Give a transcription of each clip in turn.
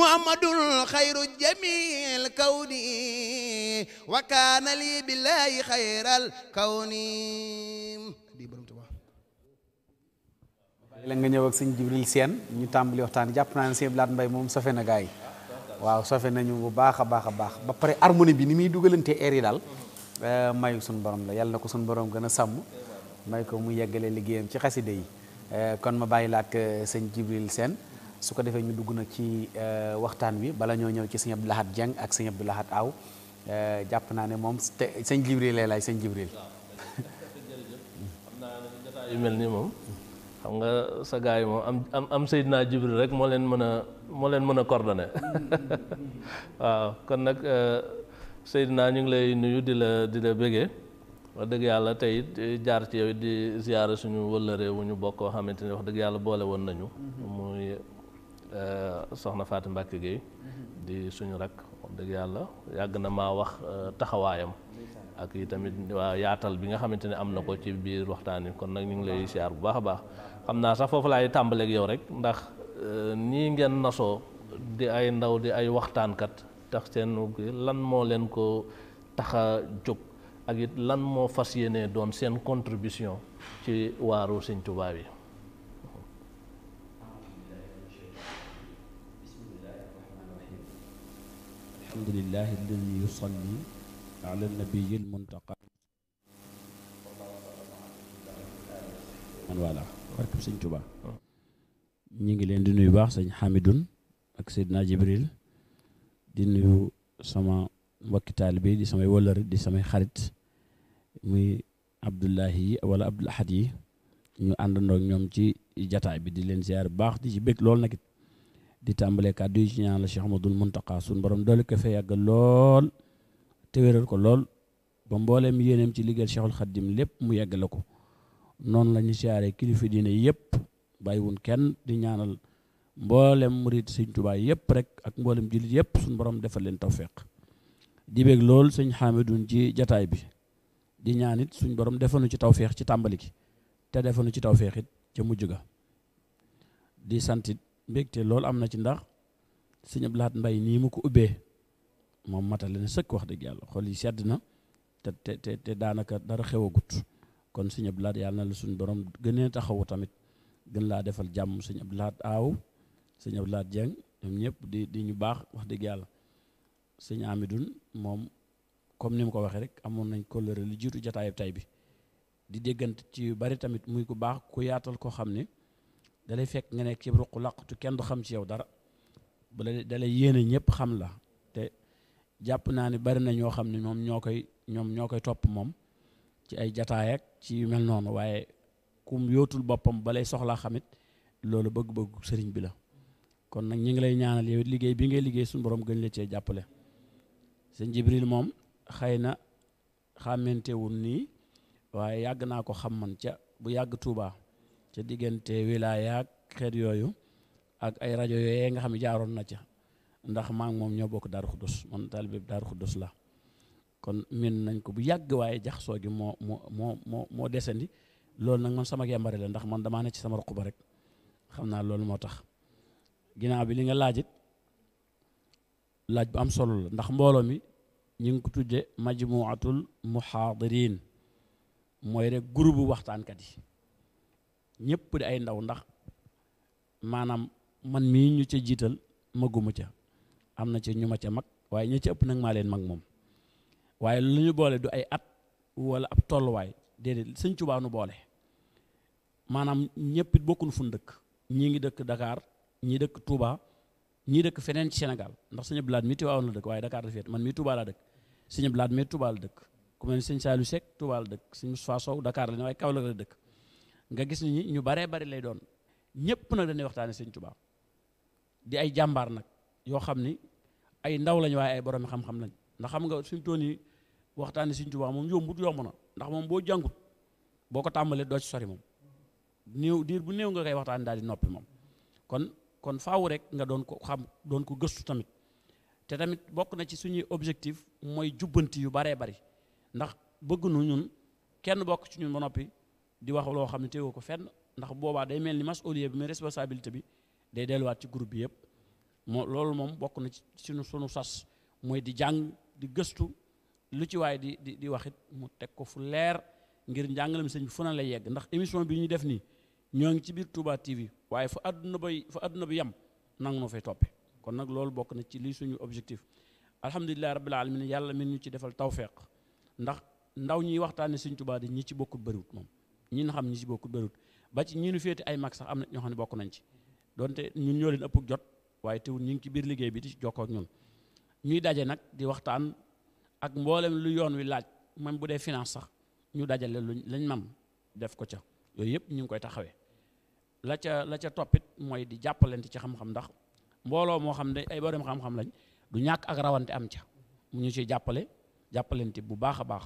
muhammadul xayru jamil kawni wa kaana lii billaahi xayral kawni la nga ñëw seen sëñ Jibril Sène ñu tàmbali waxtaan jàpp naa ne sëñ Blaat Mbay moom sofe na gars yi waaw sofe nañu bu baax a baax a baax ba pare harmonie bi ni muy dugalante air yi daal eh, mayu suñu borom la yàlla ko suñu borom gën a sàmm may ko mu yeggale liggéeyam ci xaside yi eh, kon ma bàyyi laat eh, sëñ Jibril Sène su ko defee ñu dugg nag ci euh, waxtaan wi bala ñoo ñëw ci sëñ Abdou Lahad Dieng ak sëñ Abdou laxaat Aw euh, jàpp naa ne moom te sëñ Jibril lay laaj sëñ Jibril. xam mel nii moom. xam nga sa gars yi moom am am am naa Jibril rek moo leen mën a moo leen mën a cordonne waaw kon nag euh, naa ñu ngi lay nuyu di la di la bëggee wax dëgg yàlla tey eh, jaar ci yow di ziyaara suñu wëllëre wu ñu bokk xamante ne wax dëgg yàlla boole woon nañu mm-hmm. Euh, soxna Fatou Mbacke gi mhm. di suñu rak dëgg yàlla yàgg na maa wax euh, taxawaayam ak yi tamit waa yaatal bi nga xamante ni am na ko ci biir waxtaan yi kon nag ñu ngi lay siyaar bu baax a baax xam naa sax foofu laay tàmbaleek yow rek ndax euh, nii ngeen nasoo di ay ndaw di ay waxtaankat tax seen lan moo leen ko tax jóg ak it lan moo fas yéene doon seen contribution ci waaru Sëñ Tuubaa yi alhamdulillahi alladi yusalli ala nabiyil muntaqa man voilà barkab sëñ Tuubaa ñi ngi leen di nuyu baax sëñ Xamidun ak Seydina Jibril di nuyu sama mbokki taalibe di samay wëllëri di samay xarit muy Abdullahi yi wala Abdul yi ñu àndandoo ak ñoom ci jataay bi di leen ziar bu baax di ci bëgg lool nag di tàmbale kàddu yi ci ñaan la Cheikh Ahmadul Muntaqa suñu borom doole ko fee yàgg lool te wéral ko lool ba mbooleem yéeneem ci liggéeyal Cheikhul Xaddim lépp mu yàggale ko noonu la ñu siyaare kilifa diine yëpp bàyyiwun kenn di ñaanal mboolem murit sëñ Tuubaa yëpp rek ak mboolem jullit yëpp suñ boroom defal leen tawféq di beeg lool sëñ Xaamidun ci jataay bi di ñaan it suñ borom defanu ci tawféex ci tàmbali ki te defanu ci tawfeexit it ca mujj mbégte loolu am na ci ndax sëñ Abdou Lahad Mbaye nii mu ko ubbee moom matale na sëkk wax dëgg yàlla xol yi sedd na te te te daanaka dara xewagut kon sëñ Abdou Lahad yàlla na la suñu borom gënee taxawu tamit gën laa defal jàmm sëñ Abdou Lahad aaw sëñ Abdou Lahad Dieng ñoom ñëpp di di ñu baax wax dëgg yàlla sëñ Amidoun moom comme ni mu ko waxee rek amoon nañ kóllëre lu jiitu jataayub tay bi di déggante ci yu bari tamit muy ku baax ku yaatal koo xam ne dalay fekk nga nekk ci ruq làqatu kenn du xam ci yaw dara bu la dalay yéene ñëpp xam la te jàpp naa ni bari na ñoo xam ne moom ñoo koy ñoom ñoo koy topp moom ci ay jataay ci yu mel noonu waaye kum yootul boppam balay soxlaa xamit loolu bëgg bëgg sëriñ bi la kon nag ñu ngi lay ñaanal yow liggéey bi ngay liggéey suñu borom gën la cee jàppale sëñ Jibril moom xëy na xàmmantewul nii waaye yàgg naa ko xam man ca bu yàgg Tuubaa ca diggante wilaya xeet yooyu ak ay rajo yooyee nga xam ne jaaroon na ca ndax maa moom ñoo bokk Daaru Xuddus man taalibe Daaru Xuddus la kon min nañ ko bu yàgg waaye jaxasoo gi moo moo moo moo moo desandi loolu nag man sama yambare la ndax man damaa ne ci sama ruq ba rek xam naa loolu moo tax ginnaaw bi li nga laajit laaj bu am solo la ndax mbooloo mi ñu ngi ko tudde majmuatul muhaadirin mooy rek groupe waxtaankat yi ñëpp di ay ndaw ndax maanaam man mii ñu ca jiital maguma ca am na ca ñu ma ca mag waaye ñi ca ëpp nag maa leen mag moom waaye lu ñu boole du ay at wala ab tolluwaay déedéet sëñ Tuubaa nu boole maanaam ñëpp it bokkuñu fu dëkk ñii ngi dëkk dakaar ñii dëkk Touba ñii dëkk feneen ci Sénégal ndax sëñ Abdou Lahad mi Tiwaawan la dëkk waaye Dakar la féet man mii Touba laa dëkk sëñ Abdou Lahad mi la dëkk ku mel ne sëñ Saliou Seck Touba la dëkk sëñ Moustapha Sow Dakar la ne la dëkk nga gis ni ñu baree bari lay doon ñëpp nag dañuy waxtaane sëñ Tuubaa di ay jàmbaar nag yoo xam ni ay ndaw lañu waaye ay borom xam-xam lañ ndax xam nga suñu toon yi waxtaane sëñ Tuubaa moom yombut yomb na ndax moom boo jàngut boo ko tàmbalee doo ci sori moom néew diir bu néew nga koy waxtaane daal di noppi moom kon kon faaw rek nga doon ko xam doon ko gëstu tamit te tamit bokk na ci suñuy objectif mooy jubbanti yu baree bari ndax bëgg nu ñun kenn bokk ci ñun ba noppi di wax loo xam ne téewoo ko fenn ndax boobaa day mel ni mas'uliyya bi mais responsabilité bi day delluwaat ci groupe bi yëpp moo loolu moom bokk na ci suñu sunu sas mooy di jàng di gëstu lu ci waaye di di di waxit mu teg ko fu leer ngir njàngalem sëñ bi fu na lay yegg ndax émission bi ñu def nii ñoo ngi ci biir Touba TV waaye fu àdduna bay fa àdduna bi yem nang noo fay toppe kon nag loolu bokk na ci lii suñu objectif alhamdulilahi rabbil alamin yàlla min ñu ci defal tawfeex ndax ndaw ñiy waxtaane sëñ Touba di ñi ci bokkul bëriwut moom ñi nga xam ñi si bokku bërut ba ci ñi féete ay mag sax am na ñoo xam ne bokk nañ ci donte ñun ñoo leen ëpp jot waaye teewul ñu ngi ci biir liggéey bi di jokkoo ak ñun ñuy daje nag di waxtaan ak mboolem lu yoon wi laaj même bu dee finance sax ñu dajale luñ lañ mam def ko ca yooyu yëpp ñu ngi koy taxawee la ca la ca toppit mooy di jàppalante ci xam-xam ndax mbooloo moo xam ne ay borom xam-xam lañ du ñàkk ak rawante am ca ñu ciy jàppale jàppalante bu baax a baax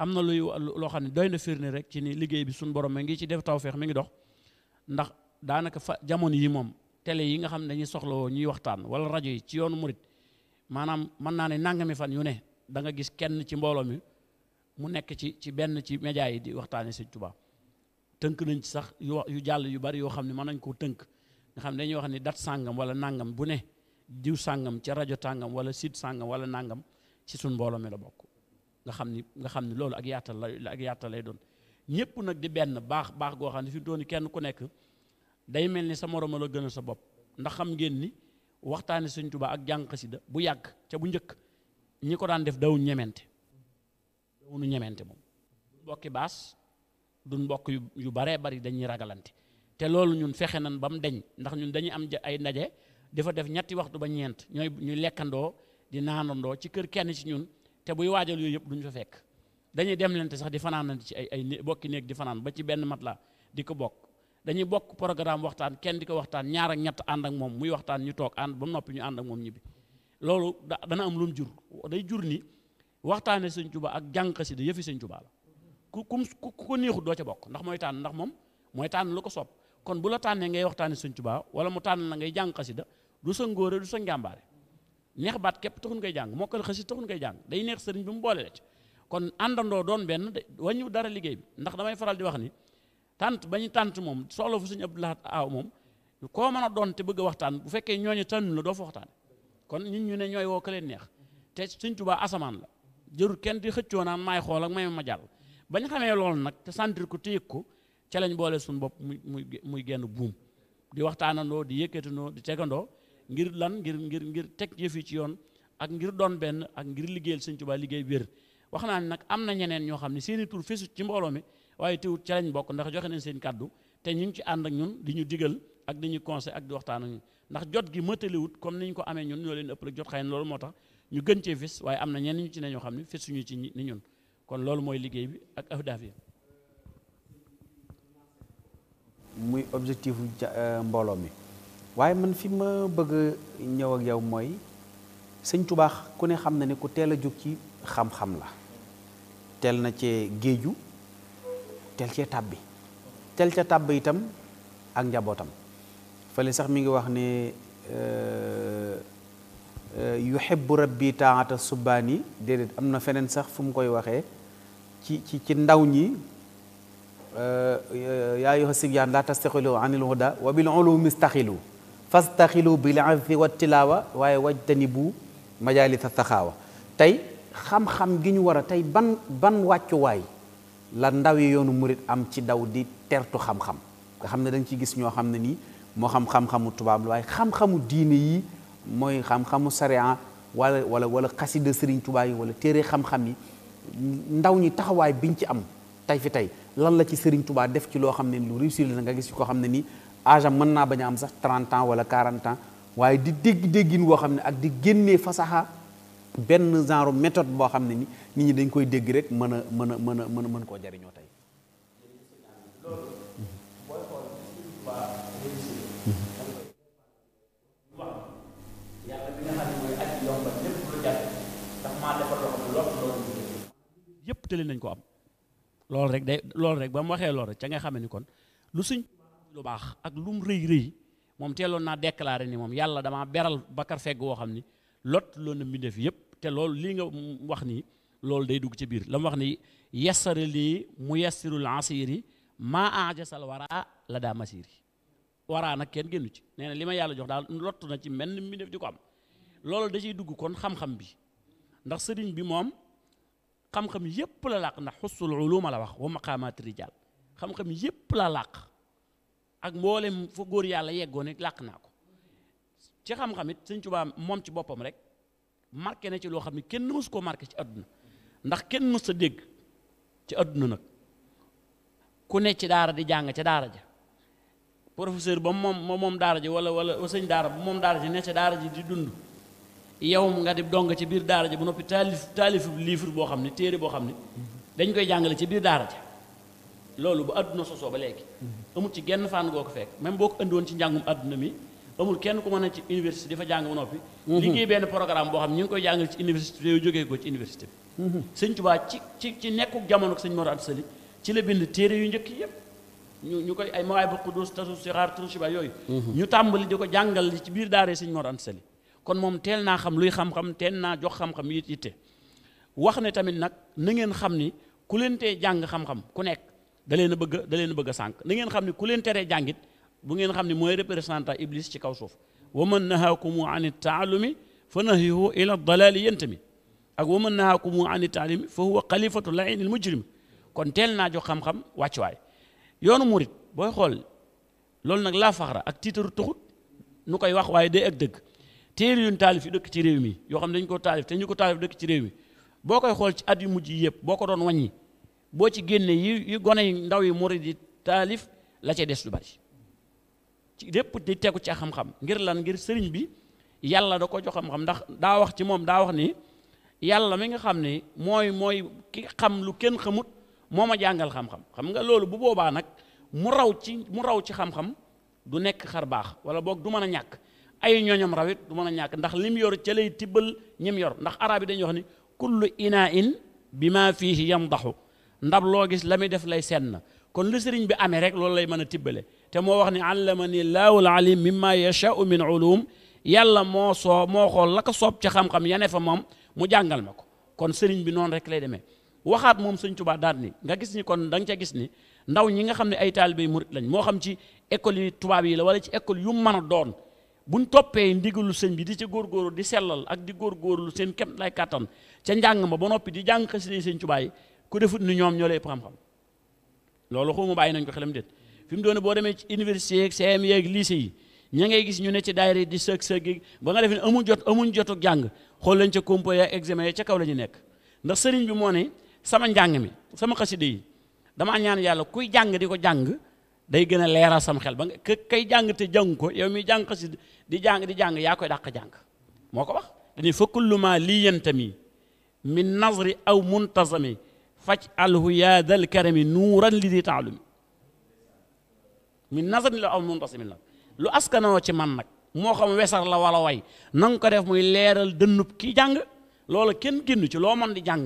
am na luy loo xam ne doy na firnde rek ci ni liggéey bi suñu borom mi ngi ci def tawféex mi ngi dox ndax daanaka fa jamono yi moom télé yi nga xam ne dañuy soxlawoo ñuy waxtaan wala rajo yi ci yoonu murit maanaam mën naa ne nangami fan yu da nga gis kenn ci mbooloo mi mu nekk ci ci benn ci média yi di waxtaanee Sëñ Tuubaa tënk nañ ci sax yu yu jàll yu bari yoo xam ne mën nañ koo tënk nga xam ne dañuy wax ni dat sàngam wala nàngam bu ne diw sàngam ca rajo tàngam wala site sàngam wala nangam ci suñ mbooloom mi la bokk nga xam ni nga xam ni loolu ak yaatal la ak yaatal lay doon ñëpp nag di benn baax baax goo xam ne fi mu doon kenn ku nekk day mel ni sa morom la gën sa bopp ndax xam ngeen ni waxtaane Sëñ Tuubaa ak jàng xasida bu yàgg ca bu njëkk ñi ko daan def dawuñu ñemente dawuñu ñemente moom mbokki baas du mbokk yu yu baree bari dañuy ragalante te loolu ñun fexe nan ba mu deñ ndax ñun dañuy am ay ndaje dafa def ñetti waxtu ba ñeent ñooy ñuy lekkandoo di naanandoo ci kër kenn ci ñun te buy waajal yooyu yëpp duñ fa fekk dañuy dem lente sax di fanaanante ci ay ay bokki néeg di fanaan ba ci benn mat laa di bokk dañuy bokk programme waxtaan kenn di ko waxtaan ñaar ak ñett ànd ak moom muy waxtaan ñu toog ànd ba noppi ñu ànd ak moom ñibbi loolu dana am lu jur day jur ni waxtaane sëñ juba ak jàng xasida yëfi sëñ Tuubaa la ku ku ko neexut doo ca bokk ndax mooy tànn ndax moom mooy tànn lu ko sopp kon bu la tànnee ngay waxtaane sëñ Tuubaa wala mu tànn la ngay jàng xasida du sa ngóore sa njàmbaare neex baat képp taxul ngay jàng mokkal xasit taxul ngay jàng day neex sëriñ bi mu boole la ci kon àndandoo doon benn wañu dara liggéey bi ndax damay faral di wax ni tant ba ñu tant moom soxla fu suñ Abdou Lahad aaw moom koo mën a doon te bëgg a waxtaan bu fekkee ñooñu tànn la doo fa waxtaan kon ñun ñu ne ñooy woo ka leen neex te Sëriñ Tuubaa asamaan la jërul kenn di xëccoo naan maay xool ak may ma jàll bañ xamee loolu nag te sentir ko te yëg ko ca lañ boole suñu bopp muy muy muy genn buum di waxtaanandoo di yëkkatandoo di tegandoo ngir lan ngir ngir ngir teg yëf yi ci yoon ak ngir doon benn ak ngir liggéeyal sëñ Tuubaa liggéey wér wax naa ne nag am na ñeneen ñoo xam ne seeni tur fesut ci mbooloo mi waaye teewut ca bokk ndax joxe nañ seen kàddu te ñu ngi ci ànd ak ñun di ñu digal ak di ñu ak waxtaan ak ndax jot gi mëtaliwut comme ni ñu ko amee ñun ñoo leen ëpp la jot xëy na tax ñu gën cee fés waaye am na ñenn ñu ci ne ñoo xam ne fésuñu ci ni ñun kon loolu mooy liggéey bi ak ahdaaf yi muy objectif euh, mbooloo mi waaye man fi ma bëgg ñëw ak yow mooy sëñ tubaax ku ne xam na ne ku teel a jóg ci xam-xam la teel na cee géeju teel cee tàbbi teel ca tàbb itam ak njabootam fële sax mi ngi wax ne euh, euh, yuhibbu rabbi taata subbaani déedéet am na feneen sax fu mu koy waxee ci ci ci ndaw ñi euh, yaa ayyuha sibyaan laa tastaxilu anil huda wa bil ulumi istaxilu fastaxilu bil afi wa tilaawa waaye wajtani bu majalisa saxaawa tey xam-xam gi ñu war a tey ban ban wàccuwaay la ndaw yi yoonu murit am ci daw di tertu xam-xam nga xam ne da nga ciy gis ñoo xam ne nii moo xam xam-xamu tubaab la waaye xam-xamu diine yi mooy xam-xamu sariya wala wala wala xasida sëriñ tubaab yi wala téere xam-xam yi ndaw ñi taxawaay biñ ci am tey fi tey lan la ci sëriñ tubaab def ci loo xam ne lu réussir la nga gis ci koo xam ne nii âge mën naa bañ a am sax 30 ans wala 40 ans waaye di dégg déggin woo xam ne ak di génnee fasaxa benn genre méthode boo xam ne ni nit ñi dañ koy dégg rek mën a mën a mën a mën a mën koo jariñoo tey. yëpp tëli nañ ko am loolu rek day loolu rek ba mu waxee loolu rek ca nga xamee ni kon lu baax ak lu mu rëy rëy moom teeloon naa déclaré ni moom yàlla damaa beral bakar fegg woo xam ni lot lool na mbindeef yëpp te lool lii nga wax nii loolu day dugg ci biir la mu wax ni yasari lii mu yasirul asiri maa ajasal waraa la daa masiri waraa nag kenn génnu ci nee li ma yàlla jox daal lott na ci mel ni mbindeef di ko am loolu da ciy dugg kon xam-xam bi ndax sëriñ bi moom xam-xam yépp la làq ndax xusul uluma la wax wa maqaamaat rijal ak mboolem fa góor yàlla yeggoon it làq naa ko ci xam-xam it sëñ Tuubaa moom ci boppam rek marqué na ci loo xam ne kenn mës koo marqué ci adduna ndax kenn mës sa dégg ci àdduna nag ku nekk ci daara di jàng ca daara ja professeur ba moom moom daara ji wala wala sëñ daara ba moom daara ji ne ca daara ji di dund yow nga di dong ci biir daara ji bu noppi taalif taalif livre boo xam ne téere boo xam ne dañ koy jàngale ci biir daara ji loolu bu àdduna sosoo ba léegi amul ci genn fànn goo ko fekk même boo ko indi woon ci njàngum àdduna mi amul kenn ku mën a ci université di fa jàng ba noppi mhm. liggéey benn programme boo xam ñu ngi koy jàngal ci université yooyu ko ci université bi mhm. sëñ Tuubaa ci ci jamono ko sëñ Mor ci la bind téere yu njëkk ñu ñu koy ay mawaay bu xudus tasu siraar turshiba yooyu mhm. ñu tàmbali di ko jàngal ci biir daaree sëñ Mor Anta Sali kon moom teel naa xam luy xam-xam teel naa jox xam-xam yitte wax ne tamit nag na ngeen xam ni ku leen tee jàng xam-xam ku nekk da leen a bëgg da leen a bëgg sànq na ngeen xam ne ku leen teree jàngit bu ngeen xam ne mooy représentant iblis ci kaw suuf wa man nahaakumu an na fa nahyihu ila dalaali yantami ak wa man nahaakumu an taalimi fa huwa xalifatu lainil mujrim kon teel naa jox xam-xam wàccuwaay yoonu murit booy xool loolu nag laa faxra ak tiitaru taxut nu koy wax waaye day ak dëgg téere yuñ taalif yu dëkk ci réew mi yoo xam ne dañ ko taalif te ñu ko taalif dëkk ci réew boo koy xool ci at yu mujj yëpp boo ko doon wàññi boo ci génnee yi yi gone yi ndaw yi murid yi taalif la cee des du bari ci lépp di tegu ci xam-xam ngir lan ngir sëriñ bi yàlla da ko jox xam-xam ndax daa wax ci moom daa wax ni yàlla mi nga xam ni mooy mooy ki xam lu kenn xamut moo ma jàngal xam-xam xam nga loolu bu boobaa nag mu raw ci mu raw ci xam-xam du nekk xar baax wala boog du mën a ñàkk ay ñooñam rawit du mën a ñàkk ndax lim yor ca lay tibbal ñim yor ndax arab yi dañuy wax ni kullu inaa in bi maa fiihi yamdaxu ndaw loo gis la muy def lay seen na kon lu sëriñ bi amee rek loolu lay mën a tibbale te moo wax ni allama ni laahul alim mimma yashaau min ulum yàlla moo soo moo xool la ko soob ca xam-xam yane fa moom mu jàngal ma ko kon sëriñ bi noonu rek lay demee waxaat moom sëñ Tuubaa daal nii nga gis ni kon da nga ca gis ni ndaw ñi nga xam ne ay taalibe murit lañ moo xam ci école yi tubaab yi la wala ci école yu mën a doon buñ toppee ndigalu sëñ bi di ci góorgóorlu di sellal ak di góorgóorlu seen kem lay kàttan ca njàng ma ba noppi di jàng xasida sëñ Tuubaa yi ku defut ni ñoom ñoo lay ëpp xam-xam loolu xaw ma bàyyi nañ ko xelam déet fi mu doon boo demee ci université yeeg CM e yeeg lycée yi ña ngay gis ñu ne ci daayira di sëg sëg ba nga def ne amuñ jot amuñ jotu jàng xool lañ ca compo ya examen kaw la ñu nekk ndax sëriñ bi moo ne sama njàng mi sama xaside yi damaa ñaan yàlla kuy jàng di ko jàng day gën a leeral sama xel ba nga kë kay jàng te jàng ko yow mi jàng xaside di jàng di jàng yaa koy dàq jàng moo ko wax dañuy fa kullu ma lii yantami min nazri aw muntazami faj alhu yaa dal karami nuuran li di taalumi min nasarin la aw muntasimin la lu askanoo ci man nag moo xam wesar la wala way nanga ko def muy leeral dënnub kii jàng loolu kenn génn ci loo mën di jàng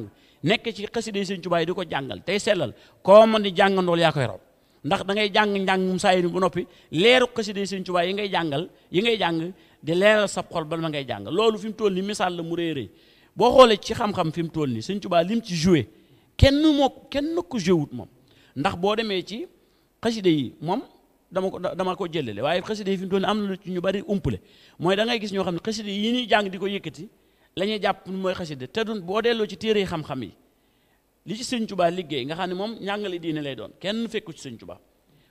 nekk ci xasida Sëñ Tuubaa yi ko jàngal tey sellal koo mën di jàngandool yaa koy raw ndax dangay ngay jàng njàngum saa yi bu noppi leeru xasida Sëñ Tuubaa yi ngay jàngal yi ngay jàng di leeral sab xol ba ma ngay jàng loolu fi mu toll nii misaal la mu réeré boo xoolee ci xam-xam fi mu toll nii Sëñ Tuubaa lim ci joué kenn moo kenn ko jëwut moom ndax boo demee ci xasida yi moom dama ko dama ko jëlale waaye xasida yi fi mu toll am na ci ñu bari umpale mooy da ngay gis ñoo xam ne xasida yi ñuy jàng di ko yëkkati la ñuy jàpp mooy xasida te du boo delloo ci téere xam-xam yi li ci sëñ Tuubaa liggéey nga xam ne moom njàngale diine lay doon kenn fekku ci sëñ Tuubaa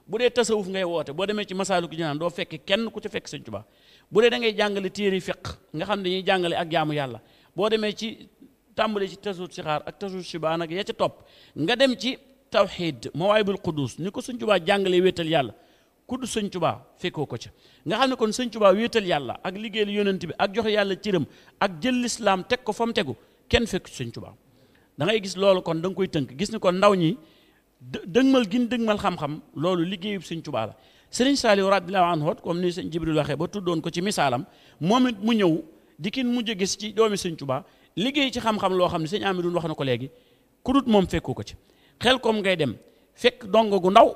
bu dee tasawuf ngay woote boo demee ci Masaalikul Jinaan doo fekk kenn ku ci fekk sëñ Tuubaa bu dee da ngay jàngale téere fiq nga xam ne dañuy jàngale ak jaamu yàlla boo demee ci tàmbale ci tasul sixaar ak tasul shibaan ak ya ca topp nga dem ci tawxid mawaayibul quddus ni ko sëñ Tuubaa jàngalee wéetal yàlla kudd sëñ Tuubaa fekkoo ko ca nga xam ne kon sëñ Tuubaa wéetal yàlla ak liggéeyal yonent bi ak joxe yàlla cëram ak jël lislaam teg ko fa mu tegu kenn fekk sëñ Tuubaa da ngay gis loolu kon da koy tënk gis ni kon ndaw ñi dëgmal gin dëgmal xam-xam loolu liggéeyub suñ Tuubaa la sëriñ Saaliw radiyallaahu anhu comme ni sëñ Jibril waxee ko ci misaalam moom it mu ñëw di liggéey ci xam-xam loo xam ne sëñ Amidoune wax na ko léegi ku moom fekku ko ci xel koom ngay dem fekk dong gu ndaw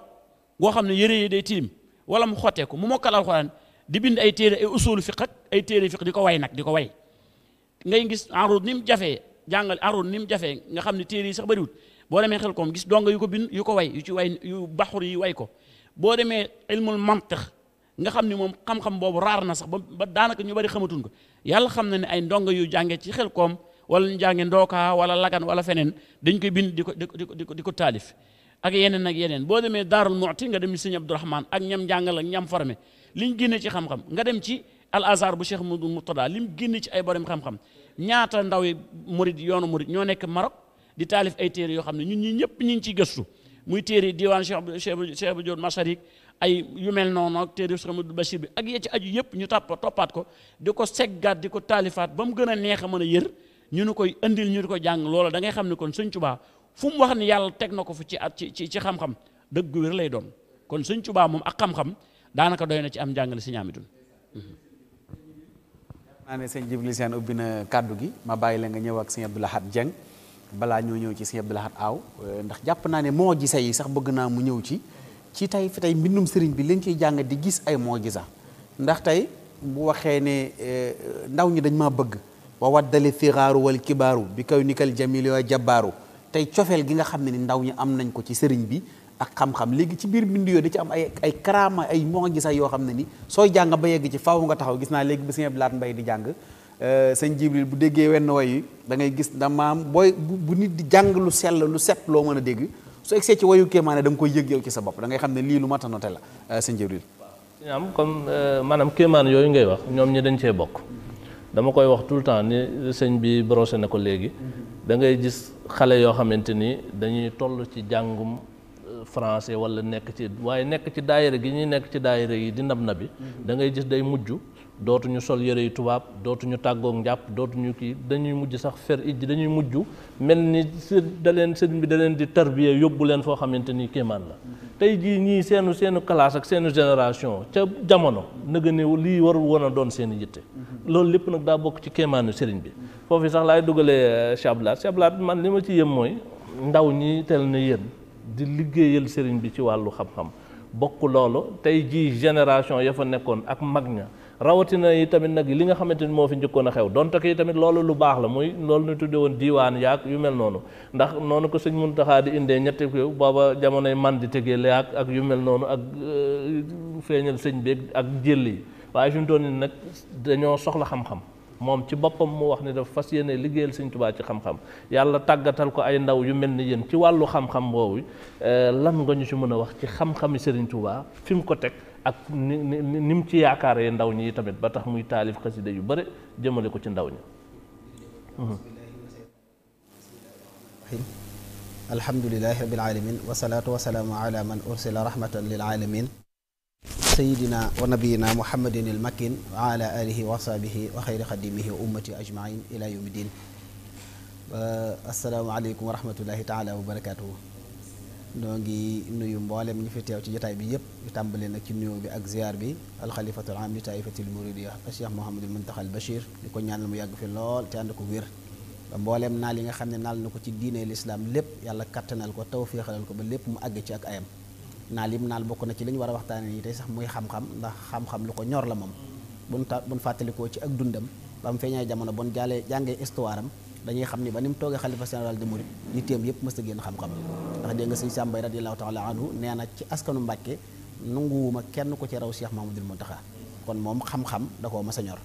goo xam ne yëre yi day tilim wala mu xottee ko mu mokkal alxuraan di bind ay téere ay usul fiq ak ay téere fiq di ko way nag di ko way ngay gis enroute ni mu jafee jàngal enroute ni mu jafe nga xam ne téere yi sax bëriwut boo demee xel koom gis dong yu ko bind yu ko way yu ci way yu baxur yi way ko boo demee ilmul mantiq nga xam ni moom xam boobu raar na sax ba daanaka ñu bari xamatuñ ko yàlla xam na ne ay ndongo yu jàngee ci xel koom wala njàngi ndookaa wala lagan wala feneen dañ koy bind di ko di ko di ko di ko taalif ak yeneen ak yeneen boo demee daaral muxti nga dem ci sëñ abdourahman ak ñam njàngal ak ñam formé liñ génne ci xam-xam nga dem ci al azhar bu cheikh mudul li mu génne ci ay borom xam-xam ñaata ndaw yi murid yoonu murid ñoo nekk Maroc di taalif ay téere yoo xam ne ñun ñii ñëpp ñu ngi ciy gëstu muy téere diwaan Cheikh Cheikh Abdou Masarik ay yu mel noonu ak téere Cheikh Amadou Bachir bi ak yee ci aju yëpp ñu tàpp toppaat ko di ko seggaat di ko taalifaat ba mu gën a neex a mën a yër ñu nu koy indil ñu di ko jàng loola da ngay xam ne kon sëñ Tuubaa fu mu wax ni yàlla teg na ko fu ci at ci ci ci xam-xam dëgg gu wér lay doon kon sëñ Tuubaa moom ak xam-xam daanaka doy na ci am jàngale si ñaamidun naa ne sëñ Jibril Sène ubbi na kàddu gi ma bàyyi la nga ñëw ak sëñ Abdou Lahad Dieng balaa ñoo ñëw ci sëñ Abdou Lahad Aw euh, ndax jàpp naa ne moo gisa yi sax bëgg naa mu ñëw ci ci tey fi tey mbindum sëriñ bi lañ ciy jàng di gis ay moo sax ndax tey mu waxee ne euh, ndaw ñi dañ maa bëgg wa waddali figaaru wal kibaaru bi kaw nikal jamil yooy jabbaaru tey cofeel gi nga xam ne ni ndaw ñi am nañ ko ci sëriñ bi ak xam-xam léegi ci biir mbind yooyu da ci am ay ay karaama ay moo gisa yoo xam ne ni sooy jàng ba yegg ci faaw nga taxaw gis naa léegi bi sëñ Mbay di jàng euh, sëñ Jibril bu déggee wenn way da ngay gis da maam booy bu nit di jàng lu sell lu set loo mën a dégg su egsee ci wayu kéemaane da nga koy yëg yow ci sa bopp da ngay xam ne lii lu mat a la euh, sëñ Jibril am comme euh, maanaam kéemaan yooyu ngay wax ñoom ñi dañ cee bokk dama koy wax tout le temps ni sëñ bi broché na ko léegi da ngay gis xale yoo xamante ni dañuy toll ci jàngum euh, français wala nekk ci waaye nekk ci daayira gi ñuy nekk ci daayira yi di nab nabi mm-hmm. da gis day mujj dootuñu sol yëre yu tubaab dootuñu tàggoog njàpp dootuñu kii dañuy mujj sax fer ijji dañuy mujj mel ni së da leen sëñ bi da leen di tarbiye yóbbu leen foo xamante ni kéemaan la tey jii ñii seenu seenu classe ak seenu génération ca jamono nëga ne lii warul woon a doon seen i yitte loolu lépp nag daa bokk ci kéemaanu seriñ bi foofu sax laay dugalee chablaat euh, chablaat man li ma ci yëm mooy ndaw ñi tel na yéen di liggéeyal seriñ bi ci wàllu xam-xam bokk tey jii génération ya fa nekkoon ak mag ña rawatina yi tamit nag li nga xamante ni moo fi njëkkoon a xew donte ko yi tamit loolu lu baax la muy loolu ñu tudde woon diiwaan yaag yu mel noonu ndax noonu ko sëñ Muntaxa di indee ñetti ko booba jamonoy man di tegee yaag ak yu mel noonu ak euh, feeñal sëñ bi ak jël yi waaye fi mu nii nag dañoo soxla xam-xam moom ci boppam mu wax ni dafa fas yéene liggéeyal sëñ Tuubaa ci xam-xam yàlla tàggatal ko ay ndaw yu mel ni yéen ci wàllu xam-xam boobu euh, lan nga ñu si mën a wax ci xam-xami sëriñ Tuubaa fi mu ko teg ak ni ni mu ndaw ñi tamit ba tax muy taalif xasida yu bëri jëmale ko ci ndaw ñi alhamdulilahi rabbil alamin wasalaatu wasalaamu ala man ursila rahmatan lil alamin sayidina wa nabiyina muhammadin il makin wa ala alihi ajmain ila yawmi din assalaamu aleykum taala wa noo ngi nuyu mboolem ñi fi teew ci jotaay bi yëpp ñu tàmbale nag ci nuyoo bi ak ziar bi alxalifatul am li taifatil muridiya cheikh Mouhamadul Muntaxa al Bachir di ko ñaanal mu yàgg fi lool te ko wér ba mbooleem naal nga xam ne naal na ko ci diine lislaam lépp yàlla kattanal ko tawféexalal ko ba lépp mu àgg ci ak ayam naal yim naal bokk na ci li ñu war a waxtaane yi tey sax muy xam-xam ndax xam-xam lu ko ñor la moom bun ta bun fàttalikoo ci ak dundam ba mu feeñee jamono bon jaalee jàngee histoire am dañuy xam ni ba ni mu toogee xalifa général de Mouride yitteem yëpp mës a génn xam-xam ndax dégg nga sëñ Sàmbay radiyallahu taala anhu nee na ci askanu Mbàkke nanguwuma kenn ko ci raw Cheikh Mamadul taxa kon moom xam-xam da koo mas a ñor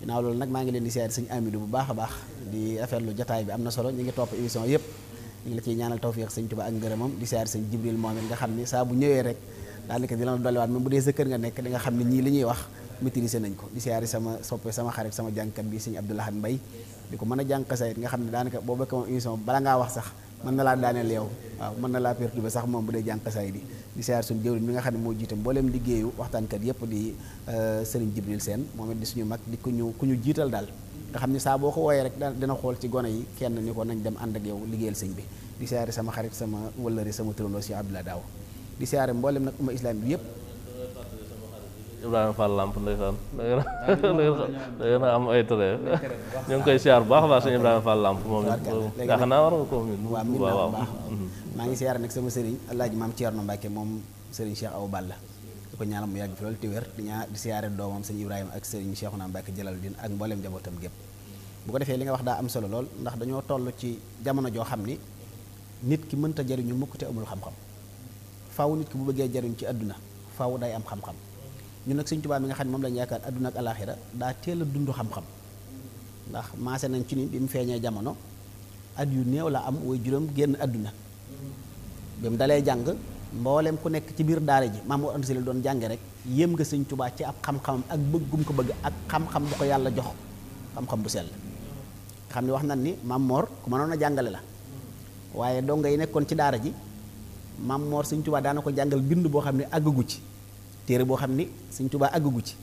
ginnaaw loolu nag maa ngi leen di seet sëñ Amidou bu baax a baax di rafetlu jataay bi am na solo ñu ngi topp émission yëpp ñu ngi la ciy ñaanal tawfiq sëñ Tuba ak ngërëmam di siyaar sëñ Jibril moom it nga xam ni bu ñëwee rek daanaka di la dolliwaat même dee sa kër nga nekk di nga xam ni ñii li ñuy wax maîtriser nañ ko di siyaari sama soppe sama xarit sama jàngkat bi sëñ Abdoulahat Mbay di ko mën a jàng xasaayit nga xam ne daanaka boo bëkkee moom émission ngaa wax sax mën na laa daaneel yow waaw mën na laa perturbé sax moom bu dee jàng xasaayit yi di siyaar suñu jëwriñ mi nga xam ne moo jiite mbooleem liggéeyu waxtaankat yépp di euh, Serigne Jibril seen moom it di suñu mag di ku ñu ku ñu jiital daal nga xam ne saa boo ko wooyee rek dina xool ci gone yi kenn ni ko nañ dem ànd ak yow liggéeyal sëñ bi di siyaari sama xarit sama wëllëri sama turandoo si Abdoulaye Daaw di siyaare mboolem nag umma bi yépp Ibrahima Fall Lamp ndeysaan da ngeen ah, a a baax ko min maa ngi siyaar nag sama sëriñ Alaaji Maam Thierno Mbacke moom sëriñ Cheikh Awa Balla ko ñaanal mu yàgg fi loolu ti wér di ñaa di siyaare doomam sëñ Ibrahima ak sëriñ Cheikhouna Mbacke Jalaluddin ak mbooleem njabootam gépp bu ko defee li nga wax daa am solo lool ndax dañoo toll ci jamono joo xam ni nit ki mënta jariñu mukk te amul xam-xam faw nit ki bu bëggee jariñ ci àdduna faaw day am xam-xam ñun nag Sëriñ Tuubaa mi nga xam ne moom lañu yaakaar adduna ak alaaxira daa a dund xam-xam ndax maase nañ ci ni mu feeñee jamono at yu néew la am way génn adduna bi mu jàng mboolem ku nekk ci biir daara ji maam moo andsali doon jànge rek yéem nga Sëriñ ci ab xam-xamam bëggum ko bëgg ak xam bu ko yàlla jox xam bu sell xam ne wax nan ni maam mënoon a jàngale la waaye donga yi nekkoon ci daara ji maam Mor Sëriñ Tuubaa daana ko jàngal bind boo xam ne àggagu ci téere boo xam ni Sëñ tubaa àggagu ci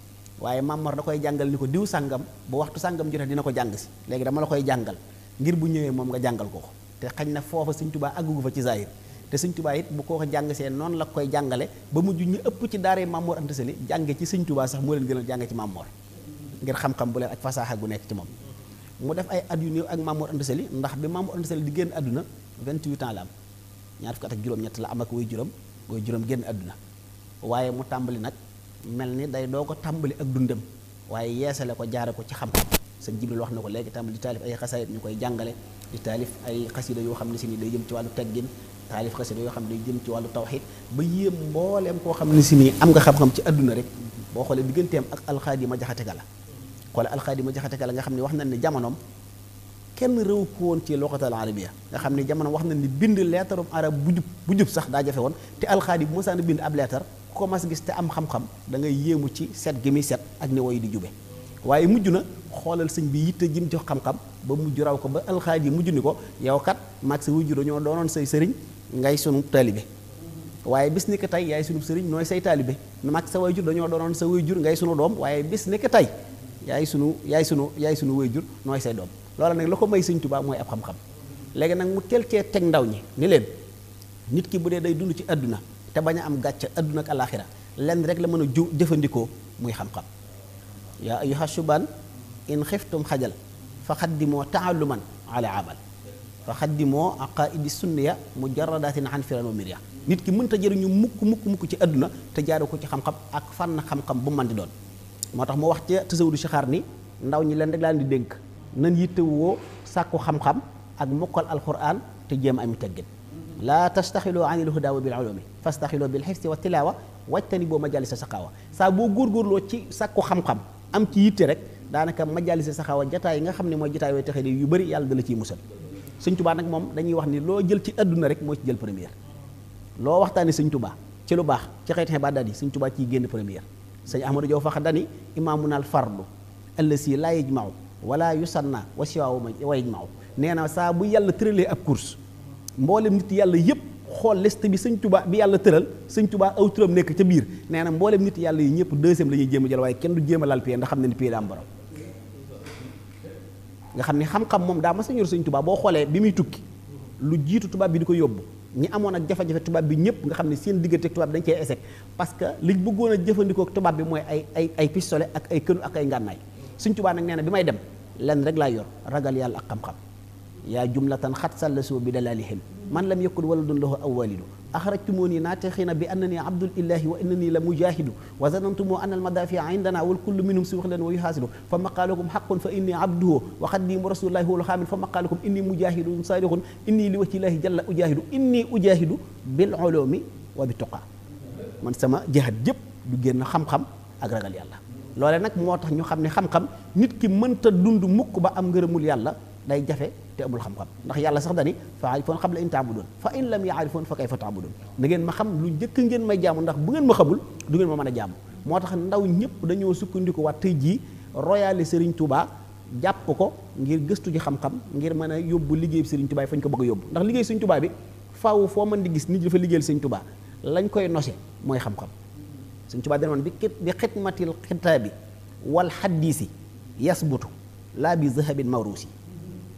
waaye Maam Mor da koy jàngal ni ko diw sàngam bu waxtu sàngam jotee dina ko jàng si léegi dama la koy jàngal ngir bu ñëwee moom nga jàngal ko ko te xañ na foofa Sëñ tubaa àggugu fa ci zaahir te Sëñ Tuubaa it bu ko ko jàng see noonu la koy jàngale ba mujj ñu ëpp ci daaree Maam Mor Anta Sali jànge ci Sëñ tubaa sax moo leen gënal jànge ci Maam Mor ngir xam-xam bu leen ak fasaaxa gu nekk ci moom mu def ay at yu néew ak Maam Mor Anta Sali ndax bi di génn àdduna 28 ans la ñaar fukki ak juróom la am ak way juróom way juróom génn àdduna waaye mu tàmbali nag mel ni day doo ko tàmbali ak dundam waaye yeeseele ko jaare ko ci xam-xam sëñ wax na ko léegi tàmbali di taalif ay xasaayit ñu koy jàngale di taalif ay xasida yoo xam ne si nii day jëm ci wàllu teggin taalif xasida yoo xam ne day jëm ci wàllu tawxid ba yéem mbooleem koo xam ne si nii am nga xam-xam ci àdduna rek boo xoolee digganteem ak alxaadima jaxate kala xoolee alxaadima jaxate kala nga xam ne wax nañ ne jamonoom kenn réew ko woon ci loxatal arabiya nga xam ne jamono wax na ni bind leetarum arab bu bu jub sax daa woon te alxaadi bu mosaan bind ab leetar koo mas gis te am xam-xam da ngay yéemu ci set gi muy set ak ni woy di jube waaye mujj na xoolal sëñ bi yitte jim jox xam-xam ba mujj raw ko ba alxaaj yi mujj ni ko yow kat maag sa wujju dañoo doonoon say sëriñ ngay sunu taalibe waaye bis ni ko tey yaay sunu sëriñ nooy say taalibe maag sa wayjur dañoo doonoon sa wayjur ngay sunu doom waaye bés ni ko tey yaay sunu yaay sunu yaay sunu jur nooy say doom loola nag la ko may sëñ Tuubaa mooy ab xam-xam léegi nag mu tel cee teg ndaw ñi ni leen nit ki bu dee day dund ci àdduna te bañ a am gàcce adduna ak alaaxira lenn rek la mën a ju jëfandikoo muy xam-xam yaa ayuha subaan in xiftum xajal fa xaddimoo taaluman ala amal fa xaddimoo aqaidi sunniya mujaradatin an firan wa miria nit ki mënta jëriñu mukk mukk mukk ci adduna te jaaru ko ci xam-xam ak fànn xam-xam bu man di doon moo tax mu wax ca ci sixaar ni ndaw ñi leen rek laan di dénk nan yittewoo sàkku xam-xam ak mokkal alquran te jéem am teggin laa tastaxiloo an il hudaa wa bil ulumi fastaxiloo bil xifsi wa tilaawa wajtani boo majalisa saxaawa saa boo góorgóorloo ci sàkku xam-xam am ci yitte rek daanaka majalisa saxaawa jataay yi nga xam ne mooy jataay way taxe yu bëri yàlla dala ciy musal sëñ tubaa nag moom dañuy wax ni loo jël ci àdduna rek moo ci jël première loo waxtaane sëñ tubaa ci lu baax ci xeeti xibaadaat yi sëñ tubaa ciy génn première sëñ ahmadou jow fa dani imaamun al fardu allasi laa yajmau wala yusanna wa siwaawu way yajmau nee na saa bu yàlla tëralee ab course mboolem nit yàlla yëpp xool liste bi sëñ tubaa bi yàlla tëral sëñ tubaa aw turam nekk ca biir nee na mboolem nit yàlla yi ñëpp deuxième la ñuy jéem a jël waaye kenn du jéem a lal pie ndax xam nga xam ne xam-xam moom daa ma sañor sëñ tubaa boo xoolee bi muy tukki lu jiitu tubaab bi di ko yóbbu ñi amoon ak jafe tubaab bi ñëpp nga xam ne seen diggante dañ cee échec parce que liñ bëggoon a jëfandikoo tubaab bi mooy ay ay ay ak ay kënu ak ay ngànnaay sëñ tubaa nag nee na bi may dem lenn rek laa yor ragal yàlla ak xam-xam yaa jumlatan xat sàllasoo bi dalalihim man lam yakun waladun lahu aw walidu axrajtumuni naatixiina bi annani abdulillahi wa innani la mujahidu wa zanantumu anna almadafia indana wal kullu minhum siwaxlan wa yuhaasidu fa maqaalakum xaqun fa inni abduhu wa xaddimu rasulillahi huwa alxaamil fa maqaalakum inni mujahidun saadixun inni li wajhillahi jalla ujahidu inni ujahidu bil ulumi wa bi tuqa man sama jihaad yëpp du génn xam-xam ak ragal yàlla loole nag moo tax ñu xam ne xam nit ki mënta dund mukk ba am ngërëmul yàlla day jafe te amul xam-xam ndax yàlla sax dani fa aarifoon xam la in taabudoon fa in lam yaarifoon fa kay fa taabudoon na ngeen ma xam lu njëkk ngeen may jàmm ndax bu ngeen ma xamul du ngeen ma a jaamu moo tax ndaw ñëpp dañoo sukkandiku waat tey jii royale Serigne Touba jàpp ko ngir gëstu ji xam-xam ngir mën a yóbbu liggéey Serigne Touba fañ ko bëgg a yóbbu ndax liggéey Serigne Touba bi faaw foo mën di gis nit dafa liggéeyal Serigne tubaa lañ koy nose mooy xam-xam Serigne Touba danoon bi bi xidmatil xitaabi wal xaddiisi yasbutu laa bi zahabin mawruusi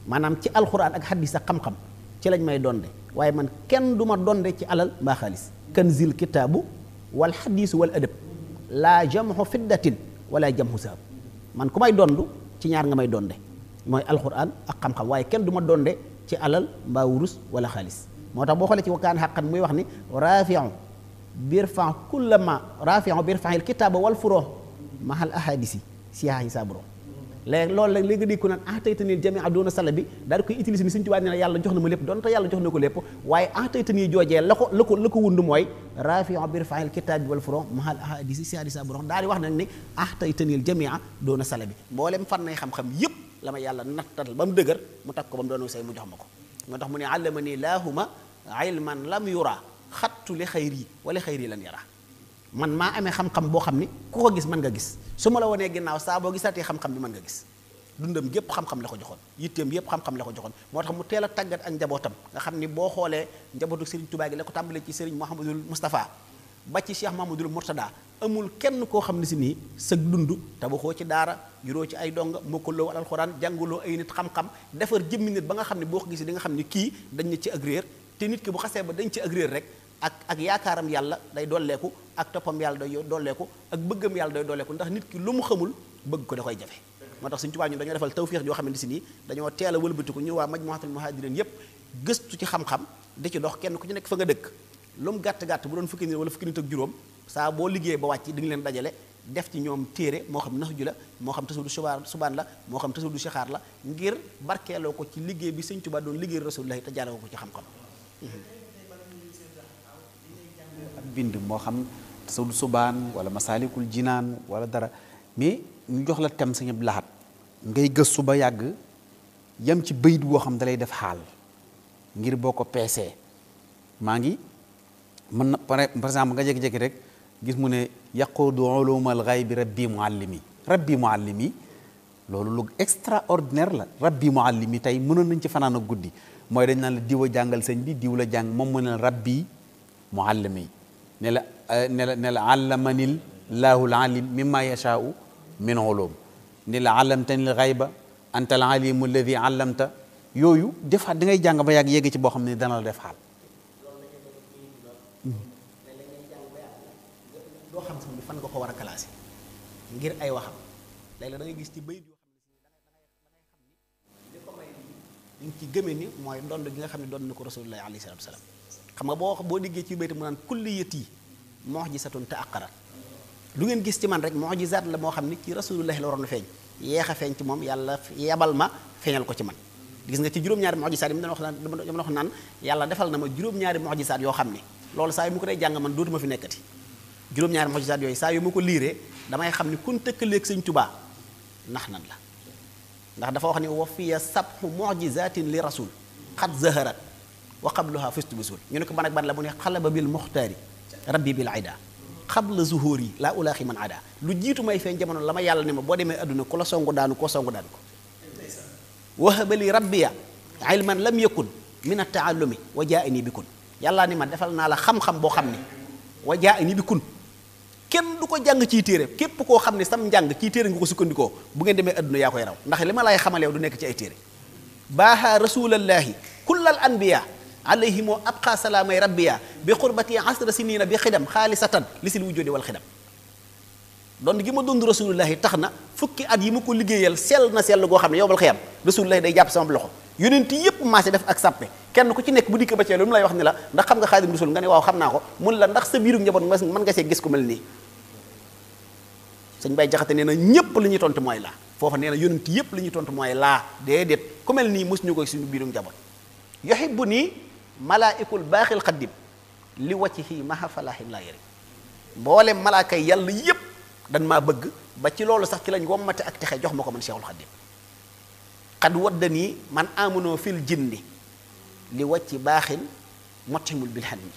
maanaam ci alxuraan ak xadis ak xam-xam ci lañ may donde waaye man kenn du ma donde ci alal mbaa xaalis kanzil kitaabu wal xadisu wal adab laa jamxu fiddatin wala jamxu sahab man ku may dond ci ñaar nga may donde mooy alxuraan ak xam-xam waaye kenn duma ma donde ci alal mbaa wurus wala xaalis moo tax boo xoolee ci wakkaan xaqan muy wax ni rafiu biir fan ma rafiu biir fanil kitaaba wal furoo mahal ahadisi siyaa yi saaburo léegi loolu la léegi nga dégg ko naan ataytanil ah, jamia doona sala bi daal di koy utiliser ni suñu tubaab nee na yàlla jox na ma lépp donte yàlla jox na ko lépp waaye ataytani ah, joojee la ko la ko la ko wund mooy rafi'u bir fa'il kitab wal furu mahal ahadisi si hadisa bu rox daal di wax nag ni ataytanil ah, jamia doona sala bi mboolem fan nay xam-xam yépp la ma yàlla nattatal ba mu dëgër mu takk ko ba mu doon say mu jox ma ko moo tax mu ne allama ni laahuma ilman lam yura xattu li xayri wala xayri lan yara man maa amee xam-xam boo xam ni ku ko gis mën nga gis su ma la wanee ginnaaw saaboo boo gisaatee xam-xam bi man nga gis dundam yépp xam-xam la ko joxoon yitteem yépp xam-xam la ko joxoon moo tax mu teel a tàggat ak njabootam nga xam ni boo xoolee njabootu Serigne Touba gi la ko tàmbalee ci Serigne Mouhamadul Moustapha ba ci Cheikh Mahmadul Mourtada amul kenn koo xam ne si nii sag dund te waxoo ci daara juróo ci ay donga mokkaloo alxuraan jàngaloo ay nit xam-xam defar jëmmi nit ba nga xam ne boo ko gisee di nga xam ne kii dañ ci ak réer ki bu xasee ba dañ ci ak rek ak ak yaakaaram yàlla day dolleeku ak toppam yàlla day dolleeku ak bëggam yàlla day dolleeku ndax nit ki lu mu xamul bëgg ko da koy jafe moo tax suñu Tuubaa ñun dañoo defal tawféex yoo xamante si nii dañoo teel a wëlbatiku ñu waa majmuhatul muhajirin yépp gëstu ci xam-xam di ci dox kenn ku ci nekk fa nga dëkk lu mu gàtt-gàtt bu doon fukki nit wala fukki boo liggéey ba wàcc di nga leen dajale def ci ñoom téere moo xam naxju la moo xam tasudu subaar subaan la moo xam du sixaar la ngir barkeeloo ko ci liggéey bi Sëñ Tuubaa doon liggéey rasulullahi te jaaroo ko ci xam-xam bind moo xam su subaan wala masaalikul jinaan wala dara mais ñu jox la tem Sëñ Abdou ngay gëstu ba yàgg yam ci bayit woo xam dalay def xaal ngir boo ko peesee maa ngi mën na par exemple nga jékki-jékki rek gis mu ne bi yaquudu ulumal ghaybi rabbi muallimi rabbi muallimi loolu lu extraordinaire la rabbi muallimi tey mënoon nañ ci fanaan a guddi mooy dañ naan la diw a jàngal sëñ bi diw la jàng moom mu ne rabbi muallimi ne la eh, nela la ne la àllamanil laahul alim mimma yashaau min ulum ne la àllamtanil xayba anta al alimu alladi àllamta yooyu defaat da ngay jàng ba yàgg yegg ci boo xam ne dana la def xaal doo xam sax bi ay waxam léeg-léeg gis ci bayit yoo xam ne da ngay xam ni li ci gëmee ni mooy ndond gi nga xam ne doon na ko rasulullah alayhi salaatu wa salaam xam nga boo boo diggee ci bayta mu naan kulliyat yi mu'jizatun ta'aqqarat lu ngeen gis ci man rek mu'jizaat la moo xam ni ci rasulullahi la waroon a feeñ yeex a feeñ ci moom yàlla yebal ma feeñal ko ci man gis nga ci juróom-ñaari mu'jizaat yi mu doon wax naan dama wax naan yàlla defal na ma juróom-ñaari mu'jizaat yoo xam ne loolu saa yu ma ko dee jàng man dootuma fi nekkati juróom-ñaari mu'jizaat yooyu saa yu ma ko liiree damay xam ni kun tëkkaleeg sëñ tubaa nax nan la ndax dafa wax ni wa fiya sabhu mu'jizaatin li rasul xat zaharat wa qabluha fustu bisul ñu ne ko ban ak ban la mu ne xalaba bil muxtaari rabbi bil ayda xabla zuhóor yi laa ulaaxi man ada lu jiitu may feeñ jamono la ma yàlla ne ma boo demee adduna ku la songu daanu koo songu daanu ko wahabali rabbiya ilman lam yakun min attaallumi wa jaa nii bi kun yàlla ni ma defal naa la xam boo xam ne wa jaa nii kenn du ko jàng ci téere képp koo xam ne sam njàng ciy téere nga ko sukkandikoo bu ngeen demee adduna yaa koy raw ndax li ma laay xamal yow du nekk ci ay téere baaha rasulallaahi kullal anbiya alayhimoo abqa salaamay rabbiya bi xurbati asra sinina bi xidam xaalisatan li si wujjóodi wal xidam doon gi ma dund rasulullahi tax na fukki at yi ma ko liggéeyal seel na sell goo xam ne yowmal xiyam rasulullahi day jàpp sama loxo yonent yépp maase def kenn ku ci nekk bu dikk ba lay wax ni la ndax xam nga xaadim rasul nga ne waaw ko mun la ndax sa biiru njaboot mën nga see gis ku mel nii sëñ Baye Jaxate nee nañ ñépp li ñuy tontu mooy laa foofa nee na yonent yépp li ñuy tontu mooy laa déedéet ku mel nii mosuñu ko suñu biiru njaboot yoxi bu nii malaaikul baaxil xaddim li waccihi maha falaahin laa yëri mboolem malaakay yi yàlla yépp dan maa bëgg ba ci loolu sax ci lañ wommate ak texe jox ma ko man seexul xaddim xad wadda nii man amunoo fil jinni li wacci baaxin motimul bilhan mi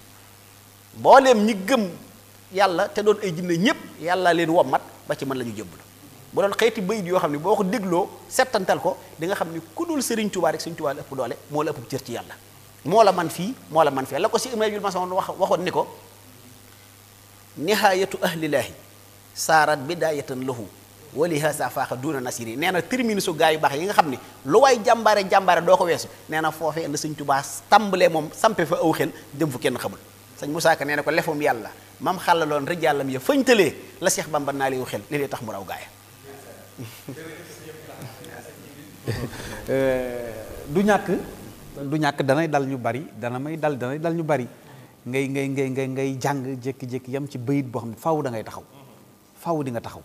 mbooleem ñi gëm yàlla te doon ay jinne ñépp yàlla leen wommat ba ci mën la ñu jëbblu bu doon xeeti bayit yoo xam ne boo ko dégloo settantal ko di nga xam ne ku dul Sëriñ Tuubaa rek Sëriñ Tuubaa la ëpp doole moo la ëpp ci yàlla moo la man fii moo la man fii la ko si Ibrahima Masson wax waxoon ni ko nihaayatu ahlilaahi saarat bi daay walihasa faaxa duna nasiri nee na terminus su gaa yu baax yi nga xam ne lu waay jàmbaare jàmbaare ko weesu nee na foofee na sëñ Tuubaa tàmbalee moom sampe fa aw xel dem kenn xamul sëñ Musaa Ka nee na ko lefum yàlla mam xàllaloon rek yàllam ya fëñtalee la Seex Bamba naa wu xel tax mu raw gaaya euh, du ñàkk du ñàkk danay dal ñu bari dana may dal danay dal ñu bari ngay ngay ngay ngay ngay jàng jékki-jékki yam ci bayit boo xam ne faw dangay taxaw faw di taxaw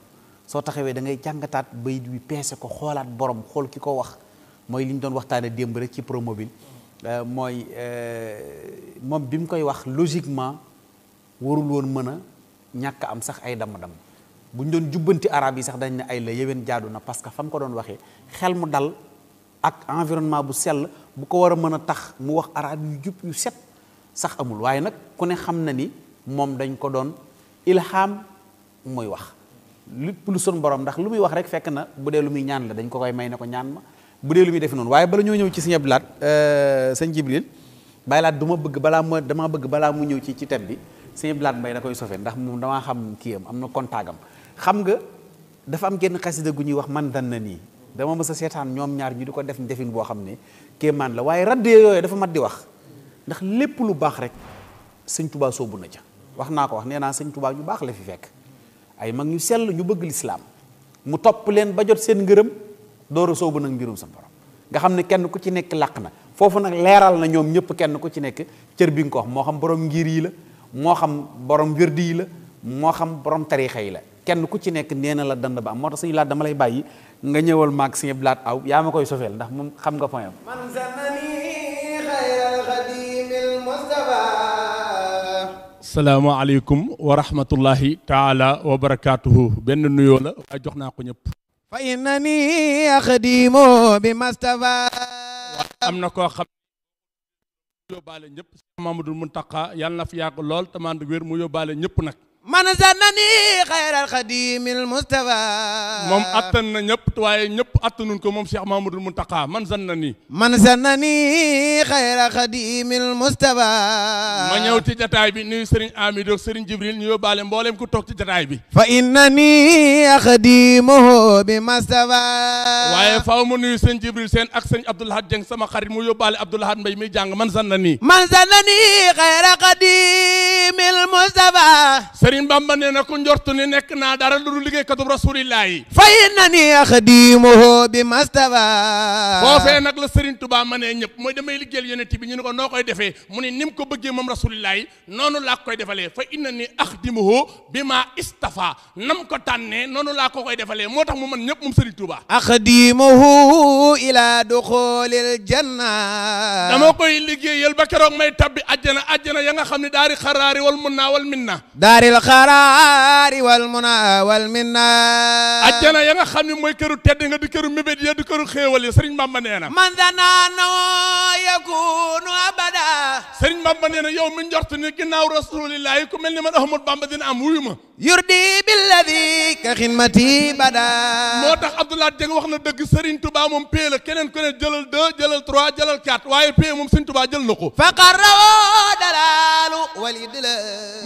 soo taxawee da ngay jàngataat bayit wi peese ko xoolaat borom xool ki ko wax mooy li ñu doon waxtaanee démb rek ci promobile euh, mooy euh, moom bi mu koy wax logiquement warul woon mën a ñàkk am sax ay damm-damm bu ñu doon jubbanti araab yi sax dañ ne ay la yéwén jaadu na parce que fa mu ko doon waxee xel mu dal. ak environnement bu sell bu ko war a mën a tax mu wax araad yu jub yu set sax amul waaye nag ku ne xam na ni moom dañ ko doon ilham muy wax lépp lu sun borom ndax lu muy wax rek fekk na bu dee lu muy ñaan la dañ ko koy may ne ko ñaan ma bu dee lu muy def noonu waaye bala ñoo ñëw ci sëñ laat Lahat euh, sëñ Jibril bàyyi laat du ma bëgg balaa ma dama bëgg balaa mu ñëw ci ci thème bi sëñ Abdou Lahat Mbaye da koy sofe ndax moom damaa xam kii am am na kontaagam xam nga dafa am genn xasida ñuy wax man dan na nii dama mës a seetaan ñoom ñaar ñu di ko def defin boo xam ne kéemaan la waaye radd yooyu dafa mat di wax ndax lépp lu baax rek sëñ tubaa soobu na ca wax naa ko wax nee naa sëñ tubaa ñu baax la fi fekk ay mag ñu sell ñu bëgg lislaam mu topp leen ba jot seen ngërëm door soobu nag mbirum sa borom nga xam ne kenn ku ci nekk làq na foofu nag leeral na ñoom ñëpp kenn ku ci nekk cër bi nga ko wax moo xam borom ngir yi la moo xam borom wérdi yi la moo xam borom tariixa yi la kenn ku ci nekk nee na la dand ba am moo tax suñu dama lay bàyyi nga ñëwal maag suñu laat aw yaa ma koy sofeel ndax moom xam nga point am salaamaaleykum wa rahmatullahi taala wa barakaatuhu benn nuyoo la waaye jox naa ko ñëpp fa innani axdimu bi Mustafa am na koo xam yóbbaale ñëpp Mamadou Muntaqa yàlla na fi ko lool te man wér mu yóbbaale ñëpp nag man zanani xayral xadimil Mustafa. moom attan na ñëpp waaye ñëpp attanuñ ko moom Cheikh Mamadou Mountakha man zanani. man zanani xayral xadimil Mustafa. ma ñëw ci jataay bi nuyu Serigne Amidou ak Serigne Jibril ñu yóbbaale mboolem ku toog ci jataay bi. fa innani xadimuhu bi Mustafa. waaye faaw mu nuyu Serigne Jibril seen ak Serigne Abdoul Ahad Dieng sama xarit mu yóbbaale Abdoul Ahad Mbaye mi jàng man zanani. man zanani xayral xadimil Mustafa. Sëriñ Bamba nee na ku njortu ni nekk naa dara lu dul liggéeykatub rasulillah yi fa innani axdimuhu bi mastafa foofee nag la Sëriñ Tuubaa ma ne ñëpp mooy damay liggéeyal yonent bi ñu ne ko noo koy defee mu ne ni mu ko bëggee moom rasulillah yi noonu laa koy defalee fa innani axdimuhu bi ma istafa nam ko tànnee noonu laa ko koy defalee moo tax mu mën ñëpp moom Sëriñ Tuubaa axdimuhu ila duxulil janna dama koy liggéeyal ba keroog may tabbi ajjana ajjana ya nga xam ne daari xaraari wal munna wal minna القرار والمنى والمنى àjjana ya nga xam ne mooy këru tedd nga di këru mébét ya di këru xéewal ya Serigne Bamba nee na man danano yakunu abada Serigne Bamba nee na yow mi njort ni ginnaaw rasulillahi ku mel ni man Ahmad Bamba dina am wuyu ma yurdi billadi ka xidmati bada moo tax Abdoulaye Dieng wax na dëgg Serigne Touba moom pee la keneen ku ne jëlal deux jëlal trois jëlal quatre waaye pee moom Serigne Touba jël na ko faqarrawo dalalu walidla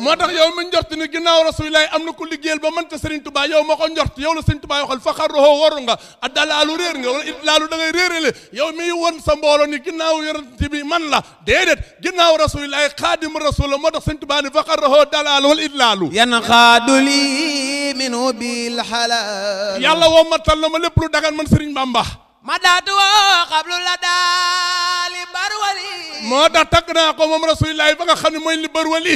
moo tax yow mi njort ni ne ginnaaw rasulillahi am na ko liggéeyal ba mënta Serigne Touba yow ma ko njort yow la Serigne Touba waxal faxarrohoo waru nga adda laalu réer nga wala it laalu da ngay réerale yow miy won sa mbooloo ni ginnaaw yonent bi man la déedéet ginnaaw rasulillahi xaadim rasul la moo tax Serigne Touba ne faxarrohoo dalaalu it laalu yan xaaduli minu bil xalaal yàlla woo matal na ma lépp lu dagan man Serigne Bamba moo tax tagg naa ko moom rasulilah ba nga xam ne mooy li bër wali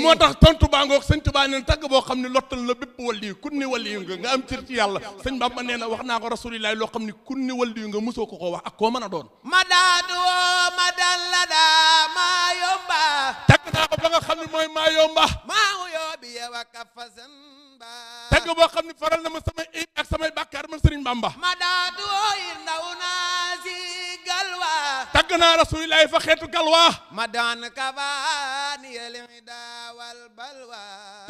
moo tax tontu baa ngoog sëñ Tuba neen tagg boo xam ne lottal la bépp waliyu kun ni waliyu nga nga am cër ci yàlla sëñ Bamba nee na wax naa ko rasulilah loo xam ne kun ni waliyu nga mosoo ko ko wax ak koo mën a doon tagg naa ko ba nga xam ne mooy maa yomba tagg boo xam ne faral na ma sama iib ak samay bàkkaar man Serigne Bamba tagg naa rasulilahi fa xeetu galwaa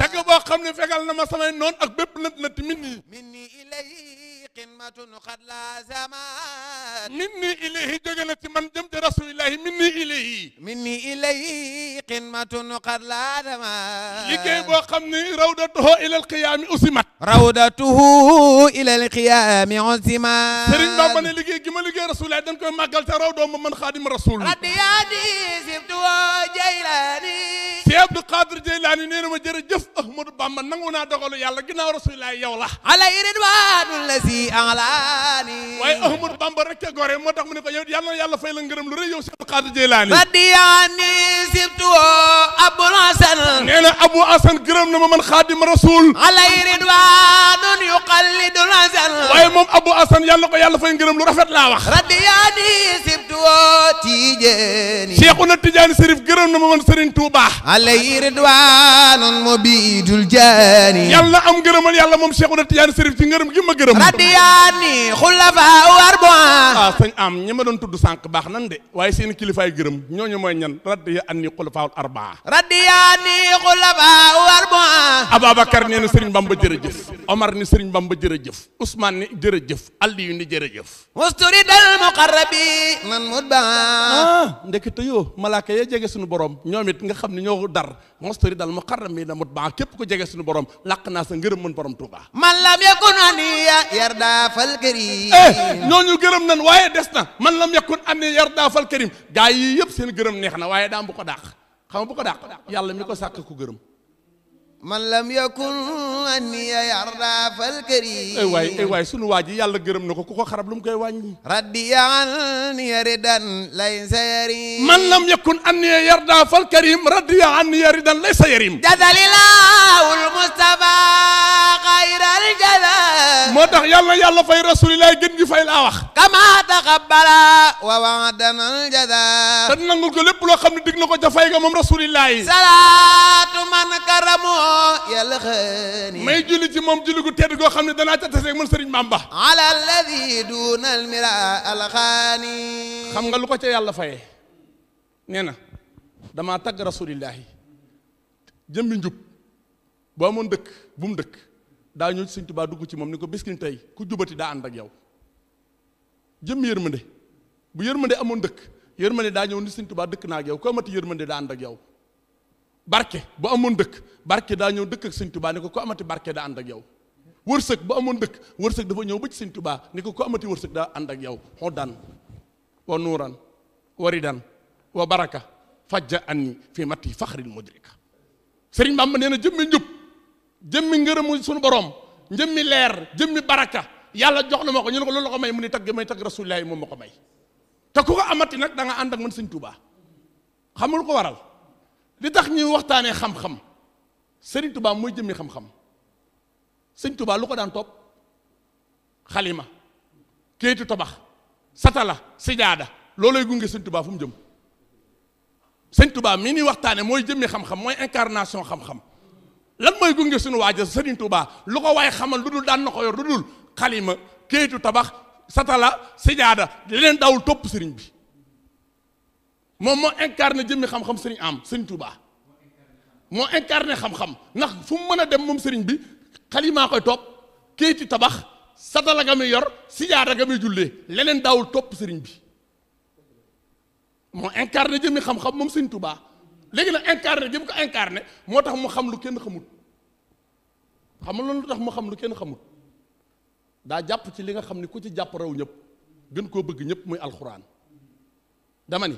tagg boo xam ne fegal na ma samay noon ak bépp lënt lënt min nii qimmatun qad laazamat minni ilayhi jóge na ci man jëm ci rasulillahi minni ilayhi minni ilayhi qimmatun qad laazamat liggéey boo xam ni rawdatuhu ila alqiyaami usimat rawdatuhu ila alqiyaami usimat Sëriñ Bamba ne liggéey gi ma liggéey rasulillahi dañ koy màggal te rawdoo ma man xaadim rasul radiyani sibtu jaylani si Abdou Qadir Jaylani nee na ma jërëjëf Ahmadou Bamba nangu naa dogalu yàlla ginnaaw rasulillahi yow la ala ridwaanu lazi bi alaani waaye Ahmadu Bamba rek ca gore moo tax mu ne ko yow yàlla yàlla fay la ngërëm lu rëy yow Seex Xaadir Jeylaani badiyaani sibtu Abul Hasan nee na Abu Hasan gërëm na ma man Xaadim Rasuul alay ridwaanun yuqallidul Hasan waaye moom Abu Hasan yàlla ko yàlla fay ngërëm lu rafet laa wax radiyaani sibtu Tijaani Seexuna Tijaani Sërif gërëm na ma man Sëriñ Tuubaa alay ridwaanun mubiidul jaani yàlla am ngërëmal yàlla moom Seexuna Tijaani Sërif ci ngërëm gi ma gërëm yaani xulafaa ah, am ñi ma doon tudd sànq baax nan de waaye seen kilifaay gërëm ñooñu mooy ñan raddi yaani xulafaa arbaa raddi yaani xulafaa arbaa Ababacar nee na sëriñ Bamba jërëjëf Omar ni sëriñ Bamba jërëjëf Ousmane ni jërëjëf Aliyu ni jërëjëf wasturi dal muqarrabi man mut ah, ndekete yoo malaaka ya jege suñu borom ñoomit it nga xam ni ñoo dar mostari dal muqarrami na mutbaa képp ku jege suñu borom làq naa sa ngërëm mën borom Touba. man lam yakun aniya yarda fal karim. ñooñu gërëm nan waaye des na man lam yakun ani yarda fal karim gaa yi yëpp seen gërëm neex na waaye daam bu ko dàq xam bu ko dàq yàlla mi ko sàkk ku gërëm man lam yakun anniya yarda fal karim ay waay ay waay sunu waa ji yàlla gërëm na ko ku ko xarab lu mu koy wàññi raddiya anniya ridan laysa yarim man lam yakun anniya yarda fal karim raddiya anniya ridan laysa yarim jadalillahu almustafa xayral jada moo tax yàlla na yàlla fay rasulillahi gën gi fay laa wax kama taqabbala wa waadana aljada te nangul ko lépp loo xam ne dig na ko ca fay nga moom rasulillahi salaatu man karamu yàlla xëy may julli ci moom julli gu tedd goo xam ne danaa ca tase mën Sëriñ Bamba. xam nga lu ko ca yàlla fayee nee na damaa tagg rasulillahi jëmbi njub boo amoon dëkk bu mu dëkk daa ñëw ci Sëriñ dugg ci moom ni ko bés ni tey ku jubati daa ànd ak yow jëmmi yërmande bu yërmande amoon dëkk yërmande daa ñëw ni Sëriñ Tuubaa dëkk naa ak yow ku amati yërmande daa ànd ak yow. barke bu amoon dëkk barke daa ñëw dëkk ak sëñ tubaa ne ko ko amati barke daa ànd ak yow bo bu amoon dëkk wërsëg dafa ñëw ba ci sëñ tubaa ne ko ko amati wërsëg daa ànd ak yow xoo daan wa nuuran waridan wa baraka fajja anni fii matti faxril mudrika sëriñ Bamba nee na jëmmi njub jëmmi ngërëmu sunu borom jëmmi leer jëmmi baraka yàlla jox na ma ko ñu ne ko loolu la ko may mu ni tagg may tagg moom ma ko may te ko amati nag da nga ànd ak man sëñ tubaa xamul ko waral li tax ñuy waxtaanee xam-xam Serigne Touba mooy jëmmi xam-xam Serigne Touba lu ko daan topp xalima kéetu tabax satala sijaada loolooy gunge Serigne Touba fu mu jëm Serigne Touba mii ñuy waxtaanee mooy jëmmi xam mooy incarnation xam-xam lan mooy gunge suñu waaja Serigne Touba lu ko waaye xamal lu dul daan na ko yor lu dul xalima kéetu tabax satala sijaada leneen dawul topp Serigne bi. moom moo incarné jëmmi xam-xam sëriñ am sëriñ Touba moo incarné xam-xam ndax fu mu mën a dem moom sëriñ bi xalimaa koy topp kayiti tabax satala ga muy yor sijaada ga muy jullee leneen daawul topp sëriñ bi moo incarné jëmmi xam-xam moom sëriñ Touba léegi nag incarné jëm ko incarné moo tax mu xam lu kenn xamut xam nga loolu tax mu xam lu kenn xamut daa jàpp ci li nga xam ni ku ci jàpp raw ñëpp gën koo bëgg ñëpp muy alxuraan dama ni.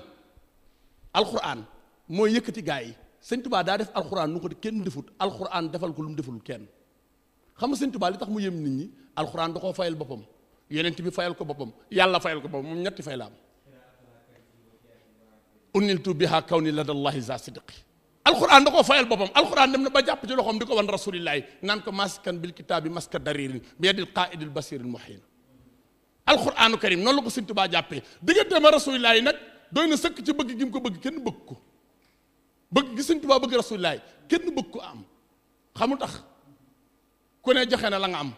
alxuraan mooy yëkkati gaa yi sëñ tubaa daa def alxuraan nu ko kenn defut alxuraan defal ko lu mu deful kenn xam nga sëñ tubaa li tax mu yëm nit ñi alxuraan da koo fayal boppam yonent bi fayal ko boppam yàlla fayal ko boppam moom ñetti fay la am uniltu biha kaw ni ladallahi za sidqi alxuraan da koo fayal boppam alxuraan dem na ba jàpp ci loxoom di ko wan rasulillahi naan ko maskan bil kitaabi maska daririn bi yadil qaaidil basiril muhin alxuraanu karim doy na sëkk ci bëgg gi mu ko bëgg kenn bëgg ko bëgg gi sëñ Tuubaa bëgg rasulilaay kenn bëgg ko am xamul tax ku ne joxe na la nga am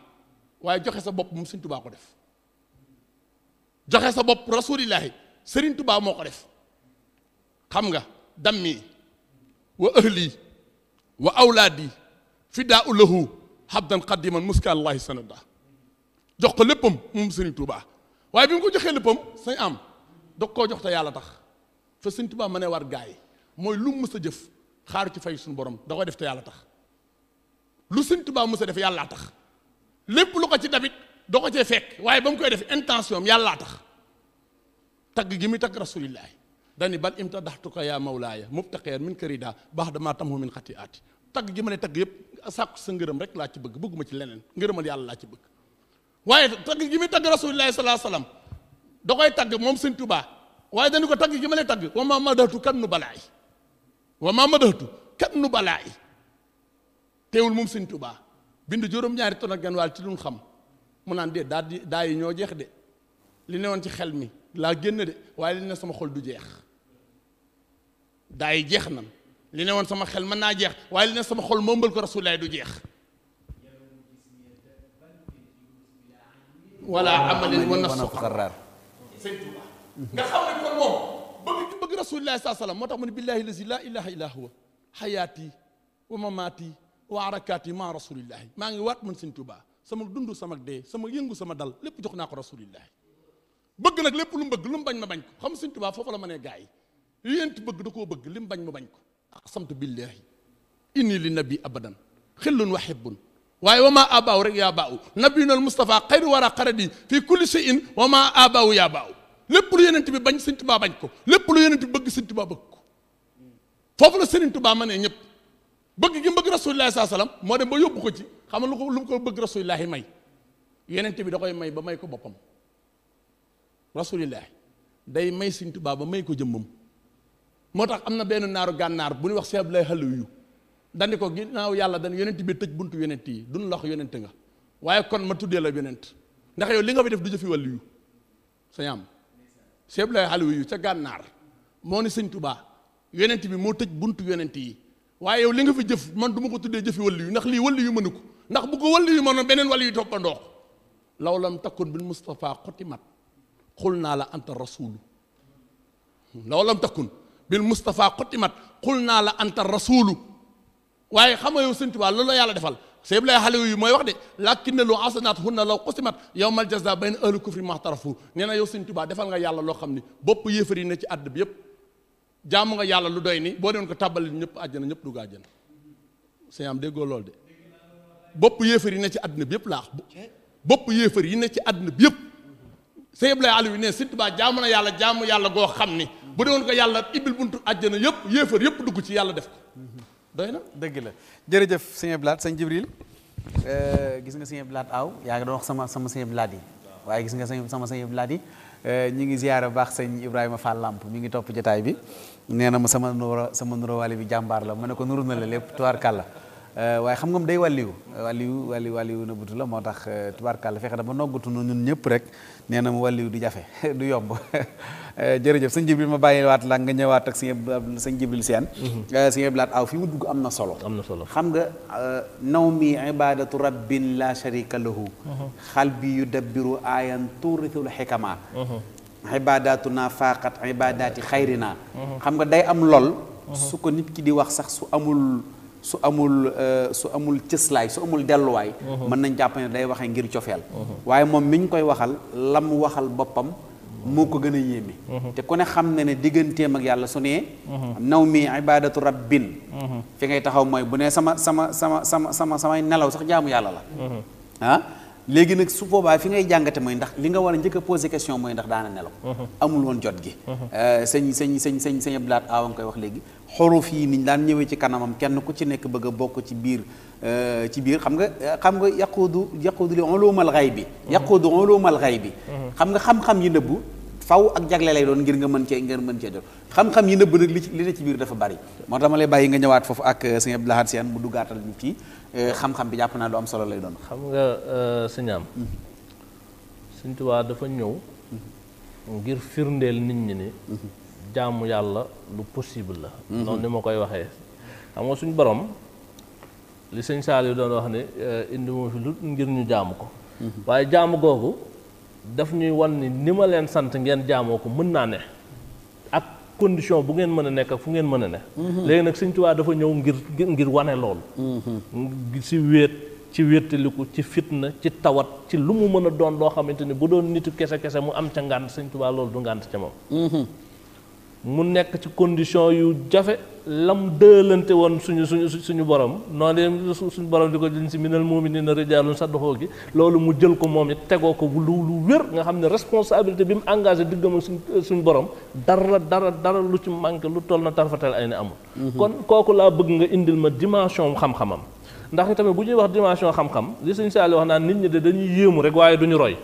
waaye joxe sa bopp mu sëñ Tuubaa ko def joxe sa bopp rasulilaay sëriñ Tuubaa moo ko def xam nga dammi wa ahli wa awlaadi fidaa u lahu habdan qadiman muska allahi sanada jox ko léppam moom sëriñ Tuubaa waaye bi mu ko joxee léppam sañ am dog koo jox te yàlla tax fa sëñ Tuubaa ma ne war gaay mooy lu mu mës a jëf xaaru ci fay suñu borom da koy def te yàlla tax lu sëñ baa mu sa def yàlla tax lépp lu ko ci dabit doo ko cee fekk waaye ba mu koy def intention yàllaa tax tagg gi muy tagg rasulillahi dani bal imtadaxtuka yaa mawlaaya mubtaqiyan min karida baax damaa tamhu min xati aati gi ma ne tagg yëpp sàkku sa ngërëm rek laa ci bëgg bëgguma ci leneen ngërëmal yàlla laa ci bëgg waaye tagg gi muy tagg rasulillahi salaam da koy tagg moom sëñ tubaa waaye dañu ko tagg gi ma lay tagg wa ma madahtu kan nu balaa yi wa ma madahtu kan nu balaa teewul moom sëñ tubaa bind juróom-ñaari ton ak genn wàll ci lu xam mu naan dee daa di jeex de li newoon ci xel mi laa génn de waaye li ne sama xol du jeex daa yi jeex nan li woon sama xel mën naa jeex waaye li ne sama xol mombal ko rasulaay du jeex walla wala na wa nafsu sëñ nga xam ne kon moom bëgg bëgg rasulillahi saa salaam moo tax mu ne billahi lazi laa ilaha illa huwa xayaati wa mamaati wa arakaati maa rasulillahi maa ngi waat man sëñ Touba sama dund sama dee sama yëngu sama dal lépp jox naa ko rasulillahi bëgg nag lépp lu mu bëgg lu mu bañ na bañ ko xam sëñ Touba foofu la ma nee gars yi yéent bëgg da koo bëgg li mu bañ ma bañ ko aqsamtu billahi inni li nabi abadan xillun wa waaye wa maa abaaw rek yaa baaw nabiyunal Mustafa xayru wara xaradi fii kulli shay'in wa maa abaaw yaa baaw lépp lu Yonent bi bañ Sëriñ Tuubaa bañ ko lépp lu Yonent bi bëgg Sëriñ Tuubaa bëgg ko foofu la Sëriñ Tuubaa ma ne ñëpp bëgg gi bëgg Rasuulullaahi sallallaahu alayhi wa sallam moo dem ba yóbbu ko ci xam nga lu ko lu ko bëgg Rasuulullaahi may Yonent bi da may ba may ko boppam Rasuulullaahi day may Sëriñ ba may ko jëmmam moo tax am na benn naaru gànnaar bu ñuy wax Cheikh Abdoulaye dandi ko ginnaaw yàlla dan yonent bi tëj buntu yonent yi duñ lox yonent nga waaye kon ma tuddee la yonent ndax yow li nga fi def du jëfi wàllu yu sañ am seeb lay xaliwu yu ca gànnaar moo ni sëñ tubaa yonent bi moo tëj buntu yonent yi waaye yow li nga fi jëf man du ma ko tuddee jëfi wàllu yu ndax lii wàllu yu mënu ko ndax bu ko wàllu yu mënoon beneen wàllu yu toppandoo law lam takkun bil Mustafa xotimat xul naa la anta rasulu law lam takkun bil Mustafa xotimat naa la anta rasulu waaye xam nga yow sëñ Tuubaa loolu la yàlla defal sëñ Ibrahima xale mooy wax de lakinna lu asanaat hunna law qusimat yawmal jazaa bayna ahli kufri maxtarafu nee na yow sëñ Tuubaa defal nga yàlla loo xam ni bopp yéefar yi ne ci àdd bi yëpp jaamu nga yàlla lu doy ni boo doon ko tàbbali ñëpp àjjana ñëpp dugg àjjana sëñ am déggoo loolu de bopp yi ne ci àdduna yëpp laax bopp yéefar yi ne ci àdduna bi yëpp sëñ Ibrahima Aliou ne sëñ na yàlla jaamu yàlla goo xam ni bu woon ko yàlla ibbil buntu àjjana yëpp yéefar yëpp dugg ci yàlla def doy na dëgg la jërëjëf sëñ Blaat sëñ Jibril eh, gis nga sëñ Blaat aw yaa ngi doon wax sama sama sëñ Blaat yi waaye gis nga sama sëñ Blaat yi eh, ñi ngi ziyaara baax sëñ Ibrahima Fall làmp mi ngi topp jotaay bi nee na ma sama nuro sama nurowaale bi jàmbaar la ma ne ko nuru na la lépp tuwaar kàlla Euh, waaye xam nga day wàlliwu wàlliwu wàlliwu wàlliwu na butu la moo tax euh, tubaarkàlla fexe na ba noggatu nu ñun ñëpp rek nee na mu wàlliwu du jafe du yomb euh, jërëjëf sëñ Jibril ma bàyyi waat la nga ñëwaat ak sëñ sëñ Jibril Seen mm-hmm. sëñ Blaat aw fi mu dugg am na solo am na solo xam nga naw mi ibadatu rabbin la sharika lahu mm-hmm. xal bi yu dabbiru aayan tuurithul xikama mm-hmm. ibadatuna faaqat ibadati xayrina xam nga day am lool su ko nit ki di wax sax su amul su amul euh, su amul cëslaay su amul delluwaay. Uh-huh. mën nañ jàpp ne day waxee ngir cofeel uh-huh. waaye moom mi ñu koy waxal lam waxal boppam. Uh-huh. moo ko gën a yéeme. te ku ne xam na ne digganteem ak yàlla su nee. naw mi ibadatu rabbin. fi ngay taxaw mooy bu nee sama sama sama sama sama samay nelaw sax jaamu yàlla la. Ah? léegi nag su boobaa fi ngay jàngate mooy ndax li nga war a njëkk a posé question mooy ndax daana nelaw mhm. amul woon jot gi mhm. euh, sëñ sëñ sëñ sëñ sëñ ablaat awa nga koy wax léegi xoruf yi niñ daan ñëwee ci kanamam kenn ku ci nekk bëgg a bokk ci biir euh, ci biir xam nga xam nga yaquudu yaquudu li ulumal xay bi mhm. yaquudu ulumal xay bi xam nga xam-xam yi nëbbu faw ak jagle lay doon ngir nga mën cee ngir mën cee doon xam-xam yi nëbb nag li li ne ci biir dafa bari moo tax ma lay bàyyi nga ñëwaat foofu ak euh, sëñ abdulahad seen mu duggaatal ñu ci Euh, xam-xam bi jàpp naa lu am solo lay doon. xam nga euh, sëñ mm-hmm. Sëñ Tuubaa dafa ñëw. Mm-hmm. ngir firndeel nit ñi ni. Mm-hmm. jaamu yàlla lu possible la. noonu ni ma koy waxee. xam nga suñ borom li sëñ Saaliw doon wax ne euh, indi moom fi lu ngir ñu jaamu ko. waaye jaamu googu daf ñuy wan ni ni ma leen sant ngeen jaamoo ko mën naa ne. condition bu ngeen mën a nekk ak fu ngeen mën a ne mhm. léegi nag Sëñ Tuubaa dafa ñëw ngir ngir wane loolu si mhm. wéet ci wéetaliku ci fitna ci tawat ci lu mu mën a doon loo xamante ni bu doon nitu kese kese mu am ca ngànt Sëñ Tuubaa loolu du ngànt ca moom mhm. mu nekk ci condition yu jafe lam dëlante woon suñu suñu suñu borom noonu suñu borom di ko liñ si minal mu'minina rijaalun sadaqu gi loolu mu jël ko moom it tegoo ko lu lu wér nga xam ne responsabilité bi mu engagé diggam ak suñu borom dara dara dara lu ci manqué lu toll na tarfatal ay ne amul mhm. kon kooku laa bëgg nga indil ma dimension xam-xamam ndax tamit bu ñuy wax dimension xam-xam li suñ saali wax naa nit ñi de dañuy yéemu rek waaye duñu roy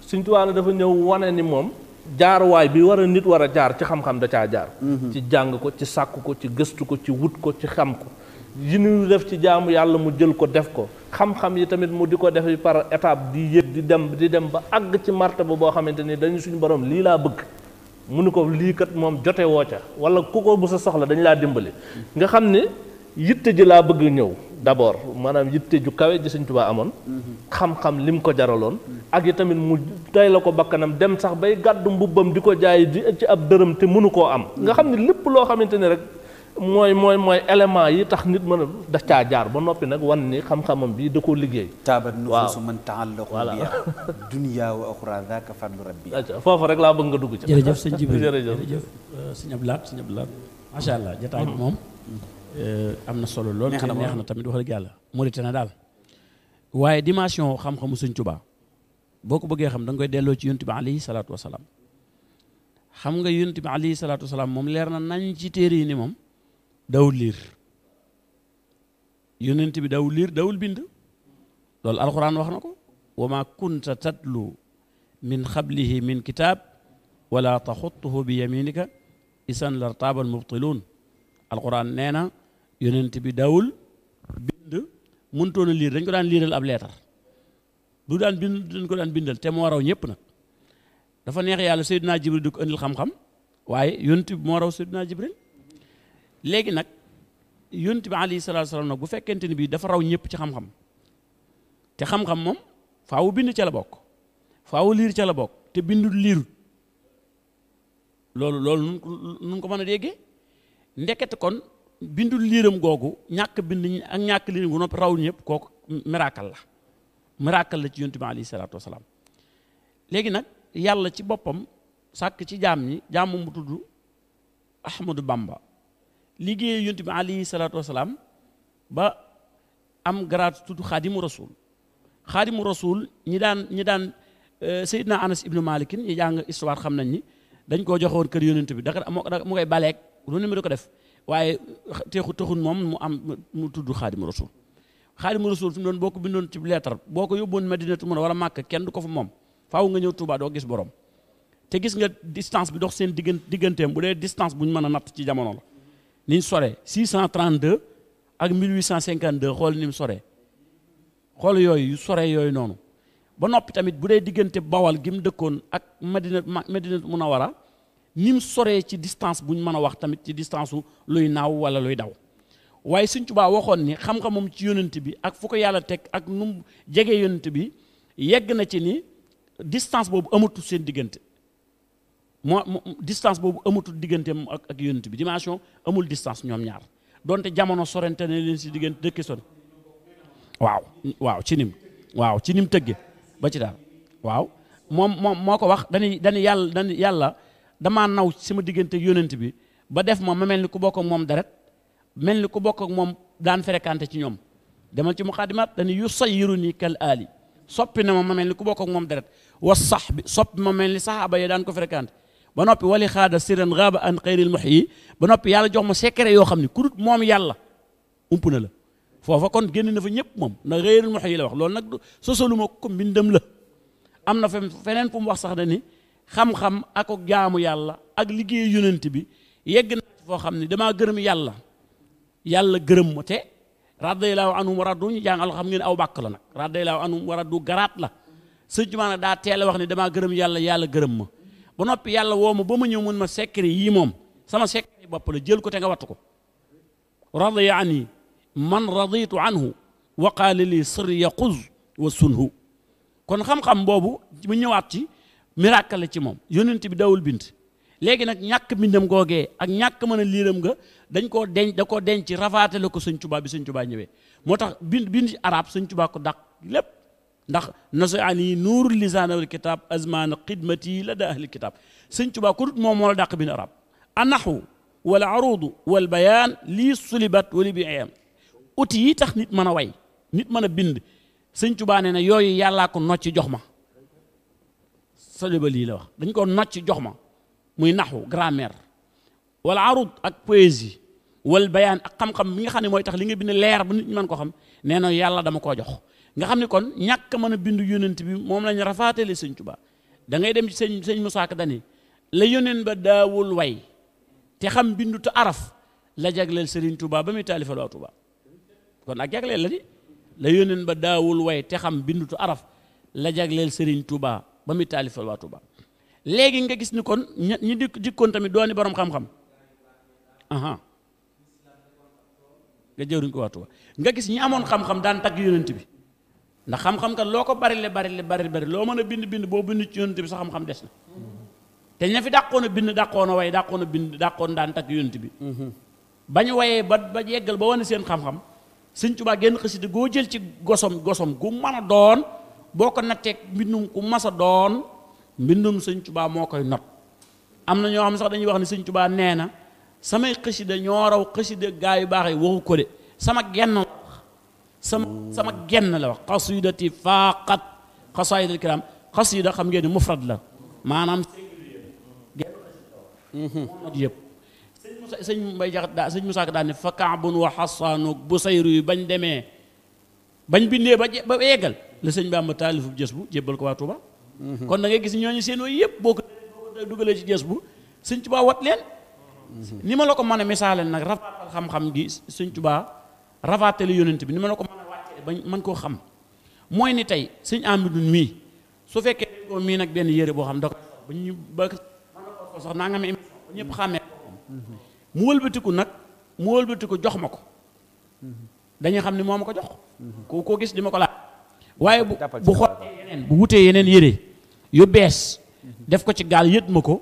suñ dafa ñëw wane ni moom jaaruwaay bi war a nit war a jaar ci xam-xam da caa jaar mhm. ci jàng ko ci sàkk ko ci gëstu ko ci wut ko ci xam ko yi ñu def ci jaamu yàlla mu jël ko def ko xam-xam yi tamit mu di ko def par étape di yëg di dem di dem ba àgg ci martaba boo xamante ni dañu suñu borom lii laa bëgg mu ni ko lii kat moom jote woo ca wala ku ko bu sa soxla dañu laa dimbali nga xam ne yitte ji laa bëgg ñëw d'abord maanaam yitte ju kawe ji Sëñ amoon xam-xam lim ko jaraloon ak yi tamit mu tey la ko bakkanam dem sax bay gàddu mbubbam di ko jaay di ci ab dërëm te mënu koo am nga xam ne lépp loo xamante ne rek mooy mooy mooy élément yi tax nit mën a daf caa jaar ba noppi nag wan ni xam-xamam bi da koo liggéey taabat nufuusu man ta'allaqa biha dunya wa uxra zaaka fadlu rabbi foofu rek laa bëgg nga dugg ci jërëjëf sëñ Jibril jërëjëf euh, sëñ Abdu Lahat sëñ Abdu Lahat macha allah jotaay moom hmm. Euh, am na solo lool. neex na tamit wax dëgg yàlla Mauritanie daal. waaye dimension xam-xamu Sëñ Tuubaa boo ko bëggee xam da koy delloo ci yonent bi alayhi salaatu xam nga yonent bi alayhi salaatu moom leer na nañ ci téere yi ni moom dawul liir yonent bi dawul liir dawul bind loolu alxuraan wax na ko wa ma kunta tatlu min xablihi min kitaab wala taxutuhu bi yaminika isan lartaabal mubtiluun alxuraan nee na yonent bi daawul bind mënutoon a liir dañ ko daan liiral ab leetar du daan bind dañ ko daan bindal te moo raw ñëpp nag dafa neex yàlla Seydina Jibril di ko indil xam-xam waaye yonent bi moo raw Seydina Jibril léegi nag yonent bi alayhi salaatu salaam nag bu fekkente ni bii dafa raw ñëpp ci xam-xam te xam-xam moom faawu bind ca la bokk faawu liir ca te bindul liirut loolu loolu nun ko mën a déggee ndeket kon bindul liiram googu ñàkk bind ak ñàkk liiram gu noppi raw ñëpp kooku miracle la miracle la ci yonent bi alayhi léegi nag yàlla ci boppam sàkk ci jaam ñi jaamu mu tudd Ahmadou Bamba liggéey yonent bi alayhi salaatu wasalaam ba am garaat tudd xaadimu rasul xaadimu rasul ñi daan ñi daan euh, Seydina Anas ibnu Malikin ñi jàng histoire xam nañ ni dañ koo joxoon kër yonent bi da moo mu koy baleeg lu ne di ko def waaye teexu taxun moom mu am mu tudd xaadimu rasul xaadimu rasul fi mu doon boo ko bindoon ci leetar boo ko yóbboon Madinatu Munawwara wala Màkka kenn du ko fa moom faaw nga ñëw Touba doo gis borom te gis nga distance bi dox seen diggan digganteem bu dee distance bu ñu mën a natt ci jamono la ni ñu sore 632 ak 1852 xool ni mu sore xool yooyu sore yooyu noonu ba noppi tamit bu dee diggante bawal gi mu dëkkoon ak Madina Madinatu Munawwara ni mu soree ci distance bu ñu mën a wax tamit ci distance su luy naaw wala luy daw waaye Sëñ Tuubaa waxoon ni xam-xamam ci yonent bi ak fu ko yàlla teg ak nu mu jege yonent bi yegg na ci ni distance boobu amatul seen diggante moo distance boobu amatul digganteem ak ak yonent bi dimension amul distance ñoom ñaar donte jamono sorente ne leen si diggante dëkki son waaw waaw ci nim waaw ci nim tëgge ba ci daal moo ko wax dañuy dañuy yàlla damaa naw sama diggante yonent bi ba def ma ma mel ni ku bokk ak moom deret mel ni ku bokk ak moom daan fréquenté ci ñoom demal ci muqaddimaat dañuy yu sayyiru nii kal aali soppi na ma ma mel ni ku bokk ak moom deret wa sax bi soppi ma mel ni saxaaba ya daan ko fréquenté ba noppi wali xaada siran raaba an xayril mox yi ba noppi yàlla jox ma secret yoo xam ne ku moom yàlla ump na la foofa kon génn na fa ñëpp moom na xayril mox yi la wax loolu nag sosaluma ko mbindam la am na feneen fu mu wax sax na xam-xam ak jaamu yàlla ak liggéey yonent bi yegg naa foo xam ne damaa gërëm yàlla yàlla gërëm ma te radiyallahu anhum wa radu ñu jàngal xam ngeen aw bàkk la nag radiyallahu anhum wa radu garaat la sëñ bi daa teel a wax ne damaa gërëm yàlla yàlla gërëm ma ba noppi yàlla woo ma ba ma ñëw mun ma secret yii moom sama secret bopp la jël ko te nga wattu ko radiya anni man raditu anhu wa qaala li sirri yaquz wa sunhu kon xam-xam boobu mu ñëwaat miracle la ci moom yonent bi dawul bind léegi nag ñàkk bindam googee ak ñàkk man a liiram nga dañ koo denc da koo denc rafaatale ko sëñ Tuubaa bi sëñ Tuubaa ñëwee moo tax bind bind ci arab sëñ Tuubaa ko dàq lépp ndax naso an yi nuurul lisaan wal kitaab azmaan xidmati la da ahli kitaab sëñ Tuubaa ko dut moom moo la dàq bind arab anaxu wala arudu wal bayaan lii sulibat wali bi ayam outil yi tax nit mën a way nit mën a bind sëñ Tuubaa nee na yooyu yàllaa ko nocci jox ma sajaba lii la wax dañ ko nocc jox ma muy naxu grammaire wala arud ak poésie wal bayaan ak xam-xam bi nga xam ne mooy tax li nga bind leer bu nit ñi mën ko xam nee na yàlla dama koo jox nga xam ne kon ñàkk mën a bindu yónent bi moom lañ rafaatale sëñ Tuubaa da ngay dem ci sëñ sëñ Musaa Ka dani la yónent ba daawul way te xam bindu te araf la jagleel sëriñ tubaa ba muy taalifal waa Tuubaa kon way te xam bindu te la jagleel sëriñ Tuubaa ba muy taalifal ba Touba léegi nga gis ni kon ñi di dikkoon tamit dooni borom xam-xam aha nga jëruñ ko waa Touba nga gis ñi amoon xam-xam daan tagg yonent bi ndax xam loo ko bari le bari le bari bari loo mën a bind bind boo bind ci yonent bi sa xam-xam des na te ña fi a bind dàqoon a way dàqoon a bind dàqoon daan tagg yonent bi mhm. bañu wayee ba ba yeggal ba wane seen xam-xam Sëñ Tuubaa génn xasida goo jël ci gosom gosom gu mën a doon boo ko natteeg mbindum ku mas doon mbindum sëñ Tuubaa moo koy not am na ñoo xam sax dañuy wax ni sëñ Tuubaa nee na samay xësida ñoo raw xësida gaa yu baax yi waxu ko de sama genn la wax sama sama genn la wax xasidati faaqat xasaidal kiram xasida xam ngeen ne la maanaam not yëpp sëñ Musa sëñ Mbay daal ne fa kaabun wa xasaanoog bu sayru yu bañ demee bañ bindee ba ba yeggal la sëñ Bamba taalifub jës bu jébbal ko waa Touba. kon da ngay gis ñooñu seen yooyu yëpp boo ko dugalee ci jës bu sëñ Touba wat leen. ni ma la ko mën a misaale nag rafaatal xam-xam gi sëñ Touba rafaatale yonent bi ni ma la ko mën a koo xam mooy ni tey sëñ Amidun mii su fekkee ko mii nag benn yére boo xam da ko ba ba sax naa nga ñëpp xàmmee mu nag mu wëlbatiku jox ma ko xam ni moo ko gis di ma ko laaj. waaye bu bu xottee bu wutee yeneen yére yu bees def ko ci gaal yët ma ko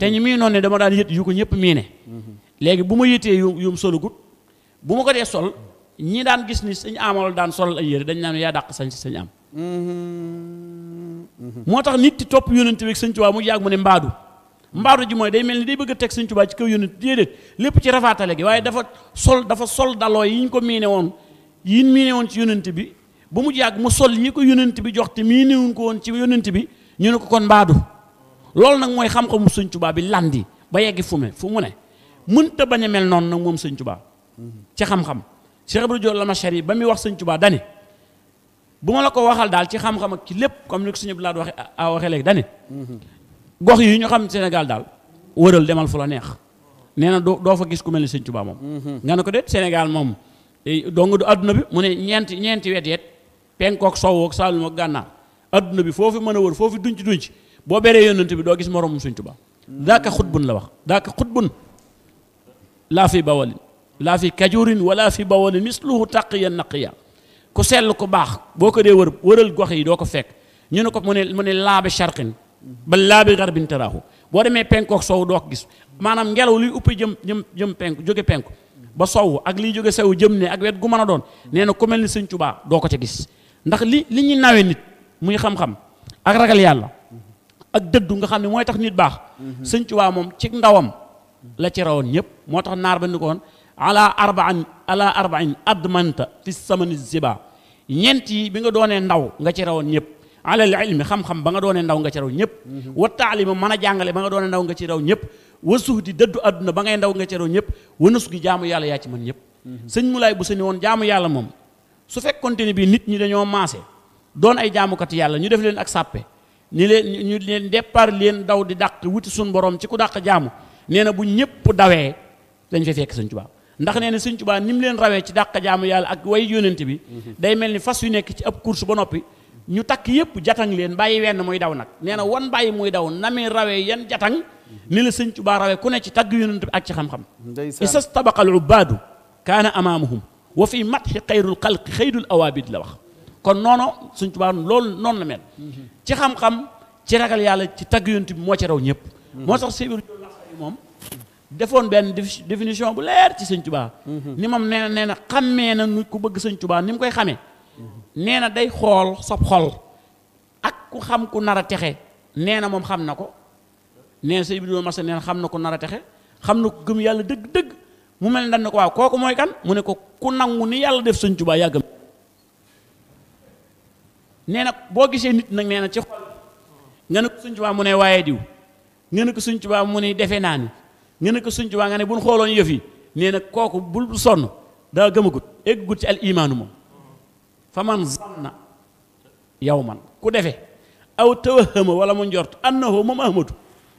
te ñu mii noonu ne dama daan yët yu ko ñëpp mii léegi bu ma yëtee yu yum solugut bu ma ko dee sol ñi daan gis ni sañ amal daan sol ay yére dañ naan yaa dàq sañ sañ am moo tax nit ti topp yónent bi ak sëñ Tuubaa mu yàgg mu ne mbaadu mbaadu ji mooy day mel ni day bëgg a teg sëñ Tuubaa ci kaw yónent déedéet lépp ci rafaatale gi waaye dafa sol dafa sol daloo yi ñu ko miine woon yi ñu woon ci yónent bi ba mu yàgg mu sol ñi ko yonent bi jox te mii néewuñ ko woon ci yonent bi ñu ne ko kon mbaadu loolu nag mooy xam-xamu sëñ Tuubaa bi landi ba yegg fu mu fu mu ne mënta bañ a mel noonu nag moom sëñ Tuubaa ci xam-xam Cheikh la Diop Lamachère yi ba muy wax sëñ Tuubaa dani bu ma la ko waxal daal ci xam-xam ak ci lépp comme ni ko suñu laat waxe a waxe léegi dani gox yi ñu xam Sénégal daal wëral demal fu la neex nee na doo fa gis ku mel ni sëñ Tuubaa moom mm-hmm. nga ne ko déet Sénégal moom eh, dong du àdduna bi mu ne ñeenti ñeenti wet yet penkook sowwook saalum ak gànnaar àdduna bi foofu mën a wër foofu dunc dunc boo beree yonent bi doo gis moroomum Sëñ Tuubaa daaka xutbun la wax daaka xutbun laa fi bawalin laa fi kajurin wala fi bawalin misluhu taqiya naqiya ku sell ku baax boo ko dee wër wëral gox yi doo ko fekk ñu ne ko mu ne mu ne laabi charqin ba laabi garbin taraahu boo demee penkook sow doo ko gis maanaam ngelaw liy uppi jëm jëm jëm penk jóge penk ba sow ak liy jóge sew jëm ne ak wet gu mën a doon nee na ku mel ni doo ko ca gis ndax li li ñuy nawee nit muy xam-xam ak ragal yàlla ak dëddu nga xam ne mooy tax nit baax mhm. sëñ waa moom ci ndawam la ci rawoon ñëpp moo tax naar ba ni ko woon ala arbain ala arbain admanta fi samani ziba ñeent yi bi nga doonee ndaw nga ci rawoon ñëpp alal ilmi xam-xam ba nga doonee ndaw nga ci raw ñëpp mhm. wa taalima mën a jàngale ba nga doonee ndaw nga ci raw ñëpp wa suuf di dëddu àdduna ba ngay ndaw nga ci raw ñëpp wa nus gi jaamu yàlla yaa ci mën ñëpp mhm. sëñ Mulaay bu sëni woon jaamu yàlla moom su fekkoonte ni bii nit ñi dañoo maase doon ay jaamukati yàlla ñu def leen ak sàppe ñu leen ñu leen départ leen daw di dàq wuti suñ borom ci ku dàq jaamu nee na bu ñëpp dawee dañ fay fekk sëñ Tuubaa ndax nee na sëñ Tuubaa ni mu leen rawee ci dàq jaamu yàlla ak way yónent bi mhm. day mel ni fas yu nekk ci ab course ba noppi ñu takk yëpp jatang leen bàyyi wenn muy daw nag nee na wan bàyyi muy daw na mi rawee yan jatang mhm. ni la sëñ Tuubaa rawee ku ne ci tàgg yónent bi ak ci xam-xam isas tabaqal ubaadu kaana amaamuhum wa fi matxi xayrul xalqi xaydul awaabid la wax kon noonu suñ tubaa loolu noonu la mel ci xam-xam ci ragal yàlla ci tagg bi moo ci raw ñëpp moo tax sébér moom defoon benn définition bu leer ci sëñ tubaa ni moom nee na xam mee na nu ku bëgg sëñ tubaa ni mu koy xamee nee na day xool sob xol ak ku xam ku nar a texe nee na moom xam na ko nee na sëñ doo mas nee xam na ko nar a texe xam na ko gëm yàlla dëgg-dëgg mu mel ne dañ ne ko waaw kooku mooy kan mu ne ko ku nangu ni yàlla def sëñ Tuubaa yàggam nee na boo gisee nit nag nee na ci xol nga ne ko sëñ mu ne waaye diw nga ne ko sëñ Tuubaa mu ne defe naa ni nga ne ko sëñ Tuubaa nga ne bu ñu xooloon yëf yi nee na kooku bul sonn daa gëmagut eggut ci al imaanu moom fa man na yow man ku defe aw tawahama wala mu njort annahu moom ahmadu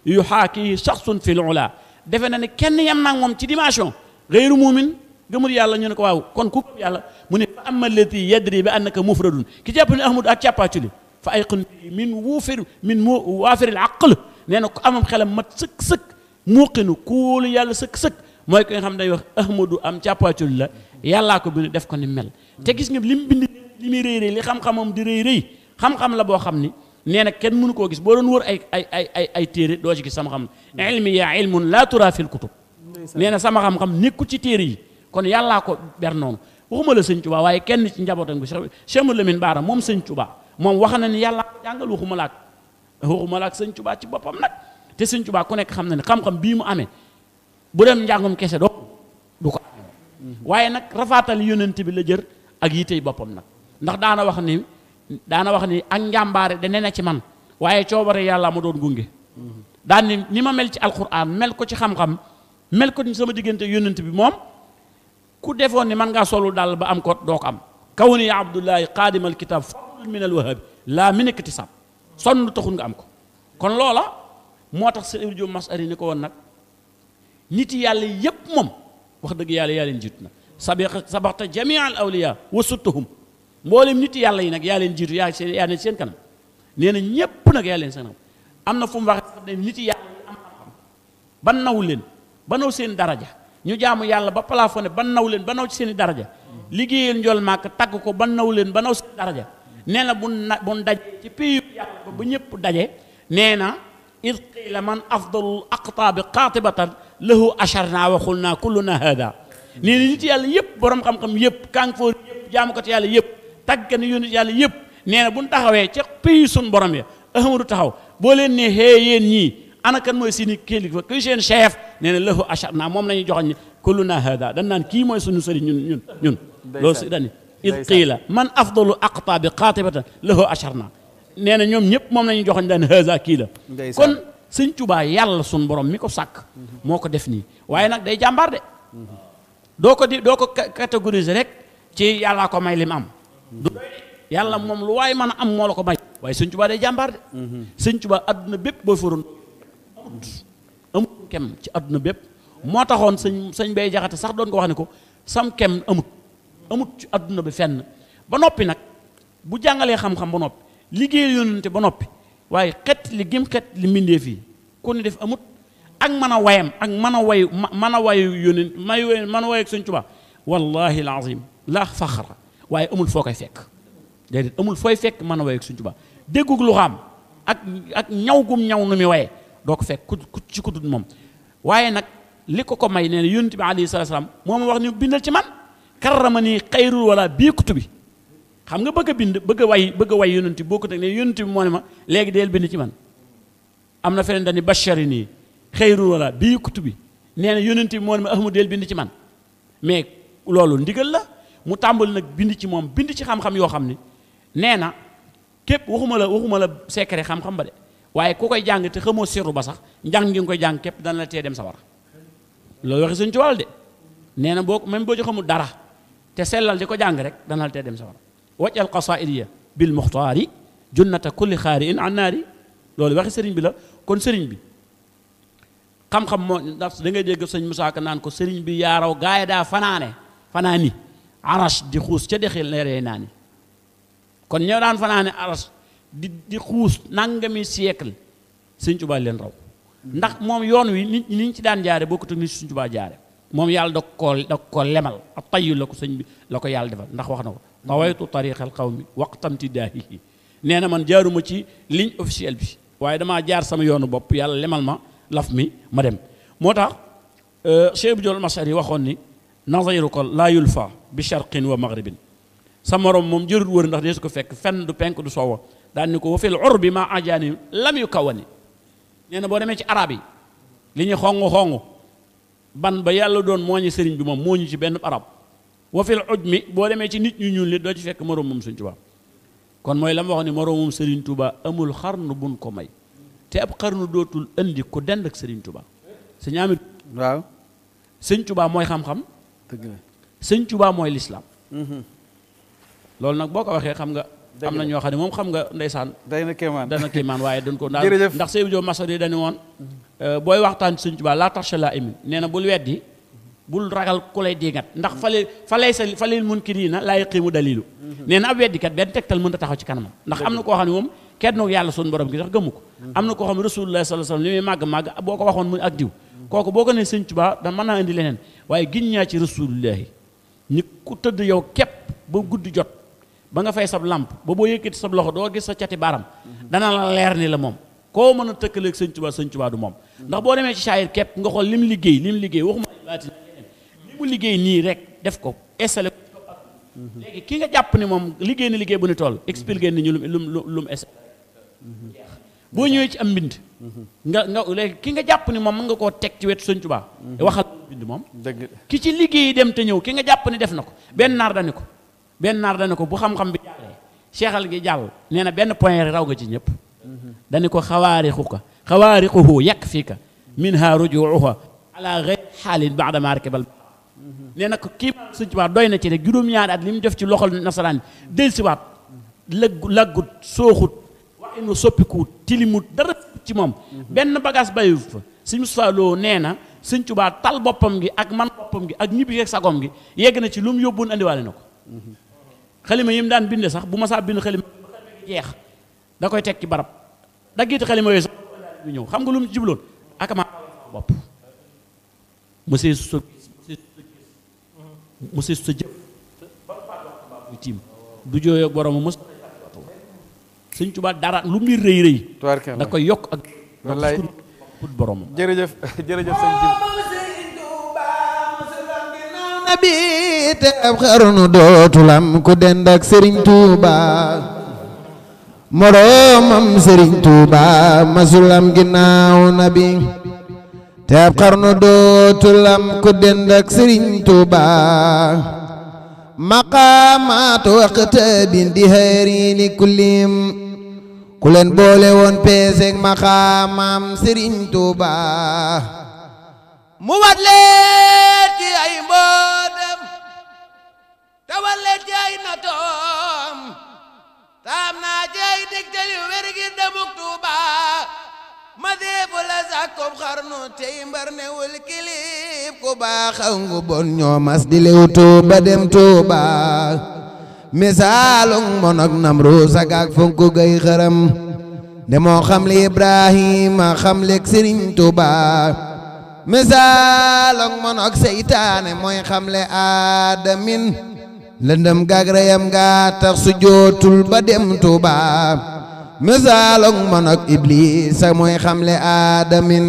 yu xaaki saxsun fi l laa defe na ne kenn yam nag moom ci dimension gayru muumin gëmul yàlla ñu ne ko waaw kon ku yàlla mu ne fa amma allati yadri bi annaka mufradun ki jàpp ne ahmadu ak càppaaculi fa ayqun min wuufir min mu waafiril aql nee na ku amam xelam mat sëkk-sëkk muuqinu kuulu yàlla sëkk-sëkk mooy ki nga xam ne day wax ahmadu am càppaaculi la yàllaa ko bind def ko ni mel te gis nga li mu bind li muy rëy rëy li xam-xamam di rëy rëy xam-xam la boo xam ni nee na kenn mënu koo gis boo doon wër ay ay ay ay ay doo ci gis xam-xam ilmi yaa ilmun laa tura fil kutub nee na sama xam-xam nekku ci téere yi kon yàllaa ko ber noonu waxuma la sëñ Tuubaa waaye kenn ci njabootam bi Cheikh Mouhamadou Lamine Bara moom sëñ Tuubaa moom wax na ni yàllaa ko jàngal waxuma laak waxuma laak sëñ ci boppam nag te sëñ ku nekk xam na ne xam-xam bii mu amee bu dem njàngum kese doo du ko amee waaye nag rafaatal yónnent bi la jër ak yitey boppam nag ndax daana wax ni daana wax ni ak njàmbaare dane na ci man waaye coobare yàlla ma doon gunge daan ni ni ma mel ci mel ko ni sama diggante yónnent bi moom ku defoon ni man ngaa solu daal ba am ko doo ko am kaw ni ya abdullahi xaadimal kitaab fadlun min al wahabi laa min iktisab sonn taxul nga am ko kon loola moo tax sa ibrjo masari ni ko woon nag nit yàlla yépp moom wax dëgg yàlla yaa leen jiitu nag sabiqa sabaxta jamia al awliya wa suttahum mboolem nit yàlla yi nag yaa leen jiitu yaa seen ne seen kanam nee ñépp nag yaa leen seen kanam am na fu mu wax nit yàlla yi leen ba naw seen daraja ñu jaamu yàlla ba plafonné ba naw leen ba naw ci seen i daraja liggéeyal njool màkk tagg ko ba naw leen ba naw seen daraja nee na bu na bu dajee ci pays yàlla ba bu ñëpp daje nee na id qiila man afdalul aqtaabi qaatibatan lahu acharna wa xulna kulluna hada nee na nit yàlla yëpp borom xam-xam yëpp kànfoor yëpp jaamu ko ci yàlla yëpp tàggat ni yónni yàlla yëpp nee bu ñu taxawee ca pays suñ borom ya ahmadu taxaw boo ana kan mooy seeni kilifa kuy seen chef nee na lahu moom la ñuy joxoon ni kulluna hada dan naan kii mooy suñu sëriñ ñun ñun ñun loolu si dani id qiila man afdalu aqta bi qaatibatan lahu achar naa nee na ñoom ñëpp moom la ñuy joxoon daan hada kii la kon sëñ Tuubaa yàlla sun borom mi ko sakk mhm. moo ko def nii waaye nag day jàmbaar de mhm. doo ko di doo ko catégoriser rek ci yàllaa ko may lim am mhm. yàlla moom lu waaye mën a am moo la ko may waaye sëñ day amul kem ci àdduna bépp moo taxoon sañ sañ bay jaxate sax doon ko wax ne ko sam kem amut amut ci àdduna bi fenn ba noppi nag bu jàngalee xam-xam ba noppi liggéey yonente ba noppi waaye xet li gim xet li mbindee fii kon def amut ak mën a wayam ak mën a wayu mën a wayu yónent may mën a wayu ak sëñ Tuubaa wallahi alazim la faxra waaye amul foo koy fekk déedéet amul fooy fekk mën a wayu ak sëñ Tuubaa déggug lu xam ak ñaw gum ñaw nu muy waye doo ko fekk ku ci ku moom waaye nag li ko ko may nee na yonent bi alayhi salaatu salaam moo ma wax ni bindal ci man karrama nii xayrul wala bii kutubi xam nga bëgg bind bëgg way bëgg way yonent bi boo ko teg ne yonent ma léegi deel bind ci man am na feneen dañu bachari nii xayrul wala bii kutubi nee na yonent bi moo ne ma ahmad deel bind ci man mais loolu ndigal la mu tàmbali nag bind ci moom bind ci xam-xam yoo xam ni nee na képp waxuma la waxuma la secret xam-xam ba de waaye ku koy jàng te xamoo sirru ba sax njàng ngi koy jàng képp dana la tee dem sawara loolu waxi suñ ci wàll de nee na boo même boo ci xamul dara te sellal di ko jàng rek dana la tee dem sawara wajal qasaidiya bil muxtaari junnata kulli xaari in annaari loolu waxi sëriñ bi la kon sëriñ bi xam-xam moo ndax da ngay dégg sëñ Musaa Ka naan ko sëriñ bi yaaraw gaay daa fanaane fanaani aras di xuus ca dexi leeree naa ni kon ñëw daan fanaane di di xuus nangami siècle sëñ Tuubaa leen raw ndax moom yoon wi nit ñi ci daan jaare bokkut ak nit sëñ Tuubaa jaare moom yàlla da koo koo lemal a tayyu la ko sañ bi la ko yàlla defal ndax wax na ko tawaytu tariqal qawmi waqtamti daahihi nee na man jaaruma ci ligne officielle bi waaye damaa jaar sama yoonu bopp yàlla lemal ma laf mi ma dem moo tax euh, cheikh bidol masar yi waxoon ni naziru ko laa yulfa bi sharqin wa maghribin sa morom moom jërut wër ndax dee su ko fekk fenn du penk du soowa daan ni ko wa fil bi ma ajaani lam yu kawani nee na boo demee ci araab yi li ñu xong xong ban ba yàlla doon moo ñu sëriñ bi moom moo ñu ci benn arab wa fil mi boo demee ci nit ñu ñuul li doo ci fekk moroom moom sëriñ Tuubaa kon mooy la ma wax ni moroomum sëriñ Tuubaa amul xarnu buñ ko may te ab xarnu dootul indi ku dend ak sëriñ Tuubaa sëñ Amit waaw sëñ mooy xam-xam dëgg la mooy lislaam mhm. loolu nag boo ko waxee xam nga am na ñoo xam ne moom xam nga ndeysaan. day na kéemaan dana kéemaan waaye duñ ko. jërëjëf ndax Seydou Diop Masoro yi dañu woon. Euh, booy waxtaan ci laa tax la imin nee na bul weddi bul ragal ku lay diingat ndax fale falay sa falil munkiriina laa yaqiimu dalilu. Mhm. nee na ab weddikat benn tegtal mën a taxaw ci kanamam. ndax am na koo xam ne moom kenn ku yàlla suñu borom gi sax gëmu ko. Mhm. am na koo xam ne rasulullah sallallahu alayhi wasallam li muy màgg màgg boo ko waxoon mu ak diw. Mhm. kooku boo ko nee Sëñ Tuubaa da mën naa indi leneen waaye giñ ñaa ci rasulullahi ñi ku tëdd yow képp ba guddi jot ba nga fay sab làmp ba boo yëkkati sab loxo doo gis sa cati baaram dana la leer ni la moom koo mën a tëkkaleeg sëñ Tuubaa sëñ Tuubaa du moom ndax boo demee ci saayir képp nga xool lim liggéey lim liggéey waxuma baati li mu liggéey nii rek def ko installé ki nga jàpp ni moom liggéey ni liggéey bu ni toll expliqué ni ñu lu mu lu mu installé boo ñëwee ci am mbind nga nga léegi ki nga jàpp ni moom mën nga koo teg ci wetu sëñ Tuubaa waxal mbind moom ki ci liggéey dem te ñëw ki nga jàpp ni def na ko benn naar dani ko benn naar dana ko bu xam-xam bi jàllee seexal gi jàll nee na benn point raw nga ci ñëpp dani ko xawaarixuka xawaarixuhu yàq fii ka min ha rujuuha ala gayri xaalin baada maa rakibal nee na ko kii suñ ci waat doy na ci rek juróom-ñaari at li mu def ci loxol nasaraan del si waat lëgg laggut sooxut wax inu tilimut dara ci moom benn bagage bayu fa suñ Moustapha Lo nee na sëñ Tuubaa tal boppam gi ak man boppam gi ak ñibbi ak sagom gi yegg na ci lu mu yóbboon andiwaale na ko xalima yi mu daan binde sax bu ma saa bind xalima jeex da koy teg ci barab daggiti xalima yooyu sax xam nga lu mu jubloon ak ma monsieur sa monsieur sa jëf tiim du suñ Tuubaa dara lu mbir rëy rëy da koy yokk ak wallaay boromam jërëjëf jërëjëf na bi te ab xarnu dootulam ku dend ak Serigne moroomam Serigne Touba masulam ginnaaw nabi te ab xarnu dootulam ku dend ak Serigne Touba maqaamaatu waqta di xëyri kullim ku leen boole woon peeseeg maqaamam Serigne Touba kawale jey na toom taam naa jey digtal yu wér gi Tuuba ma déebu la sàkkob xarnu tey mbar newul ku baax ak ngu di lew Tuuba dem Tuuba misaalug monok Namruus ak ak xaram demoo xam li Ibrahima xam lek Tuuba misaalug monok seytaane mooy xam aadamin lëndëm gaag reyam gaa tax su jootul ba dem Tuuba misaalog monok Iblis sa mooy xamle aadamin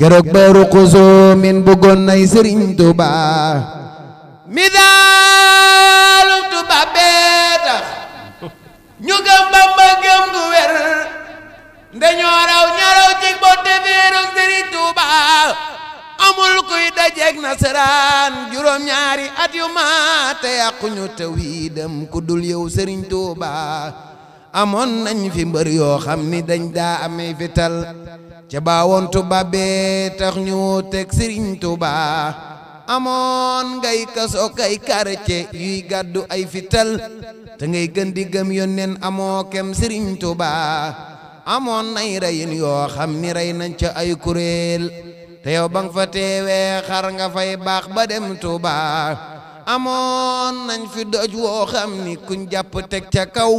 keroog ba ruqusoo min bëggoon nay Sëriñ Tuuba misaalog Tuuba bee ñu gëm Bamba gëm gu wér ndeñoo raw ñaraw ci botte féerug Sëriñ Tuuba amul kuy dajeeg nasaraan juróom ñaari at yu ma te yàquñu tawhiidam ku dul yow Serigne Touba amoon nañ fi mbër yoo xam ni dañ daa amee fital ca baawoon Touba bee tax ñu teg sëriñ Touba amoon ngay kaso kay quartier yuy gàddu ay fital te ngay gën di gëm yónneen amoo kem Serigne Touba amoon nañ reyin yoo xam ni rey nañ ca ay kuréel. te yow ba nga fa teewee xar nga fay baax ba dem Touba amoon nañ fi doj woo xam ni kuñ jàpp teg ca kaw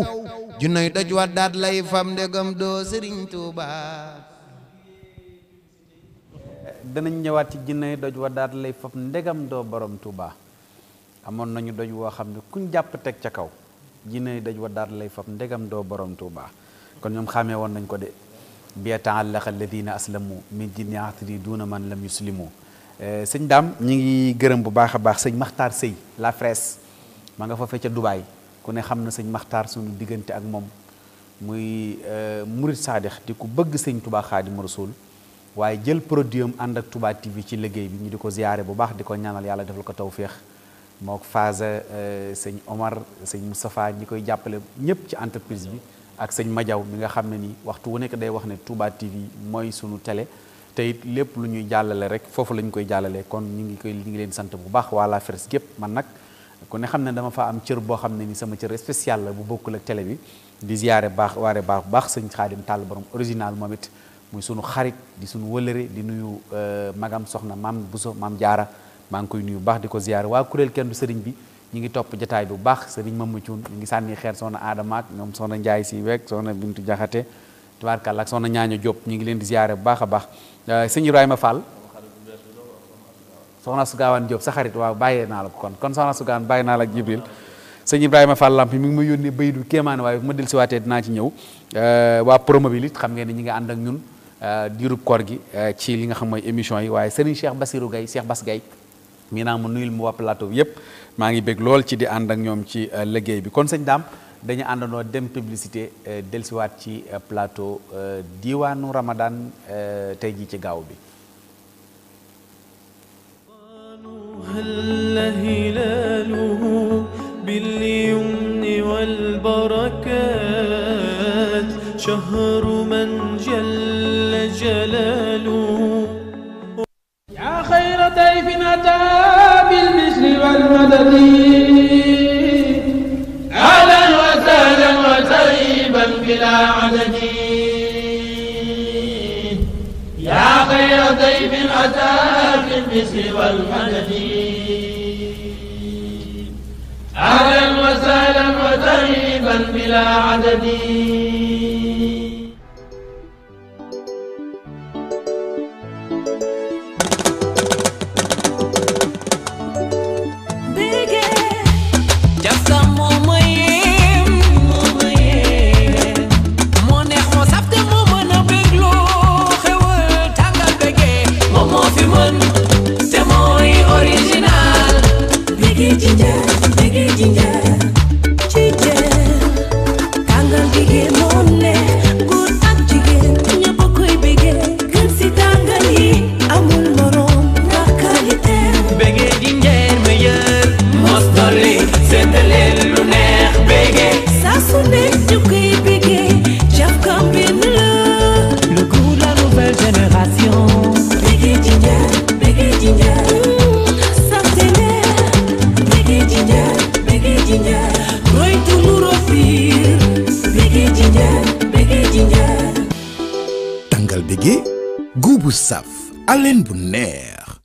junay doj wa lay fam ndegam doo Serigne Touba. danañ ñëwaat ci junay doj wa daat lay fam ndegam doo borom Touba amoon nañu doj woo xam ne kuñ jàpp teg ca kaw junay doj wa daat lay fam ndegam doo borom Touba kon ñoom xamee woon nañ ko de. bi yataallaqa alladina aslamu min jinniatri duna man lam yuslimu sëñ daam ñi ngi gërëm bu baax a baax sëñ maxtaar sëy la fraise ma nga fa ca Dubaay ku ne xam na sëñ maxtaar suñu diggante ak moom muy murit saadix di ku bëgg sëñ tubaa xaadimu rasul waaye jël produit am ànd ak Touba TV ci liggéey bi ñu di ko ziyaare bu baax di ko ñaanal yàlla defal ko tawféex moo faasa sëñ Omar sëñ Moustapha ñi koy jàppale ñëpp ci entreprise bi ak sëñ Madiaw mi nga xam ne nii waxtu wu nekk day wax ne Touba TV mooy sunu tele teyit lépp lu ñuy jàllale rek foofu la ñu koy jàllale kon ñu ngi koy ñu ngi leen sant bu baax waa La Fers gépp man nag ku ne xam ne dama fa am cër boo xam ne nii sama cër spécial la bu bokkul ak tele bi di ziyaare baax waare baax bu baax sëñ Xaadim tàll borom original moom it muy sunu xarit di sunu wëllëre di nuyu euh, magam soxna maam Bousso maam Jaara maa ngi koy nuyu baax di ko ziyaare waa kuréel kenn du sëriñ bi ñu ngi topp jataay bu baax sëriñ Mamadou Thioune ñu ngi sànni xeer soona Adama ak ñoom soxna Ndiaye si week soxna Bintu Jaxate tubaarkàlla ak soxna Ñaaño Diop ñu ngi leen di ziyaare bu baax a baax euh, sëñ Ibrahima Fall soxna Sugaawaan Diop sa xarit waa bàyyee naa la ko kon kon soxna Sugaawaan bàyyi naa la ak Jibril sëñ Ibrahima Fall lamp mi ngi ma yónnee bay du kéemaane waaye bu ma dellusiwaatee dinaa ci ñëw euh, waa Promovilite xam ngeen ne ñi ngi ànd ak ñun euh, diirub koor gi ci li nga xam mooy émission yi waaye sëriñ Cheikh Basirou Gaye Cheikh Bas Gaye mii naa mu nuyul mu yëpp maa ngi bég lool ci di ànd ak ñoom ci euh, liggéey bi kon sëñ daam dañu àndandoo dem publicité euh, dellusiwaat ci euh, plateau diwaanu Ramadan tey jii ci gaaw bi. هل هلاله باليمن والبركات شهر من جل جلاله خير ضيف أتى بالبشر والمدد أهلا وسهلا وسهيبا بلا عدد يا خير ضيف أتى بالبشر والمدد أهلا وسهلا وسهيبا بلا عدد bëgge guubu saf aleen bu neex ah.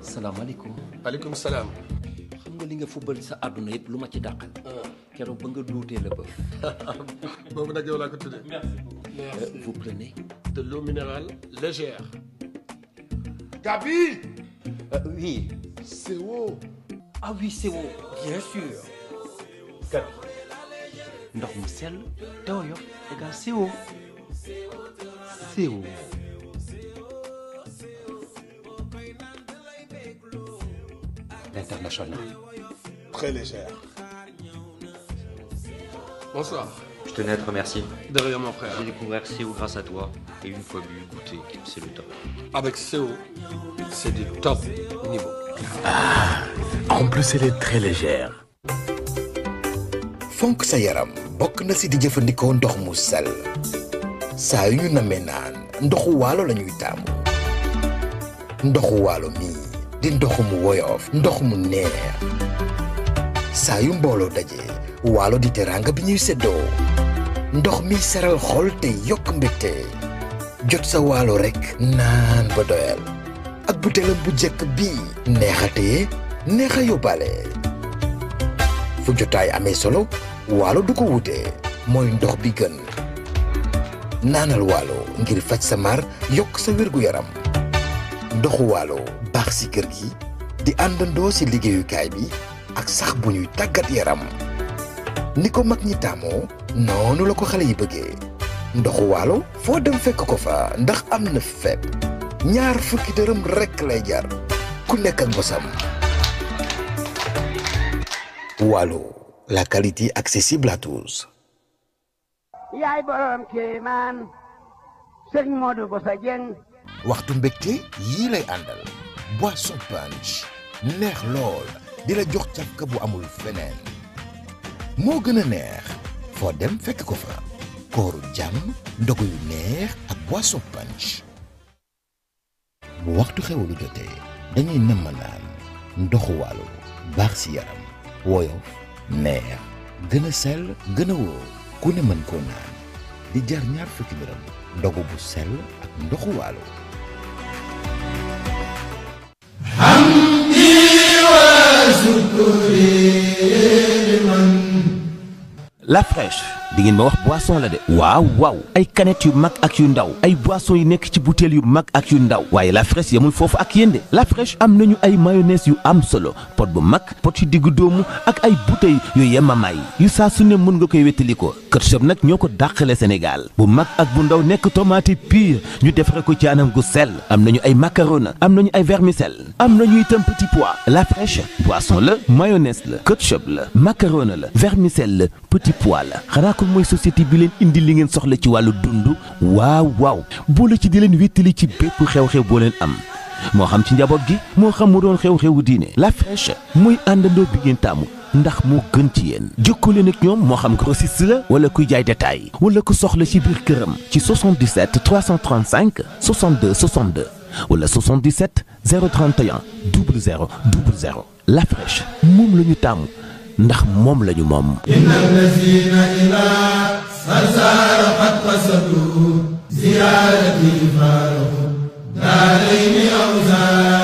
salaamaaleykum maaleykum salaam xam nga li nga fubal sa àdduna yëpp lu ma ci dàqal ah. keroog ba nga duutee la bëf boobu nag yow laa ko tuddee merci euh, vous prenez de l'eau minérale légère Gabi euh, Oui. Sewo. Ah oui, Sewo, bien sûr. Gabi. ndox mu sell taw yo égal Sewo. Sewo. L'international. Très légère. Bonsoir. Je tenais à te remercier. Derrière mon frère. J'ai découvert CO grâce à toi. Et une fois bu, goûté, c'est le ah, fonk sa yaram bokk na si di jëfandikoo ndox mu sel saa yu ñu namee naan ndoxu waalo la ñuy taamu ndoxu waalo mii di ndox mu woyof ndox mu neex saa yu mbooloo dajee waalo di teraanga bi ñuy séddoo ndox mi seral xol te yokk mbégte jot sa waalo rekk naan ba doyal ak butéelam bu jëkk bii neexatee neexa yóbbaale fu jotaay amee solo waalo du ko wutee mooy ndox bi gën naanal waalo ngir faj sa mar yokk sa wér yaram ndoxu waalo baax si kër gi di àndandoo si liggéeyukaay bi ak sax bu ñuy tàggat yaram ni ko mag ñi taamoo noonu la ko xale yi bëggee ndoxu waalo foo dem fekk ko fa ndax am na fépp ñaar fukki rekk lay jar ku nekk ak bosam waalo la qualité accessible à tous yaay boroom kéemaan sëriñ Modou Bosa Dieng waxtu mbégte yii lay àndal boisson punch neex lool di la jox càkk bu amul feneen moo gën a neex foo dem fekk ko fa kooru jàmm ndogu yu neex ak boisson punch bu waxtu xewlu jotee dañuy namm naan ndoxu waalo baax si yaram woyof neex gën a sell ku ne mën koo naan di jar ñaar fukki dërëm ndogu bu sell ak ndoxu waalo hamdi wa sukuri La Flèche. di ngeen ma wax boisson la de waaw waaw ay canettes yu mag ak yu ndaw ay boissons yu nekk ci bouteilles yu mag ak yu ndaw waaye la fraîche yemul foofu ak yéen de la fraîche am nañu ay mayonnaise yu am solo pot bu mag pot yu diggu doomu ak ay bouteilles yu yemamaay yu saa su ne mën nga koy wétali ko ketchup nag ñoo ko dàqale Sénégal bu mag ak bu ndaw nekk tomate pure ñu defaree ko ci anam gu sel am nañu ay macaroni am nañu ay vermicelle am nañu itam petit pois la fraîche boisson la mayonnaise la ketchup la macaroni la vermicelle la petit pois la mooy société bi leen indi li ngeen soxla ci wàllu dund waaw waaw boole ci di leen wéttali ci bépp xew-xew boo leen am moo xam ci njaboot gi moo xam mu doon xew-xewu diine la fèche muy àndandoo bi ngeen taamu ndax moo gën ci yéen jokkoo leen ak ñoom moo xam grossiste la wala kuy jaay détail wala ku soxla ci biir këram ci 77 335 62 62 wala 77 031 00 00 la Flèche moom la ñu tàmm ndax moom lañu moom inna allazina ila sarsara qad qasadu ziyaarati faarahu daarayni awsaar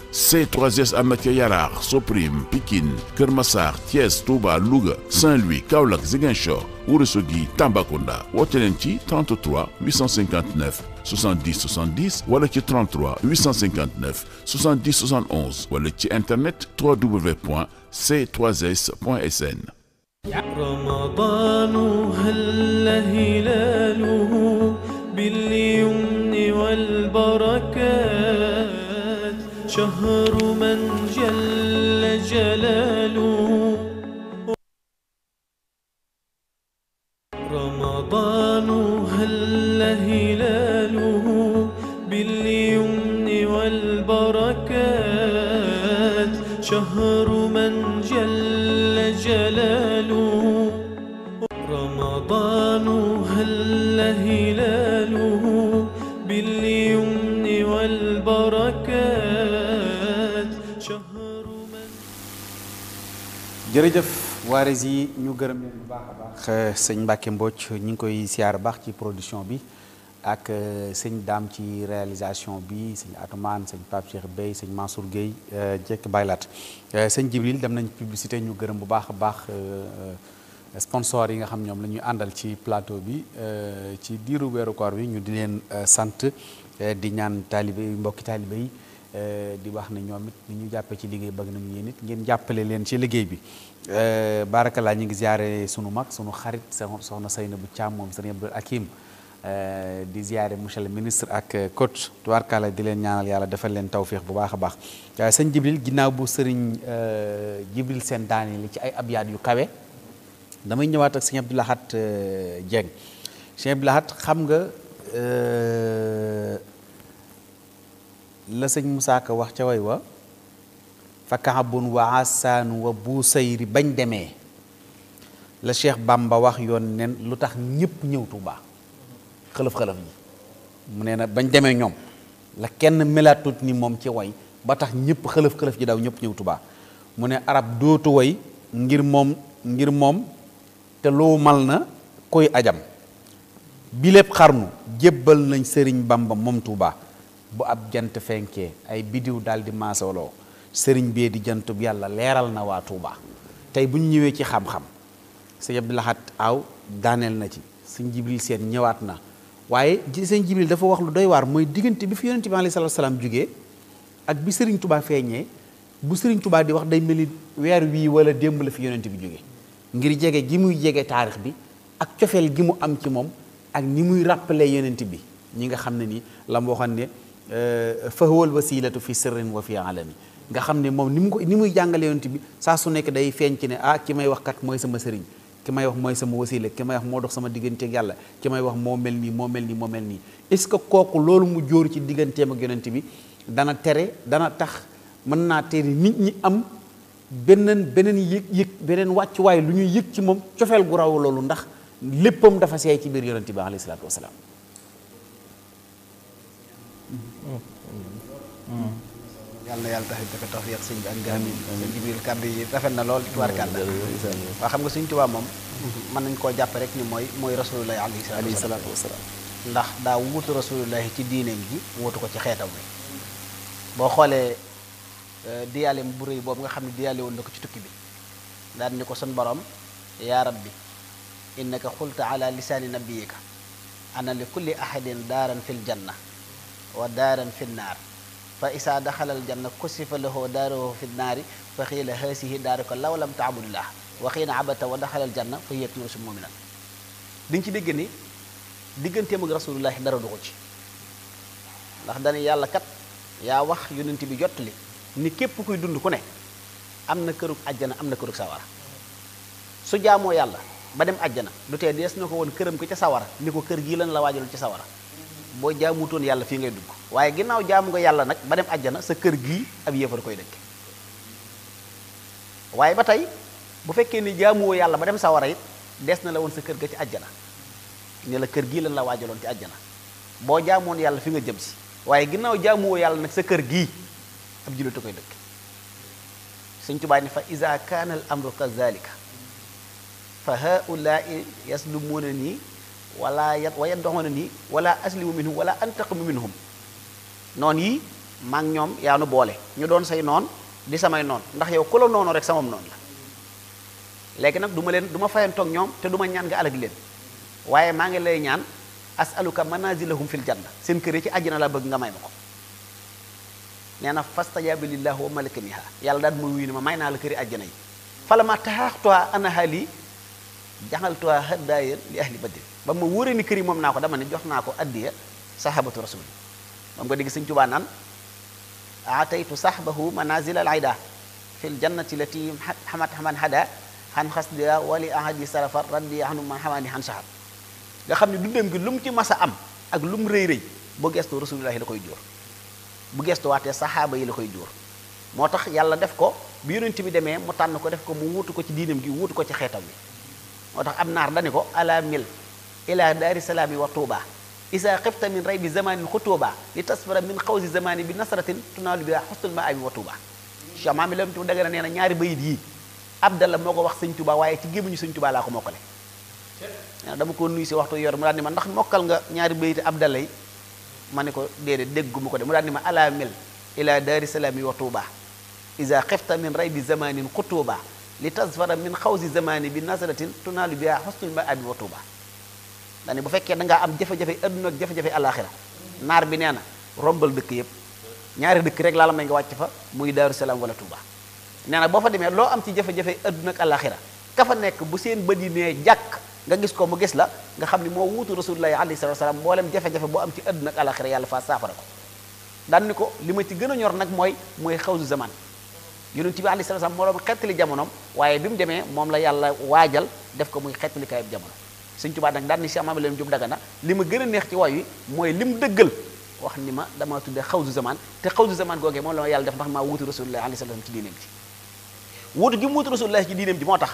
C3S Amitié Yaraar Soprim Pikine Kër Massar Thiès Touba Louga Saint-Louis Kaolack Ziguinchor Ourossogui Tambacounda woote leen ci 33 859 70 70 wala ci 33 859 70 71 wala ci internet www.c3s.sn رمضان هل هلاله باليمن شهر من جل جلاله رمضان هل هلاله باليمن والبركات شهر من جل جلاله رمضان هل هلاله باليمن والبركات jërëjëf waares yi ñu gërëm bu baax a baax eh, sëñ Mbacke Mbodj ñu ngi koy siyaar baax ci production bi ak eh, sëñ daam ci réalisation bi sëñ Atoumane sëñ Pape Cheikh Bey sëñ Mansour Gueye eh, jekk baylaat sëñ Jibril dem nañ publicité ñu gërëm bu baax a baax sponsor yi nga xam ñoom la ñuy àndal ci plateau bi ci diiru weeru koor bi ñu di leen sant di ñaan taalibe mbokki taalibe yi Eh, di wax ne ñoom it ni ñu jàppee ci liggéey bag nañu yéen it ngeen jàppale leen ci liggéey bi eh, barakalaa ñu ngi ziare sunu mag sunu xarit soxna Seynabou Thiam moom sëriñ Abdul Hakim eh, di ziare monsieur le ministre ak coach tubaarkalla di leen ñaanal yàlla defal leen tawféex bu baax a baax sëñ Jibril ginnaaw bu sëriñ Jibril seen daane li ci ay abyaat yu kawe damay ñëwaat ak sëñ Abdou laxat Dieng sëñ Abdou xam nga la sëñ Musaa Ka wax ca way wa fa kaabun wa asaanu wa buusayri bañ demee la Cheikh Bamba wax yoon nen lu tax ñëpp ñëw Tuubaa xëlëf-xëlëf yi mu ne nag bañ demee ñoom la kenn melaatut ni moom ci way ba tax ñëpp xëlëf-xëlëf ji daw ñëpp ñëw Tuubaa mu ne arab dootu way ngir moom ngir moom te loo mal na koy ajam bi xarnu jébbal nañ sëriñ Bamba moom Tuubaa bu ab jant fenkee ay bidiw daal di maasoloo sëriñ bee di jantub yàlla leeral na waa Touba tey bu ñu ñëwee ci xam-xam sëñ Abdou Lahad Aw daaneel na ci sëñ Jibril seen ñëwaat na waaye sëñ Jibril dafa wax lu doy waar mooy diggante bi fi yonente bi alayhi salaatu salaam jógee ak bi sëriñ Touba feeñee bu sëriñ Touba di wax day mel ni weer wii wala démb la fi yonente bi jóge ngir jege gi muy jege taarix bi ak cofeel gi mu am ci moom ak ni muy rappelé yonente bi ñi nga xam ne ni la Euh, fa huwa al wasilatu fi sirrin wa fi alani nga xam ne moom ni mu ko ni muy jàngale yonent bi saa su nekk day feeñ ci ne ah ki may wax kat mooy sama sëriñ ki may wax mooy sama wasila ki may wax moo dox sama diggante ak yàlla ki may wax moo mel nii moo mel nii moo mel nii est-ce que kooku loolu mu jóor ci digganteem ak yonent bi dana tere dana tax mën naa tere nit ñi am beneen beneen yëg yëg beneen wàccuwaay lu ñuy yëg ci moom cofeel gu raw loolu ndax léppam dafa seey ci biir yonent bi alayhi Mm-hmm. yàlla na yàlla tax dafa tax yàq sëñ bi ak gaam yi sëñ Jibril kàddu yi rafet na lool tubaarkàlla mm-hmm. waaw xam nga sëñ Tuubaa moom mën nañ koo jàpp rek ni mooy mooy rasulullahi alayhi salaatu wasalaam ndax daa wuutu rasulullahi ci diineem ji wuutu ko ci xeetam bi boo xoolee euh, diyaaleem bu rëy boobu nga xam ne diyaale woon na ko ci tukki bi daan ni ko sun borom yaa rabbi innaka xulta ala lisaani nabiyika ana li kulli ahadin daaran fil janna waa daaran fi naar fa isaa daxalal janna kusifa lahu daaruhu fi naari fa xiila haasihi daaruka law lam taabudillah wa xiina abata wa daxalal janna fa hiya tuusu si di nga ci dégg ni digganteem ak rasulullahi dara du ko ci ndax dana yàlla kat yaa wax yonent bi jottali ni képp kuy dund ku ne am na kërug àjjana am na kërug sawara su jaamoo yàlla ba dem àjjana du tee dees na ko woon këram ko ca sawara ni ko kër gii lan la waajalul ci sawara boo jaamutoon yàlla fii ngay dugg waaye ginnaaw jaamu nga yàlla nag ba dem àjjana sa kër gii ab yéefar koy dëkk waaye ba tey bu fekkee ni jaamuwoo yàlla ba dem sawara it des na la woon sa kër ga ci àjjana ne la kër gii lan la waajaloon ci àjjana boo jaamoon yàlla fi nga jëm si waaye ginnaaw jaamuwoo yàlla nag sa kër gii ab jullitu koy fa isa kaana al amru kazalika fa haulaai yaslumuuna nii wala yat wa yaddoxoona nii wala aslimu minhum wala antaqimu minhum noon yi maa ñoom yaa nu boole ñu doon say noon di samay noon ndax yow ku la noonu rek samam noonu la léegi nag duma leen du ma fayantoog ñoom te duma ma ñaan nga alag leen waaye maa ngi lay ñaan asaluka manazilahum fil janna seen kër yi ci na la bëgg nga may ma ko nee na fastajaaba lillaahu wa malakamiha yàlla daal mooy wuyu ne ma may naa la këri àjjana yi fala ma taxaaxtuha anaha lii jaxaltuha haddayan li ahli badri ba mu wóoree ni kër yi moom naa ko dama ne jox naa ko addiya sahabatu rasul moom nga dégg sëñ Tubaa naan ataytu sahbahu manazil al aida fi l jannati lati xamat xaman hada xan xasdia wali ahadi sarafar raddi anu man xamaani xan sahar nga xam ne dundam gi lu mu ci mas a am ak lu mu rëy rëy boo gestoo rasulillahi la koy jóor bu gestuwaatee saxaaba yi la koy jóor moo tax yàlla def ko bi yonent bi demee mu tànn ko def ko mu wuutu ko ci diinam gi wuutu ko ci xeetam bi moo tax am naar dani ko ala ila daari salaami wa tuuba isa xifta min bi zamanin xutuuba li tasfara min xawsi zamani bi nasratin tunaalu bi xusnul maabi wa tuuba cheikh maami lam nee na ñaari bayit yi abdallah moo ko wax sëñ tuba waaye ci gémmiñu sëñ tuba laa ko mokkale nee na ko si waxtu yor mu daal ni ma ndax mokkal nga ñaari bayiti abdallah yi ma ne ko déedéet dégguma ko de mu daal ni ma ala mel ila daari salaami wa tuuba isa xifta min raybi zamanin xutuuba li tasfara min xawsi zamani bi nasratin tunaalu bi xusnul maabi wa tuuba dani bu fekkee dangaa am jafe-jafe adduna ak jafe-jafe àllaaxira naar bi nee na rombal dëkk yëpp ñaari dëkk rek laa la may nga wàcc fa muy daaru salaam wala Touba nee na boo fa demee loo am ci jafe-jafe adduna ak àllaaxira ka nekk bu seen bët yi nee jàkk nga gis ko mu gis la nga xam ni moo wuutu rasulullahi alayhi salatu wasalaam mboolem jafe-jafe boo am ci adduna ak yàlla faa saafara ko daan ni ko li ma ci gën a ñor nag mooy mooy xawsu zaman yonent bi alayhi salatu wasalaam moo doon xettali jamonoom waaye bi mu demee moom la yàlla waajal def ko muy xettalikaayub jamono sëñ Tuubaa nag daan ni Cheikh Mamadou Lamine Diop Dagana li ma gën a neex ci way wi mooy lim dëggal wax ni ma damaa tuddee xawsu zaman te xawsu zaman googee moom la ma yàlla def ndax maa wuutu rasulullah alayhi salaam ci diineem ji wuutu gi mu wuutu rasulullah ci diineem ji moo tax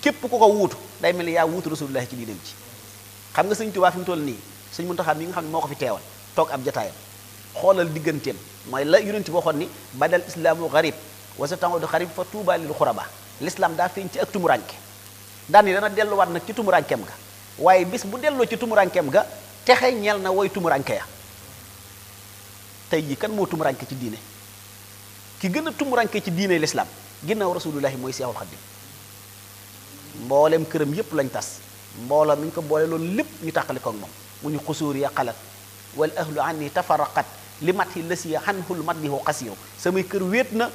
képp ku ko wuutu day mel ni yaa wuutu rasulullah ci diineem ji xam nga sëñ Tuubaa fi mu toll nii sëñ Muntaxa mi nga xam ne moo ko fi teewal toog ab jataayam xoolal digganteem mooy la yonent bi waxoon ni badal islaamu garib wa sa tàngoodu xarib fa tuuba lil xuraba l'islam daa feeñ ci ak tumuranke daan ni dana delluwaat nag ci tumurankem nga waaye bis bu delloo ci tumurankeem ga texe ñel na woy tumuranke ya tey jii kan moo tumuranke ci diine ki gën a tumuranke ci diine lislaam ginnaaw rasulullahi mooy seexul xaddim mbooleem këram yépp lañ tas mbooloo mi ko boole loolu lépp ñu tàqalikoo ak moom mu ñu xusuur ya xalat wal ahlu anni tafaraqat li mat yi lës ya xanhul mat yi xasiyo samay kër wéet na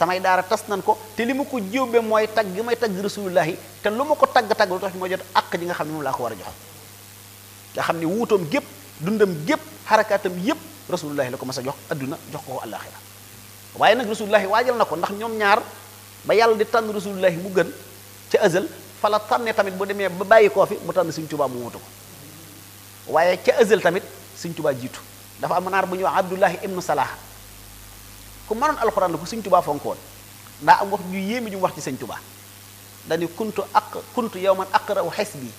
samay daara tas nan ko te li ma ko jiwbe mooy tag gi may tagg rasulullahi te lu ma ko tagg-tagg lu tax moo jot ak ji nga xam ne moom laa ko war a jox nga xam ne wuutoom gépp dundam gépp xarakaatam yépp rasulullahi la ko mas a jox adduna jox ko àllaaxira waaye nag rasulullahi waajal na ko ndax ñoom ñaar ba yàlla di tànn rasulullahi mu gën ca azal fa la tànnee tamit bu demee ba bàyyi koo fi mu tànn Sëñ Tuubaa mu wuutu ko waaye ca azal tamit Sëñ jiitu dafa am naar bu ñuy wax Abdullahi ibnu Salaah ku mënoon alxuraan la ku sëñ tubaa fonkoon ndaa am wax ju yéeme ju wax ci sëñ tubaa dani kuntu aq kuntu yowman ak xisbi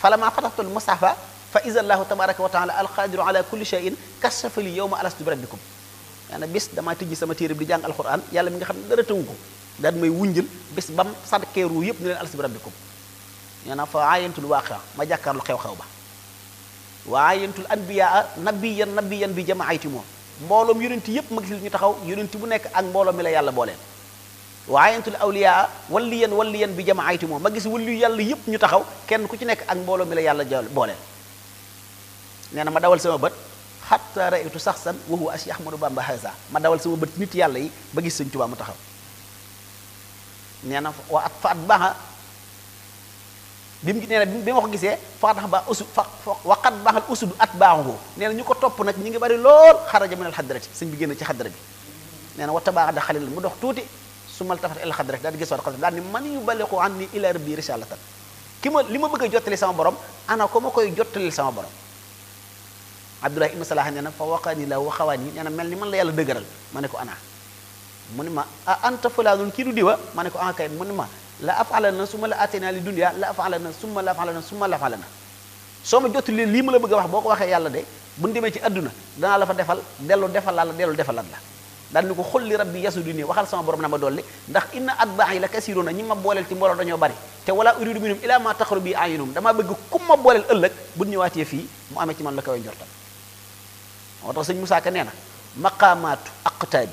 falama fataxtu almushafa fa iza allahu tabaraka wa taala alqadiru ala kulli shay'in kashafa li yowma alastu bi damaa tijji sama téere bi di jàng alxuraan yàlla mi nga xam ne dara tëngu ko daal may wunjil bis bam sadkeeru yëpp ni leen alastu bi rabbikum nee na fa aayantul waaqia ma jàkkaarlu xew-xew ba wa aayantul anbiyaa nabiyan nabiyan bi jamaaytimoom mbooloom yonent yépp ma gis lu ñu taxaw yonent bu nekk ak mbooloo mi la yàlla booleen waayentul awliyaa walli yan walli yan bi jamaaytu moom ma gis walliyu yàlla yépp ñu taxaw kenn ku ci nekk ak mbooloo mi la yàlla booleen nee na ma dawal sama bët xatta raytu sax wa huwa asi ahmadu bamba sax ma dawal sama bët nit yàlla yi ba gis sëñ Tuubaa mu taxaw nee na wa at fa at baaxa bi mu nee na bi ma ko gisee faqat ba usu fa waqat baaxal usudu at baaxu nee na ñu ko topp nag ñi ngi bari lool xaraja min al xadrati sëñ bi génn ci xadra bi nee na wata baax da xalil mu dox tuuti su mal tafat el xadra daal di gis waat xadra daal ni man yuballiqu anni ila rabbi risalatan ki li ma bëgg a jottali sama borom ana ko ma koy jottalil sama borom abdullahi ibn salaha nee na fa waqani la waxawaan yi nee na mel ni man la yàlla dëgëral ma ne ko ana mu ni ma a anta fulaanun kii du diwa ma ne ko ana ah, kay mu ni ma la afaala na su ma la ateenaa li dunyaa la afaala na summa la afaala na summa la afaala na soo ma jotulee lii ma la bëgg a wax boo ko waxee yàlla de bu ñu demee ci àdduna danaa la fa defal dellu defalaat la dellu defalaat la daal ni ko xolli rabbi yasudu nii waxal sama borom na ma dolli ndax inna atbaax yi la a ñi ma booleel ci mbooloo dañoo bari te wala uridu minhum ila ma taqaru bi ayunum damaa bëgg ku ma booleel ëllëg bu ñëwaatee fii mu amee ci man la koy njortal moo tax sëñ Musaa Ka nee na maqaamaatu aqtaabi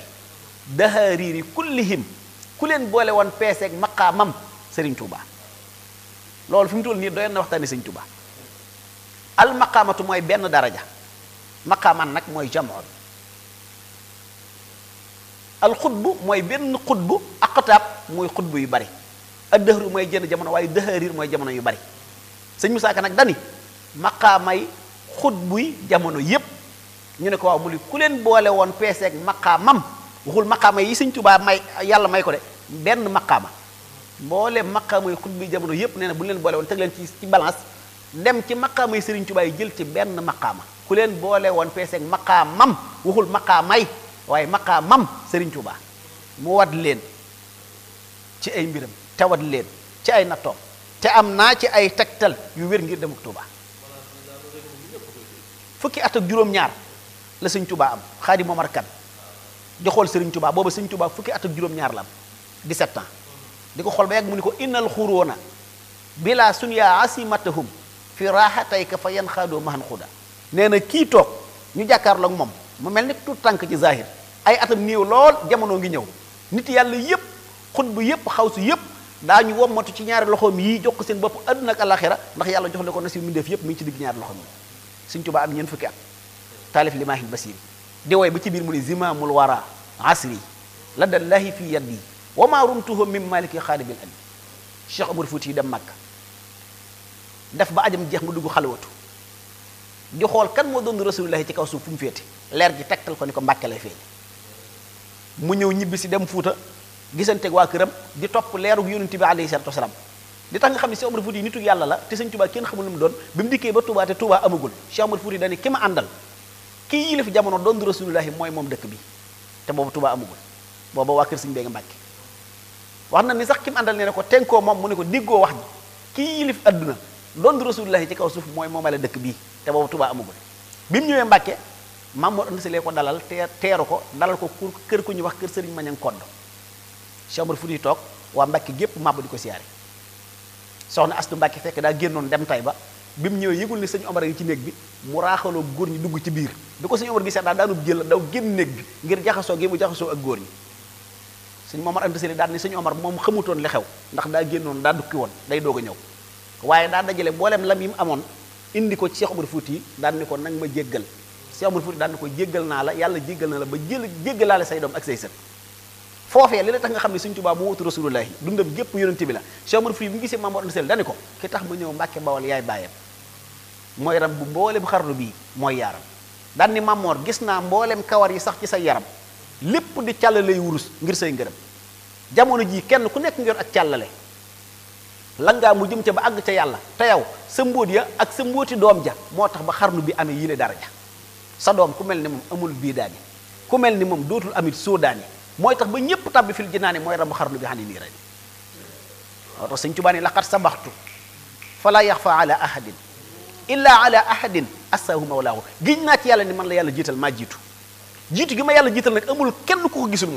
dahaariiri kullihim ku leen boole woon peeseeg maqaamam sëriñ Touba loolu fi mu toll nii doyoon na waxtaane sëriñ Touba al maqaamatu mooy benn daraja maqaaman nag mooy jamono al xutbu mooy benn xutbu aqtaab mooy xutbu yu bari ad dëhru mooy jënd jamono waaye dëhërir mooy jamono yu bari sëñ Musaa Ka nag dani maqaamay xutbuy jamono yépp ñu ne ko waaw mu li ku leen boole woon peeseeg maqaamam waxul maqaama yi sëñ Tuubaa may yàlla may ko de benn maqaama mbooleem maqaama yi xutbi jamono yépp nee na bu leen boole woon teg leen ci ci balance dem ci maqaama yi sëriñ Tuubaa yi jël ci benn maqaama ku leen boole woon mam maqaamam waxul may waaye mam sëriñ Tuubaa mu wad leen ci ay mbiram te wad leen ci ay nattoom te am naa ci ay tegtal yu wér ngir dem Tuubaa fukki atak ak juróom-ñaar la sëñ Tuubaa am Xaadi Momar Kan di xool Serigne Touba booba Serigne Touba fukki at ak juróom-ñaar la am 17 ans di ko xol ba yàgg mu ni ko na innal xuróona bila sunya asimatahum fi raaxatayka fa yan xaadoo mahan xuda nee na kii toog ñu jàkkaarloog moom mu mel ni tout tànk ci zahir ay atam néew lool jamono ngi ñëw nit yàlla yépp xutbu yépp xawsu yépp daañu wommatu ci ñaari loxoom yii jox ko seen bopp àdduna ak alaxira ndax yàlla jox na ko nasib mi def yépp mu ngi ci digg ñaari loxoom yi Serigne Touba am ñeent fukki at taalif limaahin di woy ba ci biir mu ne zimaamul wara asri la dallahi fi yaddi wa ma rumtuhu min maliki xaalibil abi cheikh Omar Fouti dem Makka def ba ajam jeex mu dugg xalwatu di xool kan moo doon rasulullahi ci kaw suuf fu mu féete leer ji tegtal ko ni ko Mbàkke la feeñ mu ñëw ñibbi si dem Fuuta gisanteeg waa këram di topp leerug yonent bi alayhi salatu wasalaam li tax nga xam ne Cheikh Omar Fouti nitu yàlla la te sëñ Touba kenn xamul lu mu doon bi ba Touba te Touba amagul Cheikh Omar Fouti dañu ki àndal kii yilif jamono doon rasulullahi mooy moom dëkk bi te boobu Tuubaa amagul booba waa kër Sëñ Bey nga Mbàkke wax na ni sax ki mu àndal nee na ko tenkoo moom mu ne ko déggoo wax ji kii yilif adduna doon rasulullahi ci kaw suuf mooy moom moomale dëkk bii te boobu Tuubaa amagul bi mu ñëwee Mbàkke Mamour si Sali ko dalal teer teeru ko dalal ko kur kër ku ñuy wax kër Sëriñ Mañang Kodd chambre fu ñuy toog waa Mbàkke gépp màbb di ko siyaare soxna Astu Mbàkke fekk daa génnoon dem tay ba bi mu ñëwee yëgul ni omor Omar yi ci néeg bi mu raaxaloo góor ñi dugg ci biir bi ko sëñ Omar gisee daal daanub jël ndaw génn néeg bi ngir jaxasoo gi mu jaxasoo ak góor ñi suñ Momar Anta Sali daal ni sëñ moom xamutoon li xew ndax daa génnoon daa dukki woon day doog a ñëw daa dajale mbooleem lam yi mu amoon indi ko ci Cheikh Omar Fouti daan ni nag ma jéggal Cheikh Omar Fouti daan ni ko naa la yàlla jéggal na la ba jël jéggalaale say doom ak say sët foofee li la tax nga xam ne Sëñ Tuubaa moo wutu rasulullahi dundam gépp bi la Cheikh Omar Fouti bi mu gisee Mamadou Sall dani ko ki tax ma ñëw Mbàkke Bawol yaay bàyyam mooy rab bu mbooleem xarnu bii mooy yaaram daan ni Mamor gis naa mbooleem kawar yi sax ci sa yaram lépp di càllalay wurus ngir say ngërëm jamono jii kenn ku nekk ngir ak càllale langaa mu jëm ca ba àgg ca yàlla te yow sa mbóot ya ak sa mbóoti doom ja moo tax ba xarnu bi amee yile dara ja sa doom ku mel ni moom amul bii daani ku mel ni moom dootul amit soo daani mooy tax ba ñépp tabbi fil jinaani mooy rabu xarnu bi xam ne nii ren moo tax sëñ Tuubaa ni illa ala ahadin assaahu mawlaahu giñ naa ci yàlla ni man la yàlla jiital maa jiitu jiitu gi ma yàlla jiital nag amul kenn ku ko gisul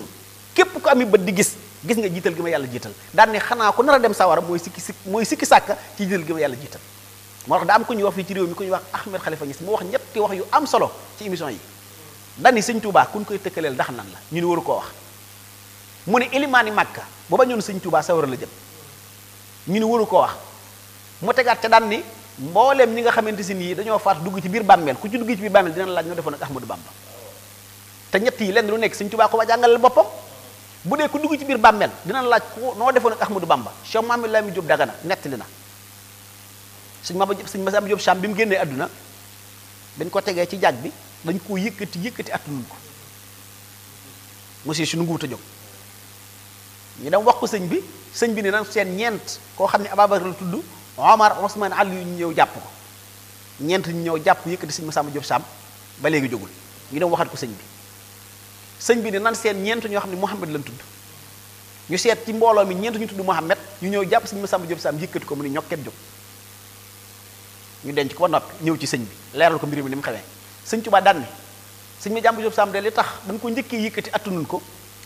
képp ko ami bët di gis gis nga jiital gi ma yàlla jiital daan ni xanaa ko nar a dem sawara mooy sikki sikk mooy sikki sàkka ci jiital gi ma yàlla jiital moo tax da am ku ñuy wax fii ci réew mi ku ñu wax Ahmed Khalifa Niass mu wax ñetti wax yu am solo ci émission yi dani sëñ Tuubaa kun koy tëkkaleel ndax nan la ñu ni waru koo wax ne ilimaani màkka bu ba sëñ Tuubaa sawara la jëm ni waru koo wax mu tegaat ca daan mbooleem ñi nga xamante si nii dañoo faatu dugg ci biir bàmmeel ku ci dugg ci biir bàmmeel dina laaj ñoo defoon ak Ahmadou Bamba te ñett yi leen lu nekk Sëñ Tuubaa ko ba jàngalal boppam bu dee ku dugg ci biir bàmmeel dina laaj ku noo defoon ak Ahmadou Bamba Cheikh Mamadou Lamine Diop Dagana nettali na sëñ Maba sëñ Masamba Diop Sam bi mu génnee àdduna dañ ko tegee ci jaaj bi dañ koo yëkkati yëkkati attanuñ ko monsieur si nu nguwut a jóg ñu dem sëñ bi sëñ bi ne nag seen ñeent koo xam ne Ababacar tudd Omar Ousmane Aliou ñu ñëw jàpp ko ñeent ñu ñëw jàpp yëkkati sëñ Masamba job Sam ba léegi jógul ñu dem waxat ko sëñ bi sëñ bi ne nan seen ñeent ñoo xam ne Mouhamed lañ tudd ñu seet ci mbooloo mi ñeent ñu tudd Mouhamed ñu ñëw jàpp ma Masamba Diop Sam yëkkati ko mu ni ñokket jóg ñu denc ko ba noppi ñëw ci sëñ bi leeral ko mbir mi ni mu xewee sëñ Tuubaa daan ne sëñ ma jàmb Diop Sam de li tax dañ ko njëkkee yëkkati attunun ko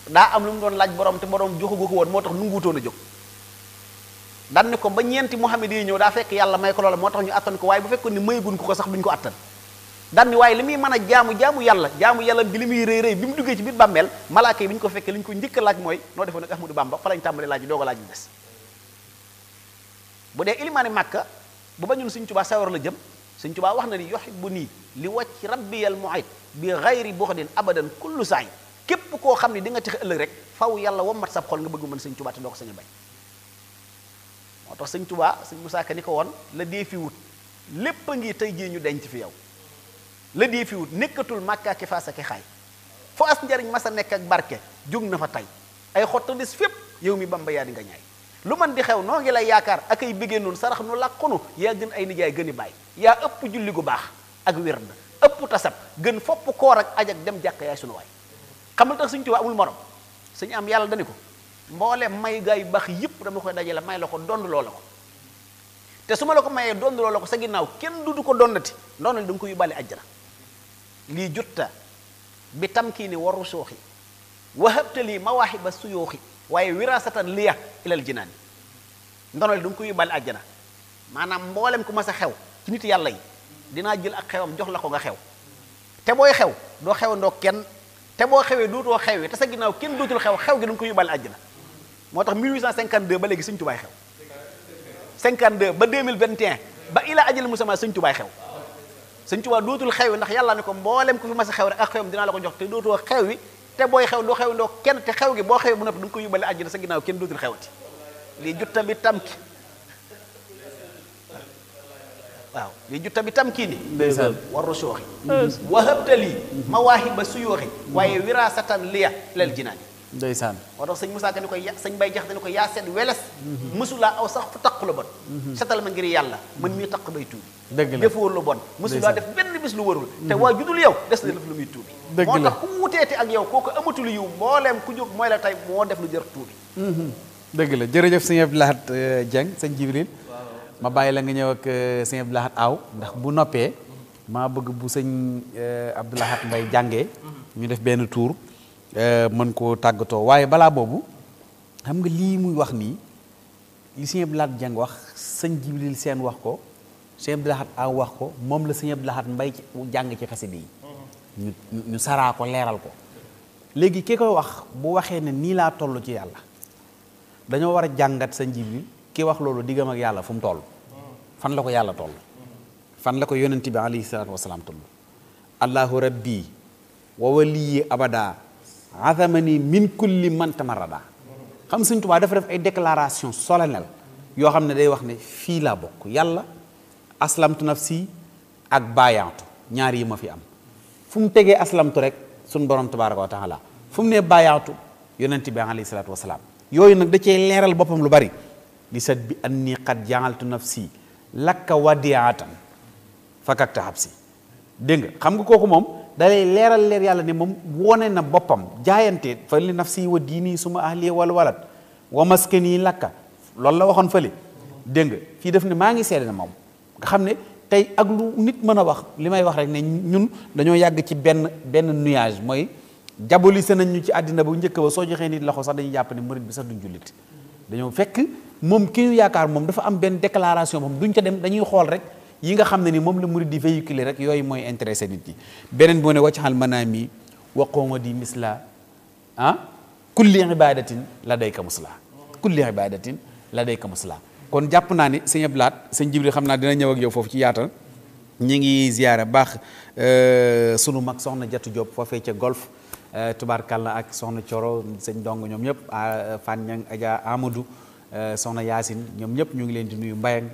daa am lu mu doon laaj borom te borom joxu ko woon moo tax nunguutoon a jóg dan ne ko ba ñeenti Muhammad yi ñëw daa fekk yàlla may ko loola moo tax ñu attan ko waaye bu fekkoon ni maygun ko ko sax duñ ko attan dan ni waaye li muy mën a jaamu jaamu yàlla jaamu yàlla bi li muy rëy rëy bi mu duggee ci biir bàmmeel malaaka yi bi ñu ko fekkee li ñu ko njëkk a laaj mooy noo defoon nag Ahmadou Bamba fa lañ tàmbale laaj doog a laaj des bu dee ilimaani màkka bu ba ñun Sëñ Tuubaa sawar la jëm Sëñ Tuubaa wax na ni yuhibbu nii li wàcc rabbiyal mu'id koo xam ne di nga texe ëllëg rek yàlla wommat sab xol nga bëgg mën Sëñ Tuubaa te doo ko sañ a moo tax sëñ tubaa sëñ Musaa Ka ni ko woon la dee fi wut lépp a ngi tey jii ñu denc fi yow la dee fi wut nekkatul màkkaa ki faasa ki xaay fo as njariñ sa nekk ak barke jóg na fa tey ay xottandis fépp yow mi bamba yaa di nga ñaay lu man di xew noo ngi lay yaakaar ak ay biggee noonu sarax nu làqunu yaa gën ay nijaay gën i bàyyi yaa ëpp julli gu baax ak wér na ëpp tasab gën fopp koor ak aj ak dem jàkk yaay sunu waay xamal tax suñ Tuubaa amul morom suñu am yàlla dani ko mboolem may yu baax yépp dama koy dajale may la ko dond loo la ko te su ma la ko mayee dond loo la ko sa ginnaaw kenn du du ko dondati ndono li da nga ko yóbbaale ajjana lii jutta bi tamkiini wa rusuuxi wahabta lii mawaahiba suyuuxi waaye wirasatan liya ilal jinaan ndono li da nga ko yóbbaale ajjana maanaam mboolem ku ma sa xew ci yàlla dinaa jël ak xewam jox la ko nga xew te booy xew doo xew ndoo kenn te boo xewee dootoo xewee te sa ginnaaw kenn dootul xew xew gi da nga ko yóbbaale ajjana moo tax 1852 ba léegi sëñ tubaay xew 52 ba 2021 ba ilaa ajal musamma sëñ tubaay xew sëñ dootul xew ndax yàlla ne ko mboolem ko fi ma a xew rek ak xewam dinaa la ko jox te dootoo xew wi te booy xew doo xew ndoo kenn te xew gi boo xew bu noppi da nga ko yóbbale àjjana sa ginnaaw kenn dootul xewati lii jutta bi tamki waaw lii jutta bi tamkii ni war rusooxi wahabta lii mawaahiba suyooxi waaye wiraasatan liya lal jinaani ndeysaan moo tax sëñ Moussa Ka ni ko ya sëñ Baye Jaxate ni ko yaa seet weles mësulaa mhm. aw sax fu taq lu bon mhm. ma ngir yàlla man mii taq bay tuubi dëgg la defoo lu bon mësulaa def benn bis lu warul te mhm. waa judul yow des na def lu ku wuteeti mooy la tey moo def lu jër la jërëjëf sëñ Abdou Lahad euh, Dieng sëñ Jibril ma bàyyi la nga ñëw ak euh, sëñ Abdou Lahad Aw ndax bu noppee maa bëgg bu sëñ euh, Abdou Lahad Mbaye jàngee ñu def benn tour Euh, mën koo tàggatoo waaye balaa boobu xam nga lii muy wax nii li sëñ Abdou Lahad Dieng wax sëñ Jibril seen wax ko sëñ Abdou Lahad Aw wax ko moom la sëñ Abdou Lahad Mbay jàng ci xasida yi ñu saraa ko leeral ko léegi ki koy wax bu waxee ne nii laa toll ci yàlla dañoo war a jàngat sëñ Jibril ki wax loolu diggam ak yàlla fu mu toll fan la ko yàlla toll fan la ko yonent bi alayhi salaatu wasalaam toll allahu rabbi wa waliyi abada azamani min kulli man tamarada xam suñ Tuubaa dafa def ay déclaration solennelle yoo xam ne day wax ne fii laa bokk yàlla aslamtu nafsi ak baayaantu ñaar yi ma fi am fu mu tegee aslamtu rek suñ borom tabaaraka wa taala fu mu nee baayaatu yonent bi alayhi yooyu nag da cee leeral boppam lu bari di sat bi anni qad jaaltu nafsi lakka wadiatan fakakta habsi dégg nga xam nga kooku moom dalay leeral leer yàlla ne moom wone na boppam jaayante fa li nafsi wa diini suma ahli wal walad wa yi lakka loolu la waxoon fële dégg nga fii def ne maa ngi seede na moom nga xam ne tey ak lu nit mën a wax li may wax rek ne ñun dañoo yàgg ci benn benn nuage mooy jabolise nañ ñu ci àddina bu njëkk ba soo joxee nit loxo sax dañuy jàpp ne murit bi sax duñ jullit dañoo fekk moom ki ñu yaakaar moom dafa am benn déclaration moom duñ ca dem dañuy xool rek yi nga xam ne ni moom la mu di véhiculer rek yooyu mooy intéressé nit ñi beneen boo ne waccaxal manaami waqooma di misla ah kulli ibadatin la day ka musla kulli ibadatin la day ka musla kon jàpp naa ni sëñ Ablaat sëñ Jibril xam naa dina ñëw ak yow foofu ci yaata ñi ngi ziyaara baax euh, sunu mag soxna Jatu Diop foofee ca golf euh, tubaarkàlla ak soxna Coro sëñ dong ñoom ñëpp ah, Fan Ñang Aja Amadou Euh, soxna Yaasin ñoom ñëpp ñu ngi leen di nuyu Mbayang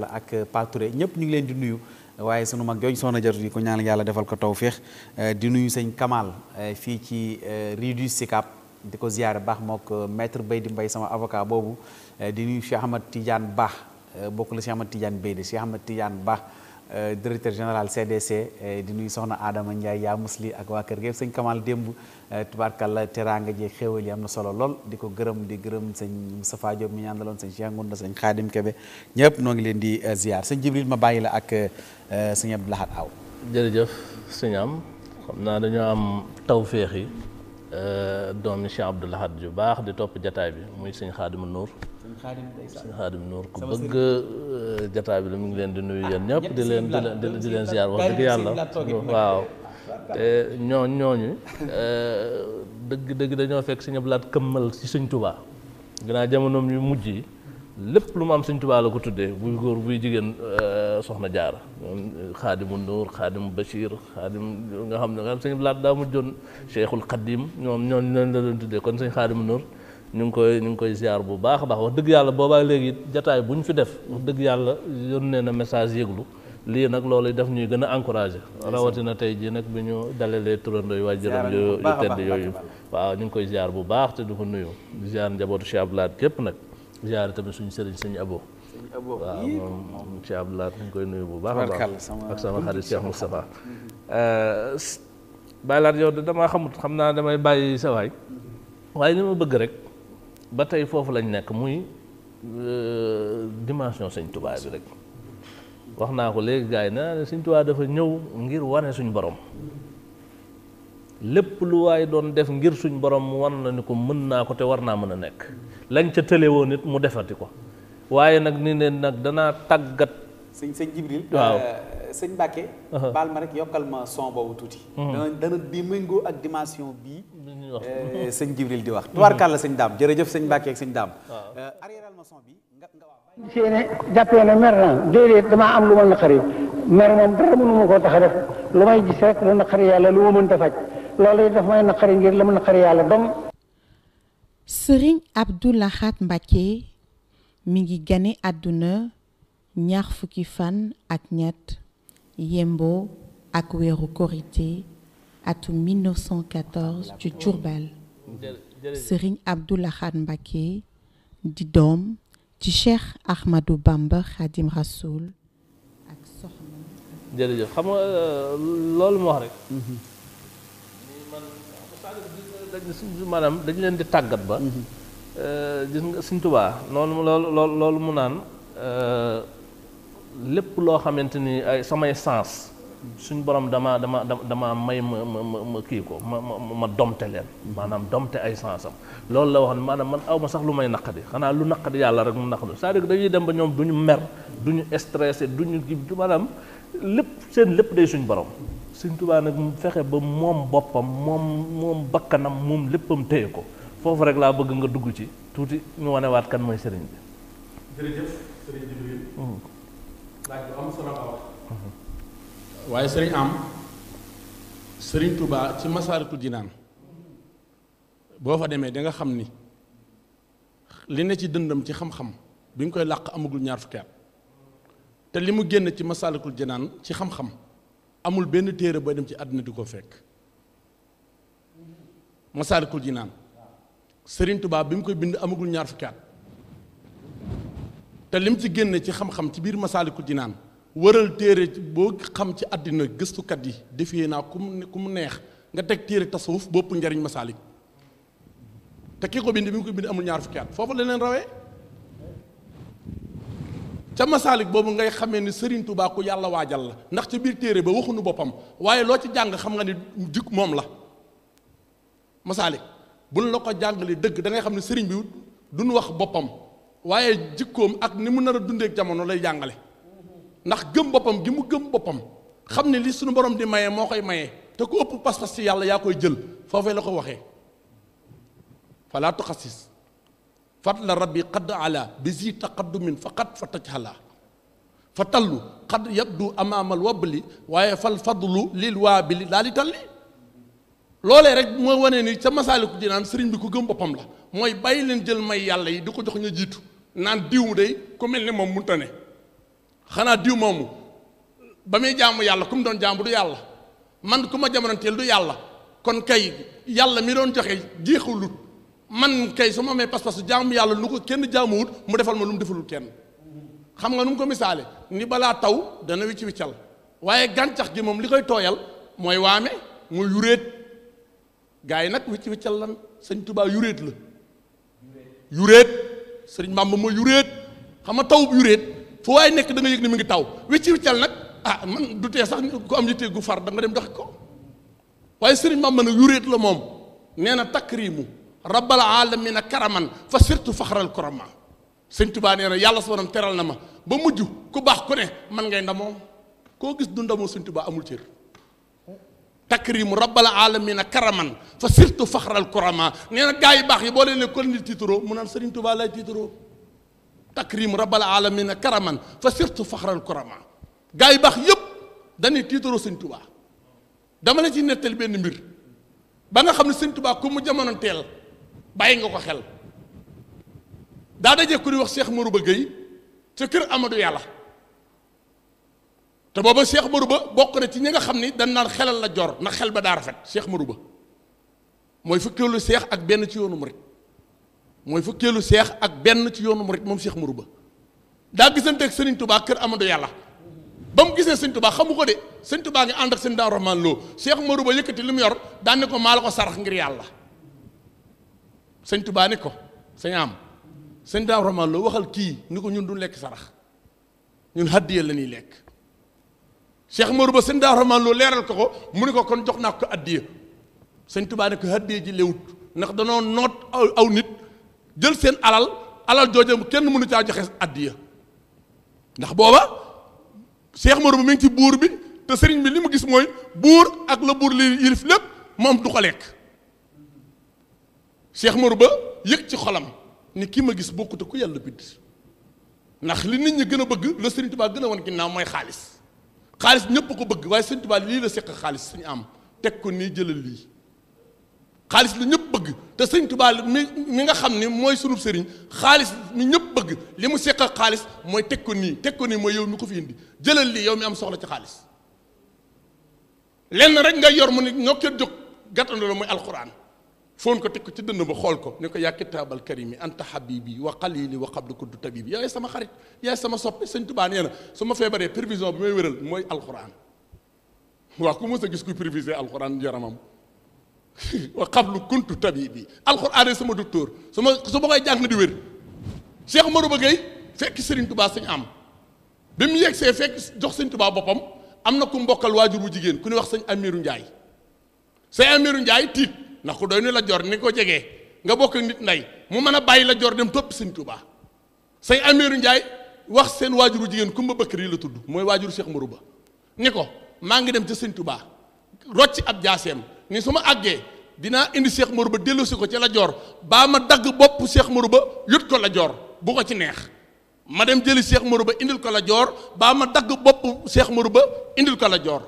la ak euh, Patouré ñëpp ñu ngi leen di nuyu waaye sunu mag jooju soxna Jarut yi ko ñaan yàlla defal ko tawféex euh, di nuyu sëñ Kamal fii ci rue du Sicap di ko ziyaare baax mook maître bay di mbay sama avocat boobu di nuyu Cheikh Ahmad Tidiane baax bokk la Cheikh Ahmad Tidiane Bay de Cheikh Ahmad Tidiane baax Euh, directeur général CDC euh, di nuyu soxna Adama Ndiaye yaa musli ak waa kër gi yëpp sëñ Kamal démb euh, tubaarkàlla teraanga ji xéewal yi am na solo lool di ko gërëm di gërëm sëñ Moustapha Diop mi ñu àndaloon sëñ Cheikh Ngounda sëñ Khadim Kebe ñëpp noo ngi leen di ziar sëñ Jibril ma bàyyi la ak sëñ Abdou Lahad Aw jërëjëf sëñ am xam naa dañoo am tawféex yi doomi Cheikh Abdou Lahad yu baax di topp jataay bi muy sëñ Khadim Nour sëñ xaadim Nour ku bëgg euh, jataa bi la mu ngi leen di nuyu yéen ñëpp di leen di leen ziar wax dëgg yàlla waaw te ñooñ ñooñu euh, dëgg dëgg dañoo fekk sëñ Abdu Lahat këmmal ci sëñ Tuubaa gannaaw jamonoom yu mujj yi lépp lu mu am sëñ Tuubaa la ko tuddee buy góor buy jigéen euh, soxna jaara xaadimu Nuur xaadimu Bachir xaadim nga xam ne nga xam sëñ Abdu daa mujjoon Cheikhul Xadim ñoom ñooñ ñooñ la doon tuddee kon sëñ xaadimu Nuur ñu ngi koy ñu ngi koy ziar bu baax a baax wax dëgg yàlla boobaa léegi jataay bu ñu fi def wax dëgg yàlla yónnee na message yëglu lii nag loolu daf ñuy gën a encouragé rawatina tey jii nag bi ñu dalalee turandoo waajuram yu tedd yooyu waaw ñu ngi koy ziar bu baax te du ko nuyu ziar njabootu Cheikh Abdou Lahad képp nag ziar tamit suñu sëriñ suñu abo waaw moom Cheikh Abdou Lahad ngi koy nuyu bu baax a baax ak sama xarit Cheikh Moustapha euh, Baye Laat yow damaa xamut xam naa damay bàyyi sa waay waaye li ma bëgg rek ba tey foofu lañ nekk muy euh, dimension sëñ Tuubaa bi rek wax naa ko léegi gars yi na sëñ Tuubaa dafa ñëw ngir wane suñ borom lépp lu waaye doon def ngir suñ borom mu wan na ni ko mën naa ko te war naa mën a nekk lañ ca tële woon nit mu defati ko waaye nag ni ne nag danaa tàggat sëñ sëñ Jibril waaw euh, sëñ Mbacke. Uh-huh. baal ma rek yokkal ma son boobu tuuti. Uh-huh. dana dana di méngoo ak dimension bii. Eh, sëñ Jibril di wax. Uh-huh. tubaarkàlla sëñ daam jërëjëf sëñ Mbacke ak sëñ daam. Eh, arriéral ma son bi nga nga wax. gisee ne jàppee ne mer na déedéet damaa am lu ma naqari mer moom dara mënu ma koo tax a def lu may gis rek lu naqari yàlla lu ma mënta faj loolu daf may naqari ngir la ma naqari yàlla dong. Sëriñ Abdou Lahad Mbacke mi ngi gane àdduna ñaar fukki fan ak Yembo Akwero weeru atum 1914 ci Diourbel Serigne Abdou Lahad di doom ci Cheikh Ahmadou Bamba Khadim Rasoul ak soxna. jërëjëf xam nga euh, loolu moo wax rek. Mhm. maanaam leen di tàggat ba. Mhm. Euh, gis nga loolu mu naan. Euh, lépp loo xamante ni ay samay sens suñ borom dama dama dama may ma ma ma kii ko ma ma ma domte leen maanaam domte ay sensam loolu la wax maanaam man aw ma sax lu may naqadi xanaa lu naqadi yàlla rek mu naqadi c'est-à-dire dañuy dem ba ñoom du ñu mer du ñu stressé du ñu gi maanaam lépp seen lépp day suñ borom suñ tubaa nag fexe ba moom boppam moom moom bakkanam moom léppam téye ko foofu rek laa bëgg nga dugg ci tuuti ñu waat kan mooy sëriñ bi Mhm. waaye sëriñ am sëriñ Touba ci Masaalikul Jinaan boo fa demee danga xam ni li ne ci dëndam ci xam-xam bi nga koy làq amagul ñaar fukki at te li mu génn ci Masaalikul naan ci xam-xam amul benn téere booy dem ci àddina di ko fekk Masaalikul naan sëriñ Touba bi mu koy bind amagul ñaar fukki at te lim ci génne ci xam-xam ci biir Masaalikul Jinaan waral téere boo xam ci àddina gëstukat yi defee naa ku mu ku mu neex nga teg téere tasawuf bopp njariñ masaalik te ki ko bind bi mu ko bind amul ñaar fukki at foofu la leen rawee ca masaalik boobu ngay xamee ni sëriñ tubaaku ku yàlla waajal la ndax ci biir téere ba waxuñu boppam waaye loo ci jàng xam nga ni jikk moom la masaalik buñ la ko jàngalee dëgg dangay xam ne sëriñ bi duñu wax boppam. waaye jikkoom ak ni mu nar a dundeek jamono lay jàngale ndax gëm boppam gi mu gëm boppam xam ne li suñu borom di maye moo koy maye te ku ëpp pas-pas ci yàlla yaa koy jël foofee la ko waxee falaa tuxasis fadla yi qad ala bi zi taqaddumin faqad fa tajhala fa tallu qad yabdu amaamal li waaye fal fadlu lil waabili daal di talli loolee rek moo wanee ni ca masaaliku dinaan sëriñ bi ku gëm boppam la mooy bàyyi leen jël may yàlla yi di ko jox jiitu naan diw day ku mel ne moom mënut a ne xanaa diw moomu ba muy jaamu yàlla ku mu doon jaamu du yàlla man ku ma jamonanteel du yàlla kon kay yàlla mi doon joxe jeexulut man kay su ma amee pas-pasu jaamu yàlla lu ko kenn jaamuwut mu defal ma lu mu defalul kenn xam nga nu mu ko misaale ni balaa taw dana wicc wiccal waaye gàncax gi moom li koy tooyal mooy waame muy yuréet gaa yi nag wicc wiccal lan sëñ Tuubaa yuréet la yuréet sëriñ ma mooy yuréet xam nga taw bu yuréet fu waaye nekk da nga yëg ne ngi taw wicci wiccal nag ah man du tee sax ku am yitte gu far da dem doxi ko waaye sëriñ Bamba nag yuréet la moom nee na takrimu rabbal alamina karaman fa surtout faxaral korama sëñ Tuubaa nee na yàlla su borom teral na ma ba mujj ku baax ku ne man ngay moom koo gis du ndamoo sëñ Tuubaa amul cër takrimu rabbal alamina karaman fa surtout faxral kurama nee na gaa yi baax yi boo leen ko kon ni tiitaroo a naan Serigne Touba lay tiitaroo takrimu rabbal alamina karaman fa surtout faxral kurama gaa baax yëpp dañuy tiitaroo Serigne Touba dama la ci nettali benn mbir ba nga xam ne Serigne Touba ku mu jamono teel bàyyi nga ko xel daa dajee ku di wax Cheikh Marouba Gueye ca kër Amadou Yàlla te booba Cheikh Marouba bokk na ci ñi nga xam ni dañ naan xelal la jor ndax xel ba daa rafet Cheikh Marouba mooy fukkeelu seex ak benn ci yoonu murit mooy fukkeelu seex ak benn ci yoonu murit moom Cheikh Marouba daa gisante ak Serigne Touba kër Amadou Yàlla ba mu gisee Serigne Touba xamu ko de Serigne Touba ngi ànd ak Serigne Daaru Rahmaan Lo Cheikh Marouba yëkkati mu yor daan ko maa ko sarax ngir yàlla Serigne ko sañ am Serigne Daaru Rahmaan Lo waxal kii ni ko ñun du lekk sarax ñun hàddiya la ñuy lekk. Cheikh maru ba sëñ Daaru Rahmaan leeral ko ko mu ne ko kon jox naa ko addiya sëñ Tuubaa ne ko addiya ji léwut ndax danoo noot aw nit jël seen alal alal jooja kenn mënu caa joxe àddiya ndax booba Cheikh Mourou ba mi ngi ci buur bi te sëriñ bi li mu gis mooy buur ak la buur li yilif lépp moom du ko lekk Cheikh Mourou ba yëg ci xolam ni ki ma gis bokkute ku yàlla bind ndax li nit ñi gën a bëgg la sëriñ Tuubaa gën a wan ginnaaw mooy xaalis xaalis ñëpp ko bëgg waaye sëñ Tuubaa lii la seq xaalis suñu am teg ko nii jëlal lii xaalis lu ñëpp bëgg te sëñ Tuubaa mi mi nga xam ne mooy sunub sëriñ xaalis mi ñëpp bëgg li mu seq xaalis mooy teg ko nii teg ko nii mooy yow mi ko fi indi jëlal lii yow mi am soxla ci xaalis lenn rek nga yor mu ne ñoo ko jóg gàttandu la mooy alxuraan. foon ko teg ko ci dënn ba xool ko ne ko yaa kitaabal karimi anta habibi wa qalili wa qablu kuntu tabibi yaay sama xarit yaay sama soppe sëñ Tuubaa nee na su ma feebaree prévision bi may wéral mooy alxuraan waa ku mës a gis kuy préviser alxuraan yaramam wa qablu kuntu tabibi alxuraan sama docteur su ma su ma koy jàng na di wér Cheikh ma Ba Gueye fekk Serigne Touba sañ am bi mu yegsee fekk jox sañ tubaa boppam am na ku mbokkal waajur bu jigéen ku ñuy wax sëñ Amirou Ndiaye sëñ Amirou ndax ku doy nu la joor ni ko jegee nga bokk nit nday mu mën a bàyyi la jor dem topp sëñ Tuubaa say Ameeru Njaay wax seen waajuru jigéen Kumba Bëkkëri la tudd mooy waajuru seex Mourou Ba ni ko maa ngi dem ca sëñ Tuubaa rocc ab jaaseem ni su ma àggee dinaa indi seex Mourou Ba dellusi ko ca la baa ma dagg bopp Cheikh Mourou Ba yut ko la ko ci neex ma dem jëli Cheikh Mourou Ba indil ko joor baa ma dagg bopp seex Mourou Ba indil ko la joor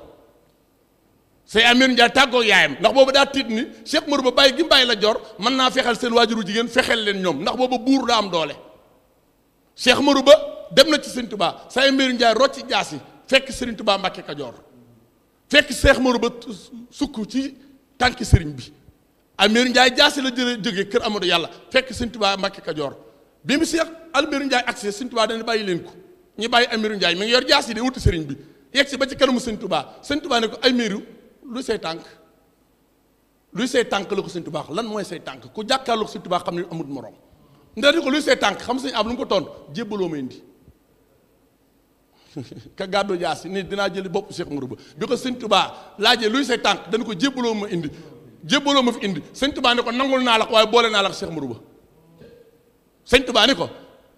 say amir Ndiaye tàggoog yaayam ndax boobu daa tiit ni Cheikh Mourou ba bàyyi gi mbàyyi la jor mën naa fexeel seen waajuru jigéen fexeel leen ñoom ndax boobu buur daa am doole Cheikh Mourou ba dem na ci sintubaa sa say amir Ndiaye rocci jaasi fekk Serigne Touba Mbàkke Kajoor fekk Cheikh Mourou ba ci tànki Serigne bi amir Ndiaye jaasi la jëlee jógee kër Amadou yàlla fekk Serigne Touba Mbàkke Kajoor bi mu Cheikh Almiru Ndiaye agsi Serigne Touba bàyyi leen ko ñu bàyyi Amiru Ndiaye mi ngi yor jaasi de wuti Serigne bi yegg si ba ci kanamu Serigne Touba Serigne Touba ne ko Amiru lu say tànk luy say tànk la ko sëñ Tuubaa lan mooy say tànk ku jàkkaarloo ko sëñ Tuubaa xam ne amut morom ndax di ko luy say tànk xam sëñ am lu mu ko tontu jébbaloo may indi ka gàddu jaas ni dinaa jëli bopp Cheikh Mourou Ba bi ko sëñ Tuubaa laajee luy say tànk ko jébbaloo ma indi jébbaloo ma fi indi sëñ Tuubaa ni ko nangul naa la waaye boole naa la ak Cheikh Ba sëñ ni ko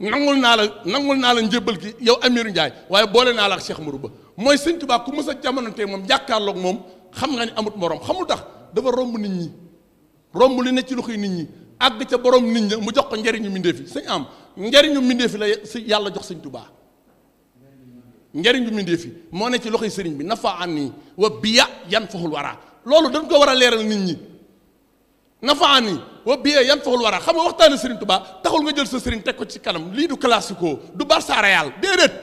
nangul naa la nangul naa la njébbal gi yow Amiru Njaay waaye boole naa la ak Cheikh Mourou Ba mooy sëñ Tuubaa ku mës a jamonante moom jàkkaarloog moom xam nga ni amut morom xamul tax dafa romb nit ñi romb li ne ci loxoy nit ñi àgg ca borom nit ña mu jox ko njariñu mbindéef yi sëñ am njariñu mbindéef yi la yàlla jox sëñ Tuubaa njariñu mbindéef yi moo nekk ci loxo sëriñ bi nafa an nii wa biya yan faxul waraa loolu dañ ko war a leeral nit ñi nafa an nii wa biya yan faxul waraa xam nga waxtaan sëriñ Tuubaa taxul nga jël sa sëriñ teg ko ci kanam lii du classico du Barça Real déedéet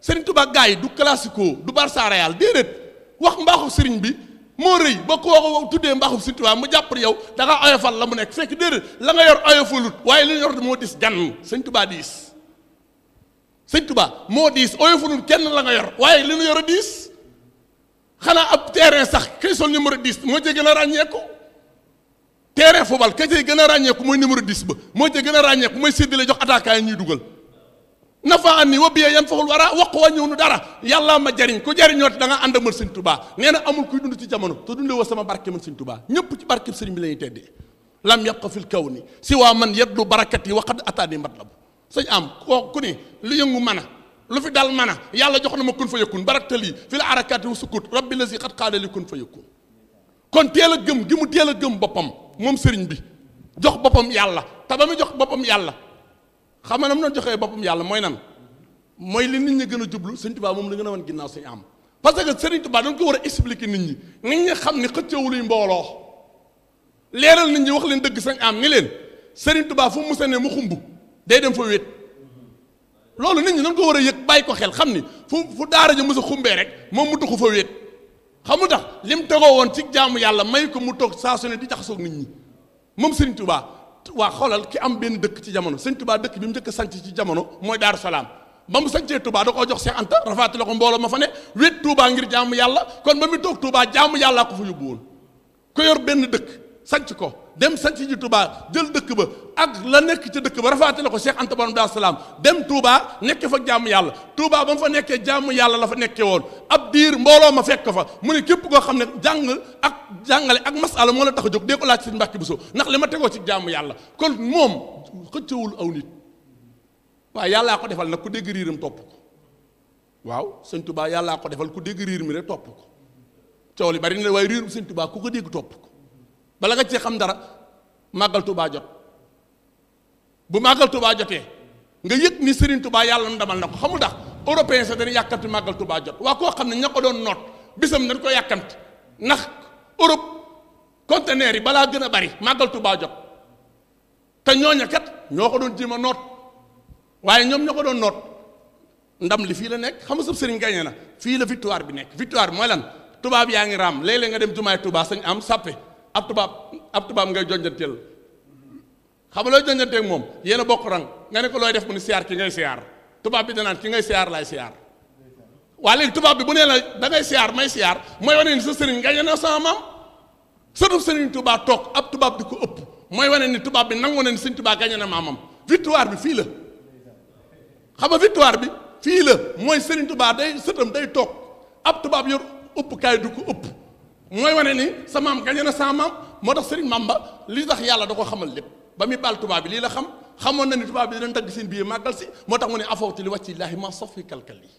sëriñ Tuubaa gars yi du classico du Barça Real déedéet wax mbaaxu sëriñ bi moo rëy ba ko tuddee mbaaxu Sëriñ Tuubaa mu jàpp yow da nga oyofal la mu nekk fekk déedéet la nga yor oyofalut waaye li yor moo dis gan Sëriñ Tuubaa moo diis kenn la nga yor waaye li nu yor a diis xanaa ab terrain sax kay sol numéro 10 moo cee gën a ràññeeku terrain football ka cay gën a ràññeeku mooy numéro 10 ba moo cee gën a ràññeeku mooy séddale jox attaquant yi ñuy dugal nafa an ni wa biyee yan faxul wara wax wa ñëw nu dara yàlla ma jariñ ku jariñoo da nga ànd a sëñ tubaa nee na amul kuy dund ci jamono te dundee wa sama barke man sëñ tubaa ñëpp ci barkeb sëriñ bi la ñuy teddee lam yàq ko fil kaw ni si waa man yetlu barakat yi waxat ataani mat la bu sëñ am koo ku ne lu yëngu mana lu fi dal mana yàlla jox na ma kun fa yëkkun baraktal yi fil arakaati wa sukut rabbi lazi xat xaale li fa yëkkun kon teel a gëm gi mu teel a gëm boppam moom sëriñ bi jox boppam yàlla te ba mu jox boppam yàlla xam nga na mu doon joxee boppam yàlla mooy nan mooy li nit ñi gën a jublu sëñ tubaa moom la gën a wan ginnaaw suñu am parce que sëriñ tubaa dañ ko war a expliquer nit ñi nit ñi xam ni xëccewuluy mbooloo leeral nit ñi wax leen dëgg sañ am ni leen sëriñ Tuubaa fu mu ne mu xumb day dem fa wéet loolu nit ñi dañ ko war a yëg bàyyi ko xel xam ni fu fu daara ja mës a xumbee rek moom mu tuxu fa wéet xam nga tax lim tegoo woon ci jaamu yàlla may ko mu toog saa su ne di jaxasoo nit ñi moom sëriñ Tuubaa waa xoolal ki am benn dëkk ci jamono sëñ Touba dëkk bi mu njëkk a ci jamono mooy Daaru Salaam ba mu sancee Touba da koo jox Cheikh Anta rafaati ko mbooloo ma fa ne wét Touba ngir jaamu yàlla kon ba mu toog Touba jaamu yàlla ko fa yóbbu woon ko yor benn dëkk sanc ko dem sanc ji Touba jël dëkk ba ak la nekk ca dëkk ba rafaatale ko Cheikh Anta Borom Salaam dem tuubaa nekk fa jaamu yàlla Touba ba mu fa nekkee jàmm yàlla la fa nekkee woon ab diir mbooloo ma fekk fa mu ne képp koo xam ne jàng ak jàngale ak masala moo la tax a jóg dee ko laaj Sëñ Mbàkke so ndax li ma tegoo ci jaamu yàlla ko moom xëccawul aw nit waaye yàllaa ko defal nag ku dégg riiram topp ko waaw Sëñ Touba yàllaa ko defal ku dégg riir mi rek topp li bari na waaye riirum Sëñ Touba ko dégg topp ko bala nga cee xam dara màggal tubaa jot bu màggal tubaa jotee nga yëg ni sëriñ Touba yàlla mu damal na ko xamul tax européen sax dana yàkkamti màggal tubaa jot waa koo xam ne ña ko doon noot bisam dañ ko yàkkamti ndax Europe conteneur yi balaa gën a bari màggal tubaa jot te ñoo kat ñoo ko doon jéem a noot waaye ñoom ñoo ko doon noot ndam li fii la nekk xam nga sëb sëriñ gañe na fii la victoire bi nekk victoire mooy lan tubaab yaa ngi raam léeg-léeg nga dem jumaay tubaa sañ am sàppe ab tubaab ab tubaab ngay jonjanteel xam nga looy jonjanteeg moom yenn bokk rang nga ne ko looy def mu ni siyaar ki ngay siyaar tubaab bi danaan ki ngay siyaar laay siyaar waa léegi tubaab bi bu nee la da ngay siyaar may siyaar mooy wane ni sa sëriñ nga yenoo sama maam sëtu toog ab tubaab di ko ëpp mooy wane ni tubaab bi nangu na ni sëriñ Tuubaa gañe na maamam victoire bi fii la xam nga victoire bi fii la mooy sëriñ Tuubaa day sëtam day toog ab tubaab yor ëpp du ko ëpp mooy wane ni sa maam gañe na sa maam moo tax sëriñ Mamba li tax yàlla da ko xamal lépp ba muy baal tubaab bi lii la xam xamoon na ni tubaab bi dinañ tagg seen biir màggal si moo tax mu ne afawtu li wàcci laahi ma safi kalkal yi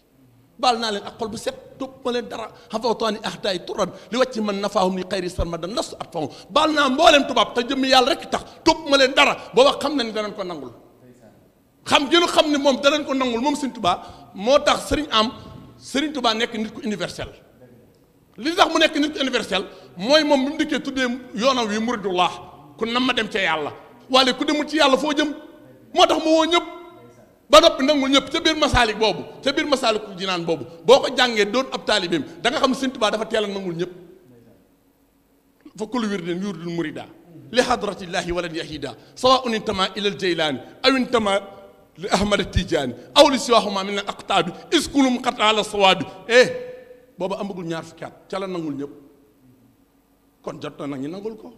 baal naa leen ak xol bu set topp ma leen dara xafawtaani ahdaay turan li wàcci man nafaahum li xayri sarmadan nas at fahum baal naa mbooleem tubaab te jëmmi yàlla rek tax topp ma leen dara booba xam na ni danañ ko nangul xam gënu xam ne moom danañ ko nangul moom sëriñ Tuubaa moo tax sëriñ am sëriñ Tuubaa nekk nit ku universel li tax mu nekk nit universel mooy moom bi mu dikkee tuddee yoonam wi muridullah ku nam ma dem ca yàlla wala ku mu ci yàlla foo jëm moo tax mu woo ñëpp ba noppi nangul ñëpp ca biir masaalik boobu ca biir masaaliku jinaan boobu boo ko jàngee doon ab taalibeem da nga xam Sëñ Tuubaa dafa teel a nangul ñëpp fa kullu wirdin yuridul murida li hadratillahi walan yahida sawaun intama ila al jaylaani aw intama li ahmad tijaani aw li siwahuma min al aqtaabi iskulum qatala sawaabi eh booba amagul ñaar fukki at ca la nangul ñëpp kon jot na nag ñu nangul ko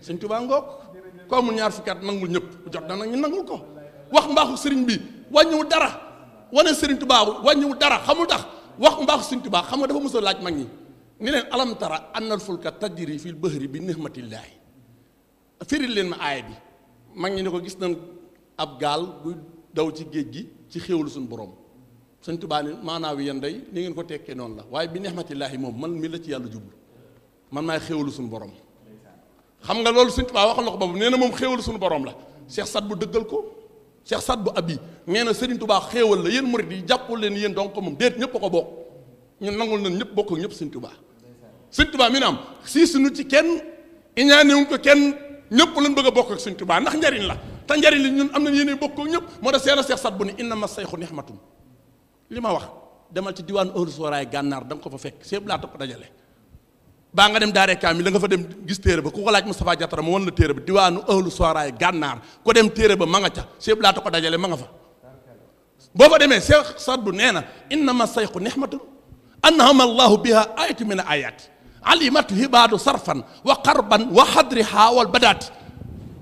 sëñ Tuubaa ngoog ko amul ñaar fukki at nangul ñëpp jot na nag ñu nangul ko wax mbaaxu sëriñ bi wàññiwu dara wane sëriñ Tuubaa wàññiwu dara xamul tax wax mbaaxu sëriñ Tuubaa xam nga dafa mos a laaj mag ñi ni leen alam tara annal fulka tajri fil bahri bi nihmatillaahi firil leen ma aaya bi mag ñi ne ko gis nañ ab gaal buy daw ci géej gi ci xéewlu suñu borom sëñ Tuubaa ne maanaa wi yan day ngeen ko tekkee noonu la waaye bi nexmatillaahi moom man mi la ci yàlla jublu man maay xéwalu suñu borom xam nga loolu sëñ Tuubaa waxal na ko boobu nee na moom xéwalu suñu borom la Cheikh sat bu dëggal ko Cheikh Saad bu ab yi nee na Sëriñ Tuubaa xéewal la yéen murid yi jàppul leen yéen donc moom déet ñëpp ko bokk ñun nangul nañ ñëpp bokk ak ñëpp sëñ Tuubaa sëñ Tuubaa mi naam sii suñu ci kenn iñaanewuñ ko kenn ñëpp lañ bëgg a bokk ak sëñ Tuubaa ndax njariñ la te njariñ li ñun am nañ yéene bokk ak ñëpp moo tax seen a Cheikh Saad bu ne inna ma sayxu nihmatum li ma wax demal ci diwaan heure sooraay gànnaar da nga ko fa fekk seeb laa ko dajale baa nga dem daaree kaamil la nga fa dem gis téere ba ku ko laaj Moustapha Diatara mu wan la téere ba diwaanu ahlu soiraay gànnaar ko dem téere ba manga nga ca seeb laa ko dajale ma nga fa boo fa demee Cheikh Saddu nee na innama sayqu nehmatun anhama allahu biha ayatu min ayati alimatu hibaadu sarfan wa qarban wa xadri haawal badaati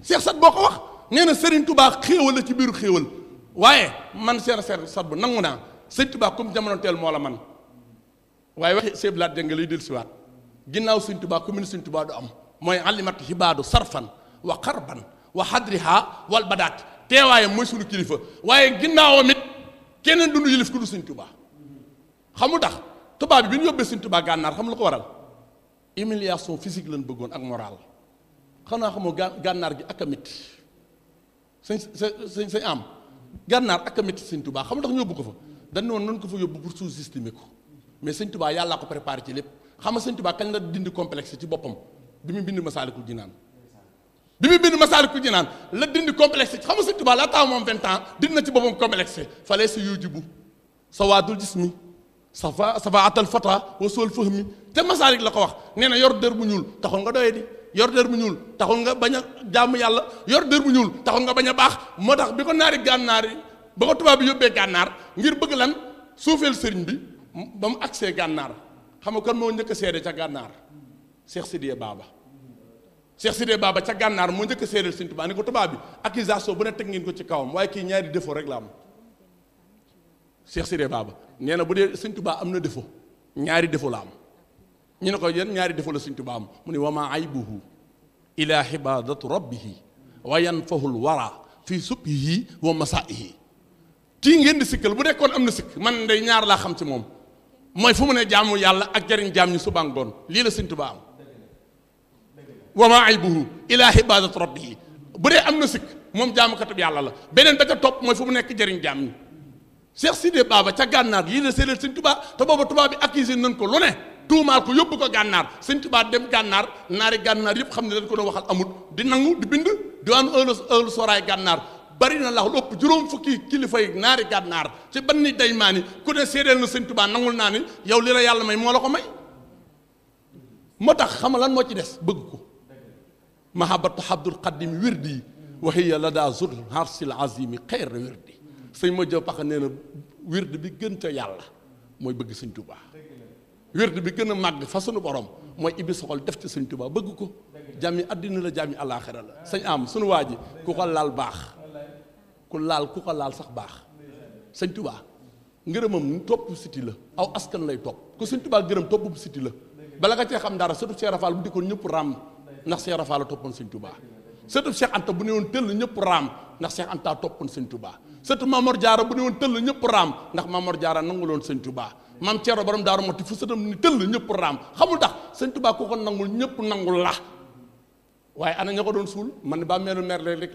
Cheikh Sadd boo ko wax nee na Serigne Touba xéewal la ci biiru xéewal waaye man Cheikh Saddu nangu naa sëñ tubaa comme jamono teel moo la man waaye waxi seeblaat jënge lay dellu siwaat ginnaaw sëñ tubaa commune sëñ tubaa du am mooy alimat xibaadu sarfan wa xarban wa xadriha wal badaat teewaayam mooy sunu kilifa waaye ginnaawam it keneen dundu yilif ku du sëñ tubaa xamu tax tubaab bi bi ñu yóbbee sëñ tubaa gànnaar xam lu ko waral humiliation physique lañ bëggoon ak moral xanaa xamoo gànnaar gi ak a métti sëñ sëñ am gànnaar ak a métti sëñ tubaa xamu tax ko fa dañ noonu nan ko fa yóbbu pour sous-estimer ko mais sëñ tubaa yàllaa ko préparé ci lépp xam nga sëñ tubaa kañ la dindi complexe ci boppam bi mu bind masaalikul jinaan bi mu bind masaalikul jinaan la dindi complexe xam nga sëñ tubaa laa taw moom vingt ans dindi na ci boppam complexe fale si yujibu sawaadul jismi safa safa atal fata wa sool fahmi te masaalik la ko wax nee na yor dër bu ñuul taxul nga doye di yor dër bu ñuul taxul nga bañ a jaamu yàlla yor dër bu ñuul taxul nga bañ a baax moo tax bi ko naari gànnaari ba ko tubaab bi yóbbee gànnaar ngir bëgg lan suufeel sëriñ bi ba mu agsee gànnaar xam nga kon moo njëkk a seede ca gànnaar Cheikh Sidiye Baba Cheikh Sidiye Baba ca gànnaar moo njëkk a seedeel sëriñ ni ko tubaab bi accusation bu ne teg ngeen ko ci kawam waaye kii ñaari defoo rek la am Cheikh Sidiye Baba nee na bu dee sëriñ Tuubaa am na défaut ñaari défaut la am ñu ne ko yéen ñaari défaut la sëriñ Tuubaa mu ne wama aybuhu ila ibadatu rabbihi wa yanfahul wara fi subhihi wa masaihi kii ngeen di sikkal bu nekkoon am na sikk man day ñaar laa xam ci moom mooy fu mu ne jaamu yàlla ak jariñ jaam ñu subaa ngoon lii la Sëñ Tuubaa am wa maa aybuhu ilaa ibaadat rabbihi bu dee am na sikk moom jaamukatub yàlla la beneen ba ca topp mooy fu mu nekk jariñ jaam ñi si Sidé Baba ca gànnaar lii la séeréer Sëñ Tuubaa te booba tubaab bi accusé nañ ko lu ne tuumaal ko yóbbu ko gànnaar Sëñ Tuubaa dem gànnaar naari gànnaar yëpp xam ne dañ ko doon waxal amut di nangu di bind diwaan ëllëg bari na lax lu ëpp juróom fukki kilifay yi naari gànnaar ci ban ni day maa ni ku ne séedéel na sëñ Tuubaa nangul naa ni yow li la yàlla may moo la ko may moo tax xam lan moo ci des bëgg ko mahabatu Abdul Xadim wirdi yi waxiya la daa zur harsil azimi xayr wirdi sëñ ma jë paxa nee na wird bi gën ca yàlla mooy bëgg sëñ Tuubaa wird bi gën a màgg fa sunu borom mooy ibbi soxol def ci sëñ Tuubaa bëgg ko jami àddina la jàmmi àllaaxira la sëñ am sunu waa ji baax ku laal ku ko laal sax baax sëñ tubaa ngërëmam topp siti la aw askan lay topp ku sëñ tubaa gërëm topp siti la bala nga cee xam dara sëtu Cheikh Rafaal bu dikkoon ñëpp raam ndax Cheikh Rafaal la toppoon sëñ tubaa sëtu Cheikh Anta bu ne woon tëll ñëpp raam ndax Cheikh Anta toppoon sëñ tubaa sëtu Mamor Diarra bu ne woon tëll ñëpp raam ndax jaara Diarra loon sëñ tubaa maam Ceerno borom daaru moti fu sëtam ni tëll ñëpp raam xamul tax sëñ tubaa ku ko nangul ñëpp nangul la waaye ana ña ko doon suul man ni baa meelu mer leeg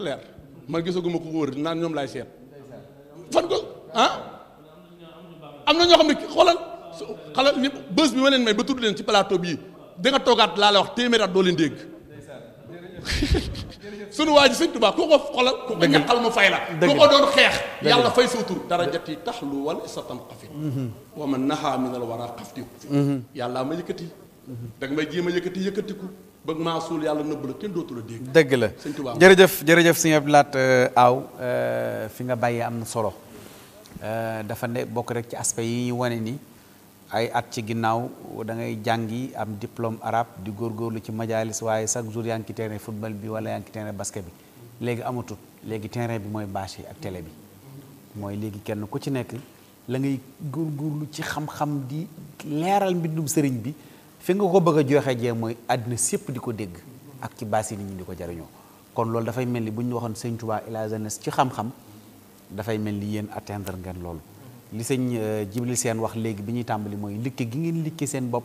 man gisaguma ko wóor naan ñoom laay seet fan ko ah? am na ñoo xam ne xoolal xalal ni bés bi ma leen may ba tudd leen ci plateau bii da nga laa la wax téeméer at doo leen dégg sunu waa ji sëñ Tuubaa ku ko xoolal ku ko ñaqal mu fay la ku ko doon xeex yàlla fay sa tur darajati taxlu wala istatan xafit mhm. wa man nahaa minal wara xaftiku mhm. yàllaa ma yëkkati mhm. da nga may jéem a yëkkati yëkkatiku bëgg maa suul yàlla nëbb la la dégg. dëgg la jërëjëf jërëjëf si Abdou Lahat euh, Aw euh, fi nga bàyyee am na solo euh, dafa ne bokk rek ci aspect yi ñu wane ni ay at ci ginnaaw da ngay yi am diplôme arabe di góor góorgóorlu ci majalis waaye chaque jour yaa ngi ci football bi wala yaa ngi ci basket bi léegi amatul léegi terrain bi mooy bâche yi ak tele bi mooy léegi kenn ku ci nekk la ngay góor góorgóorlu ci xam-xam di leeral mbindum sëriñ bi. fi nga ko bëgg a joxe jee mooy àddina sépp di ko dégg ak ci baasi nit ñi di ko jariñoo kon loolu dafay mel ni bu ñu waxoon sëñ Tuubaa ila jeunesse ci xam-xam dafay mel ni yéen atteindre ngeen loolu li sëñ euh, Jibril Seen wax léegi bi ñuy tàmbali mooy likke gi ngeen likke seen bopp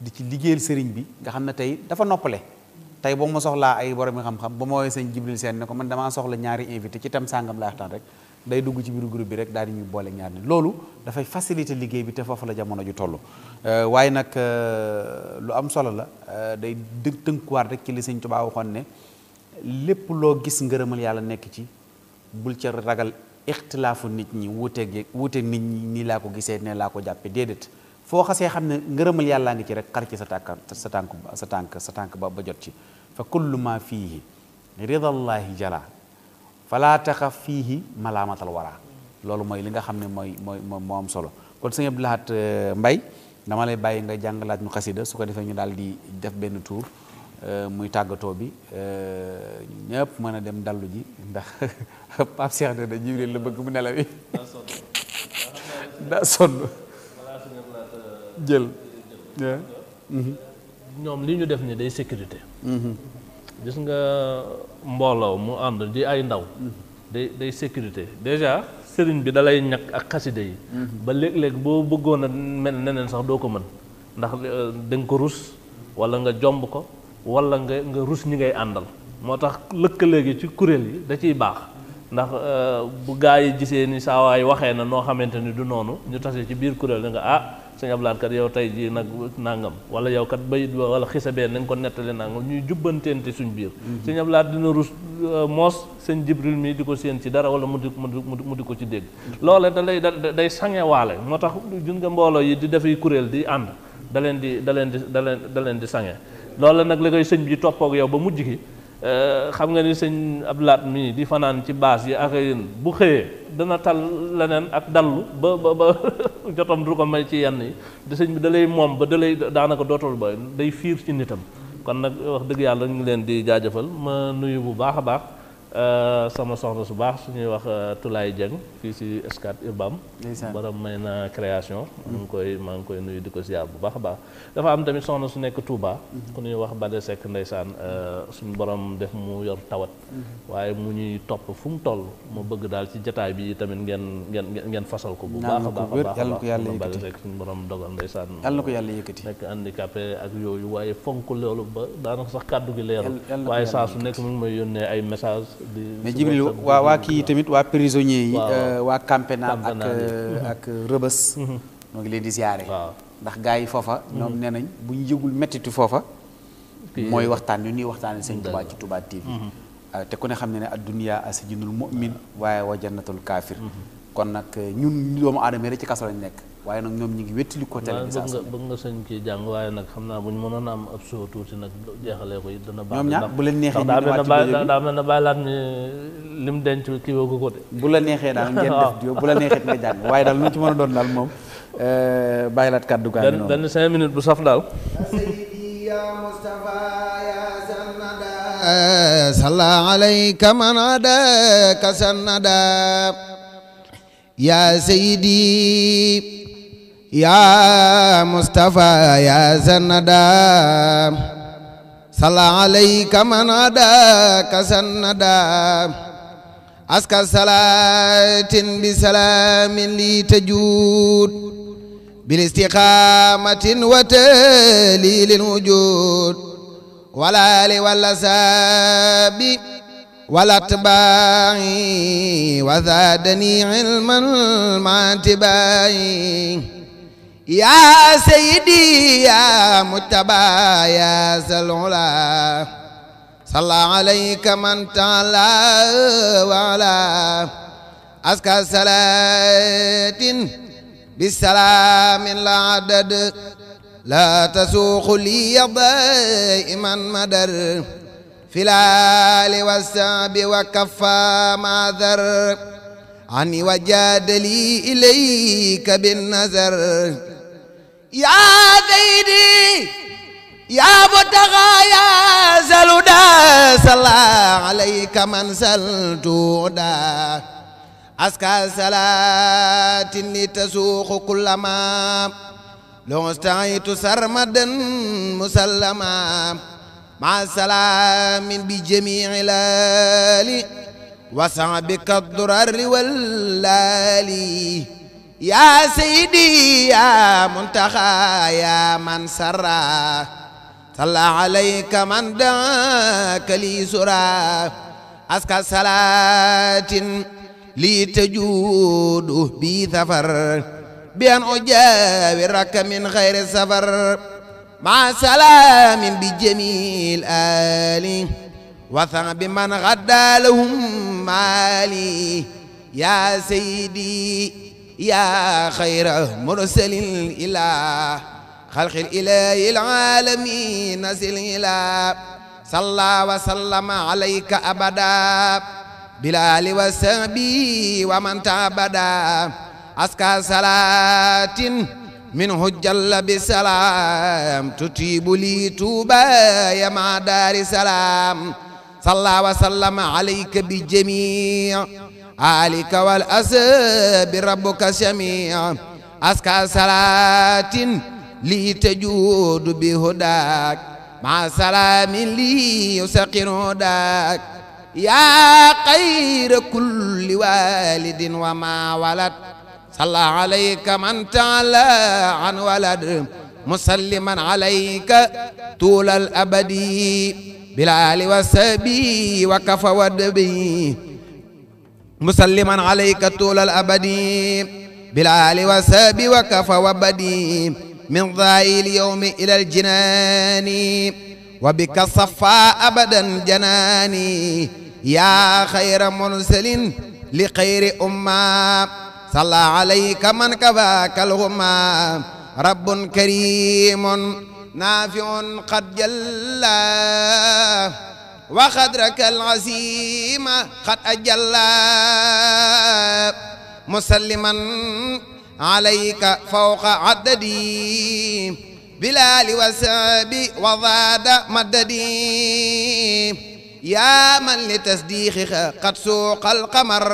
di ci liggéeyal sëriñ bi nga xam ne tey dafa noppale tey boo ma soxlaa ay borom yi xam-xam ba ma woowee sëñ Jibril Seen ne ko man damaa soxla ñaari invité ci tam sàngam laa waxtaan rek day dugg ci biir groupe bi rek daal di ñuy boole ñaar ni loolu dafay faciliter liggéey bi te foofu la jamono ju toll euh, waaye nag euh, lu am solo la euh, day dëg tënkuwaat rek ci li Sëñ Tuubaa waxoon ne lépp loo gis ngërëmal yàlla nekk ci bul ca ragal ixtilaafu nit ñi wuuteeg wuuteeg nit ñi nii laa ko gisee ne laa ko jàppe déedéet foo xasee xam ne ngërëmal yàllaa ngi ci rek xar ci sa tànk sa tànk sa tànk sa tànk ba jot ci fa kullu ma fiihi ridallahi jala falaa taxaf fiihi malaamatal waraa loolu mooy li nga xam ne mooy mooy moo am solo kon sëñ Abdou Lahat euh, Mbay dama lay bàyyi nga jàngalaat ñu xasida su ko defee ñu daal di def benn tour euh, muy tàggatoo bi euh, ñëpp mën a dem dallu ji ndax Pape Cheikh de da Jibril la bëgg mu nelawi daa sonn jël ñoom li def day sécurité mm-hmm. gis nga mbooloo mu ànd di ay ndaw mm-hmm. day day sécurité déjà sëriñ bi dalay ñakk ak xaside yi mm-hmm. ba léeg-léeg boo bëggoon a mel neneen sax doo ko mën ndax euh, da nga ko rus wala nga jomb ko wala nga nga rus ñi ngay àndal moo tax lëkk léegi ci kuréel yi da ciy baax ndax euh, bu gaa yi gisee ni saawaay waxee na noo xamante ni du noonu ñu tase ci biir kuréel da nga ah sëñ Ablaat kat yow tey jii nag nangam wala yow kat bayit ba wala xisa bee nañ ko nettali nangam ñuy jubbanteente suñ biir mhm. sëñ Ablaat dina rus euh, moos seen Jibril mi di ko séen ci dara wala mu di mu di ko ci dégg loole da lay day sangewaale moo tax gis nga mbooloo yi di dafay kuréel di ànd da leen di da leen di da leen da leen di sange loole nag li koy sëñ bi toppook yow ba mujj gi Euh, xam nga ni sëñ ablaat mii di fanaan ci baas yi ak yéen bu xëyee dana tal leneen ak dallu ba ba ba jotam du ko may ci yenn yi di sëñ bi da lay moom ba da lay daanaka dootul ba day fiir ci nitam kon nag wax dëgg yàlla ñu ngi leen di jaajëfal ma nuyu bu baax a baax Euh, sama soxna su baax su ñuy wax euh, Tulaay Dieng fii si Scat Urbam baram may na création maa ngi koy maa ngi koy nuyu di ko ziar bu baax a baax dafa am tamit soxna su nekk Touba mhm. ku nuy wax Bade Seck ndeysaan euh, suñu borom def mu yor tawat mhm. waaye mu ñuy topp fu mu toll mu bëgg daal ci jataay bi tamit ngeen ngeen ngeen fasal ko bu baax a baax a baax yàlla na ko yàlla yëkkati Bade Seck suñu borom dogal ndeysaan yàlla na ko yàlla yëkkati nekk handicapé ak yooyu waaye fonk loolu ba daanaka sax gi leeru ay message mais Djibril waa waa kii tamit waa prisonniers yi. Euh, waa Campenar ak euh, ak Rëbës. Mhm. ñoo ngi leen di ziare. ndax gaa yi foofa. Mhm. ñoom nee nañ bu ñu yëgul méttitu foofa. mooy waxtaan yu ñuy waxtaanee seen Touba ci Touba TV. Mhm. Euh, te ku ne xam ne ne adduniyaa asijinul mu'min waaye wa jannatul kaafir. kon nag ñun doomu aadama rek ci kaso lañ nekk. waaye nag ñoom ñu ngi wétali ko télé bi saa su bëgg nga sëñ kii jàng waaye nag xam naa bu ñu mënoon am ab soo tuuti nag jeexalee ko it dana baax ñoom ñaar bu leen neexee daa na bàyyi laat ni lim la neexee daal ngeen def diw waaye daal lu ci mën a doon daal moom euh, bàyyi kàddu gaa ngi bu saf daal صلى yaa Mustafa yaa Zannada salla alayka man adaaka Zannada aska salaatin bi salaamin li tajuud bil istiqaamatin wa taliilil wujuud wala li wala saabi wala atbaa'i wa zaadani ilman ma tibaa'i yaa sayyidi yaa mujtabaa yaa zal ulaa salla alayka man taala wa alaa aska salaatin bi salaamin la adad laa tasuuqu li dayman madar filaali wa saabi wa kafa maadar ani wa jaadali ilayka bin nazar yaa gaydi yaa muntaxaa yaa saludaa salaa alayka man saltuudaa aska salaatin li tasuuqu kullamaa lonstaitu sarmadan musallamaa maa salaamin bi jamii'i laali wa saabika durari wallaali yaa seydi yaa muntaxa yaa man sarra salla alayka man daaka lii sura aska salaatin lii tajuudu bi safar bi an ujaawi raka min xayri safar ma salaamin bi jamiil aali wasan bi man xaddaalahum maali yaa seydi yaa xayra mursalin ilaa xalqil ilaahi alaalamiin nasil ilaa salla wa sallama alayka abada bilaali wa sahbi wa man taabada aska salaatin minhu jalla bi salaam tutiibu lii tuubaaya ma daari salaam salla wa sallama alayka bi jamii عليك والأسب ربك سميع أسكى صلاة لي تجود بهداك مع سلام لي يسقن هداك يا خير كل والد وما ولد صلى عليك من تعالى عن ولد مسلما عليك طول الأبد بالآل والسبي وكفى ودبي musalliman alayka tuulal abadi bilaali wa saabi wa kafa wa badi min daayil yowmi ilal jinaani wa bika safa abadan janaani yaa xayra mursalin li xayri umma salla alayka man kafaakal humma rabbun karimun naafiun qad jalla wa xadraka alazima xat ajalla musalliman alayka fawqa addadi bilaali wa saabi wa zaada maddadi yaa man li tasdiiqiha qad suuqa alqamar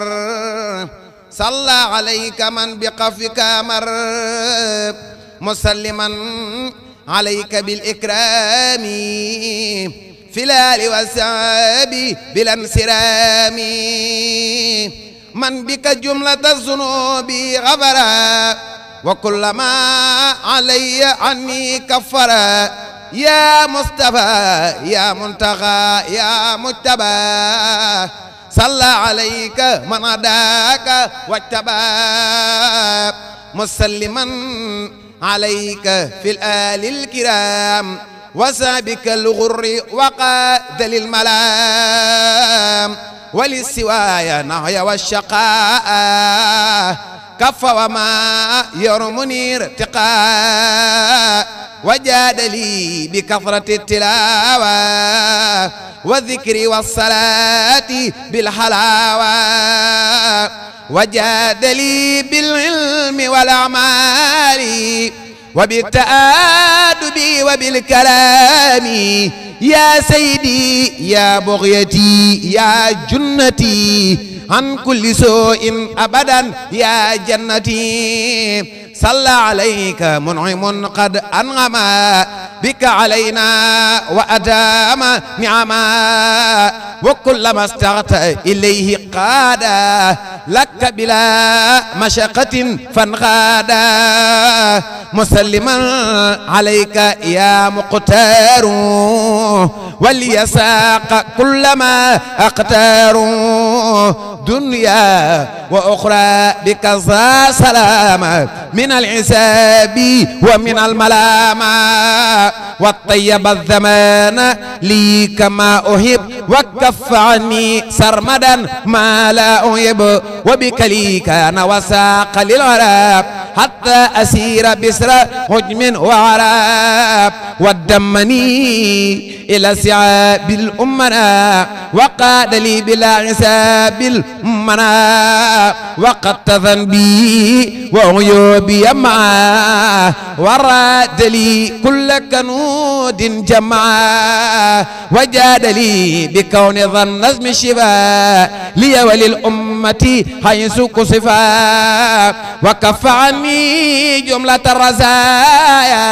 salla alayka man bi qafika mar musalliman alayka bil ikraami filaali wa saabi bilan siraami man bika jumlata zunubi xabara wa kullama alayya anni kaffara ya mustafa ya muntaxa ya mujtaba salla alayka man adaaka wajtaba musalliman alayka fil alil kiram وسابك الغر وقادل الملام ولسواي نهي والشقاء كف وما يرمني ارتقاء وجاد لي بكثرة التلاوة والذكر والصلاة بالحلاوة وجاد لي بالعلم والأعمال وبالتآدب وبالكلام يا سيدي يا بغيتي يا جنتي عن كل سوء أبدا يا جنتي صلى عليك منعم قد أنعم بك علينا وأدام نعما وكلما استغت إليه قاد لك بلا مشقة فانغادا مسلما عليك يا مقتار وليساق كلما أقتار دنيا وأخرى بك سلام من من العساب ومن الملامة وطيب الزمان لي كما أحب وكف عني سرمدا ما لا أحب وبكلي كان وساق للعرب حتى أسير بسر هجم وعرب ودمني إلى سعاب الأمنا وقاد لي بلا عساب الأمنا وقد تذنبي وعيوبي يمعى وراد لي كل كنود جمعى وجاد لي بكون ظن نظم شفاء لي وللأمة أمتي حيث كسفا وكف عني جملة الرزايا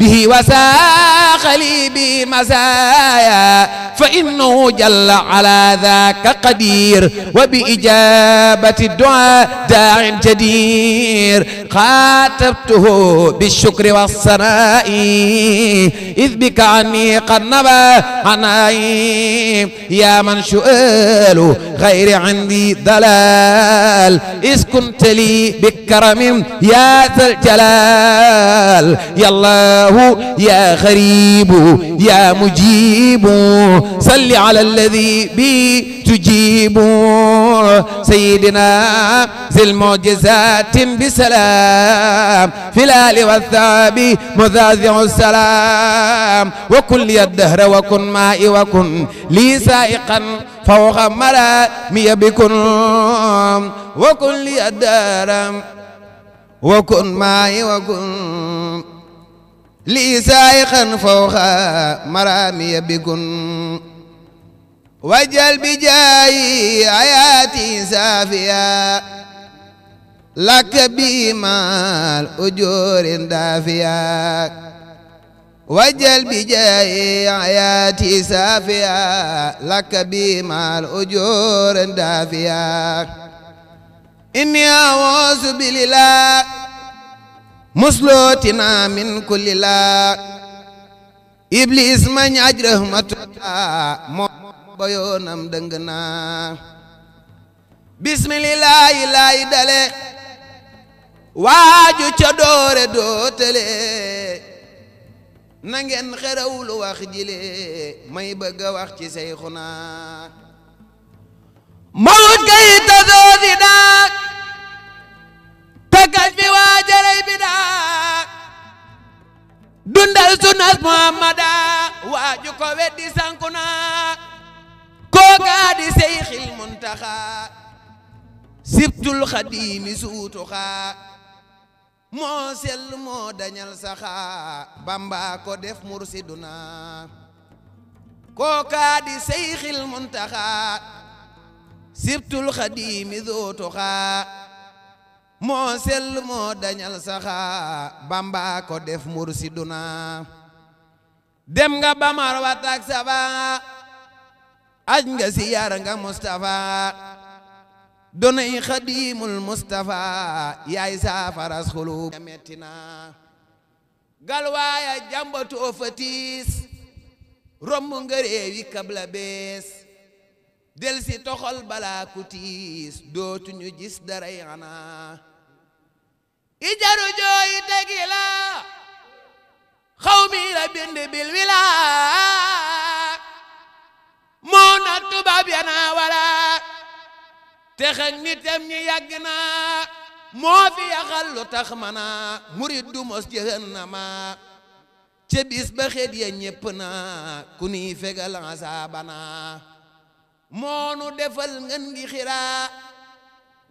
به وساق لي بمزايا فإنه جل على ذاك قدير وبإجابة الدعاء داع جدير خاطبته بالشكر والثناء إذ بك عني قد نبى عناي يا من شؤال غير عندي لي ضلال إذ كنت لي بكرم يا ذا الجلال يا الله يا غريب يا مجيب صل على الذي بي tujibu sayyidina zil mu'jizatin bi salam filali wasabi muzazi'u salam wa kun li ad-dahra wa kun ma'i wa kun li sa'iqan fawqa marami bikun wa kun li ad-dahra wa kun ma'i wa kun li sa'iqan fawqa marami bikun wajal bi jaayi ayaati saafiya lakk bi maal ujoorin daafiya wajal bi jaayi ayaati saafiya lakk bi maal ujoorin daafiya inni awoosu bililaa muslootina min kullilaa iblis mañ aj rahmatullah ba yoonam dëng naa bismillaahi laay dale waaju ca doore dootale na ngeen xerawlu wax jile may bëgg wax ci Seyxuna mawut kay ta dooti daak takaj fi waajalay bi daak dundal sunnas Muhammada waaju ko weddi sanku kookaa di seyxil muntaxaa sibtul xadiimi suutuxaa moo sell dañal saxaa bambaa def mursidunaa kookaa di seyxil muntaxaa sibtul xadiimi suutuxaa moo sell moo dañal saxaa bambaa def mursidunaa dem nga bamar watak sabaa aj nga siyaara nga Mustafa donay xadimul Mustafa yaay saafaras xulub metti na galwaaya jambatoo fa tiis romb nga réewi kabla bees del toxol balaa dootuñu gis daray xanaa i jaru jooyi tegi la xaw mi moo nar tubaab ya naa wala texak nitam ñi yàgg na moo fi yaxal lu tax mana murid du mos jahannama ca bis ba xet ya ñépp na ku niy fegal asaabana moo nu defal ngën gi xira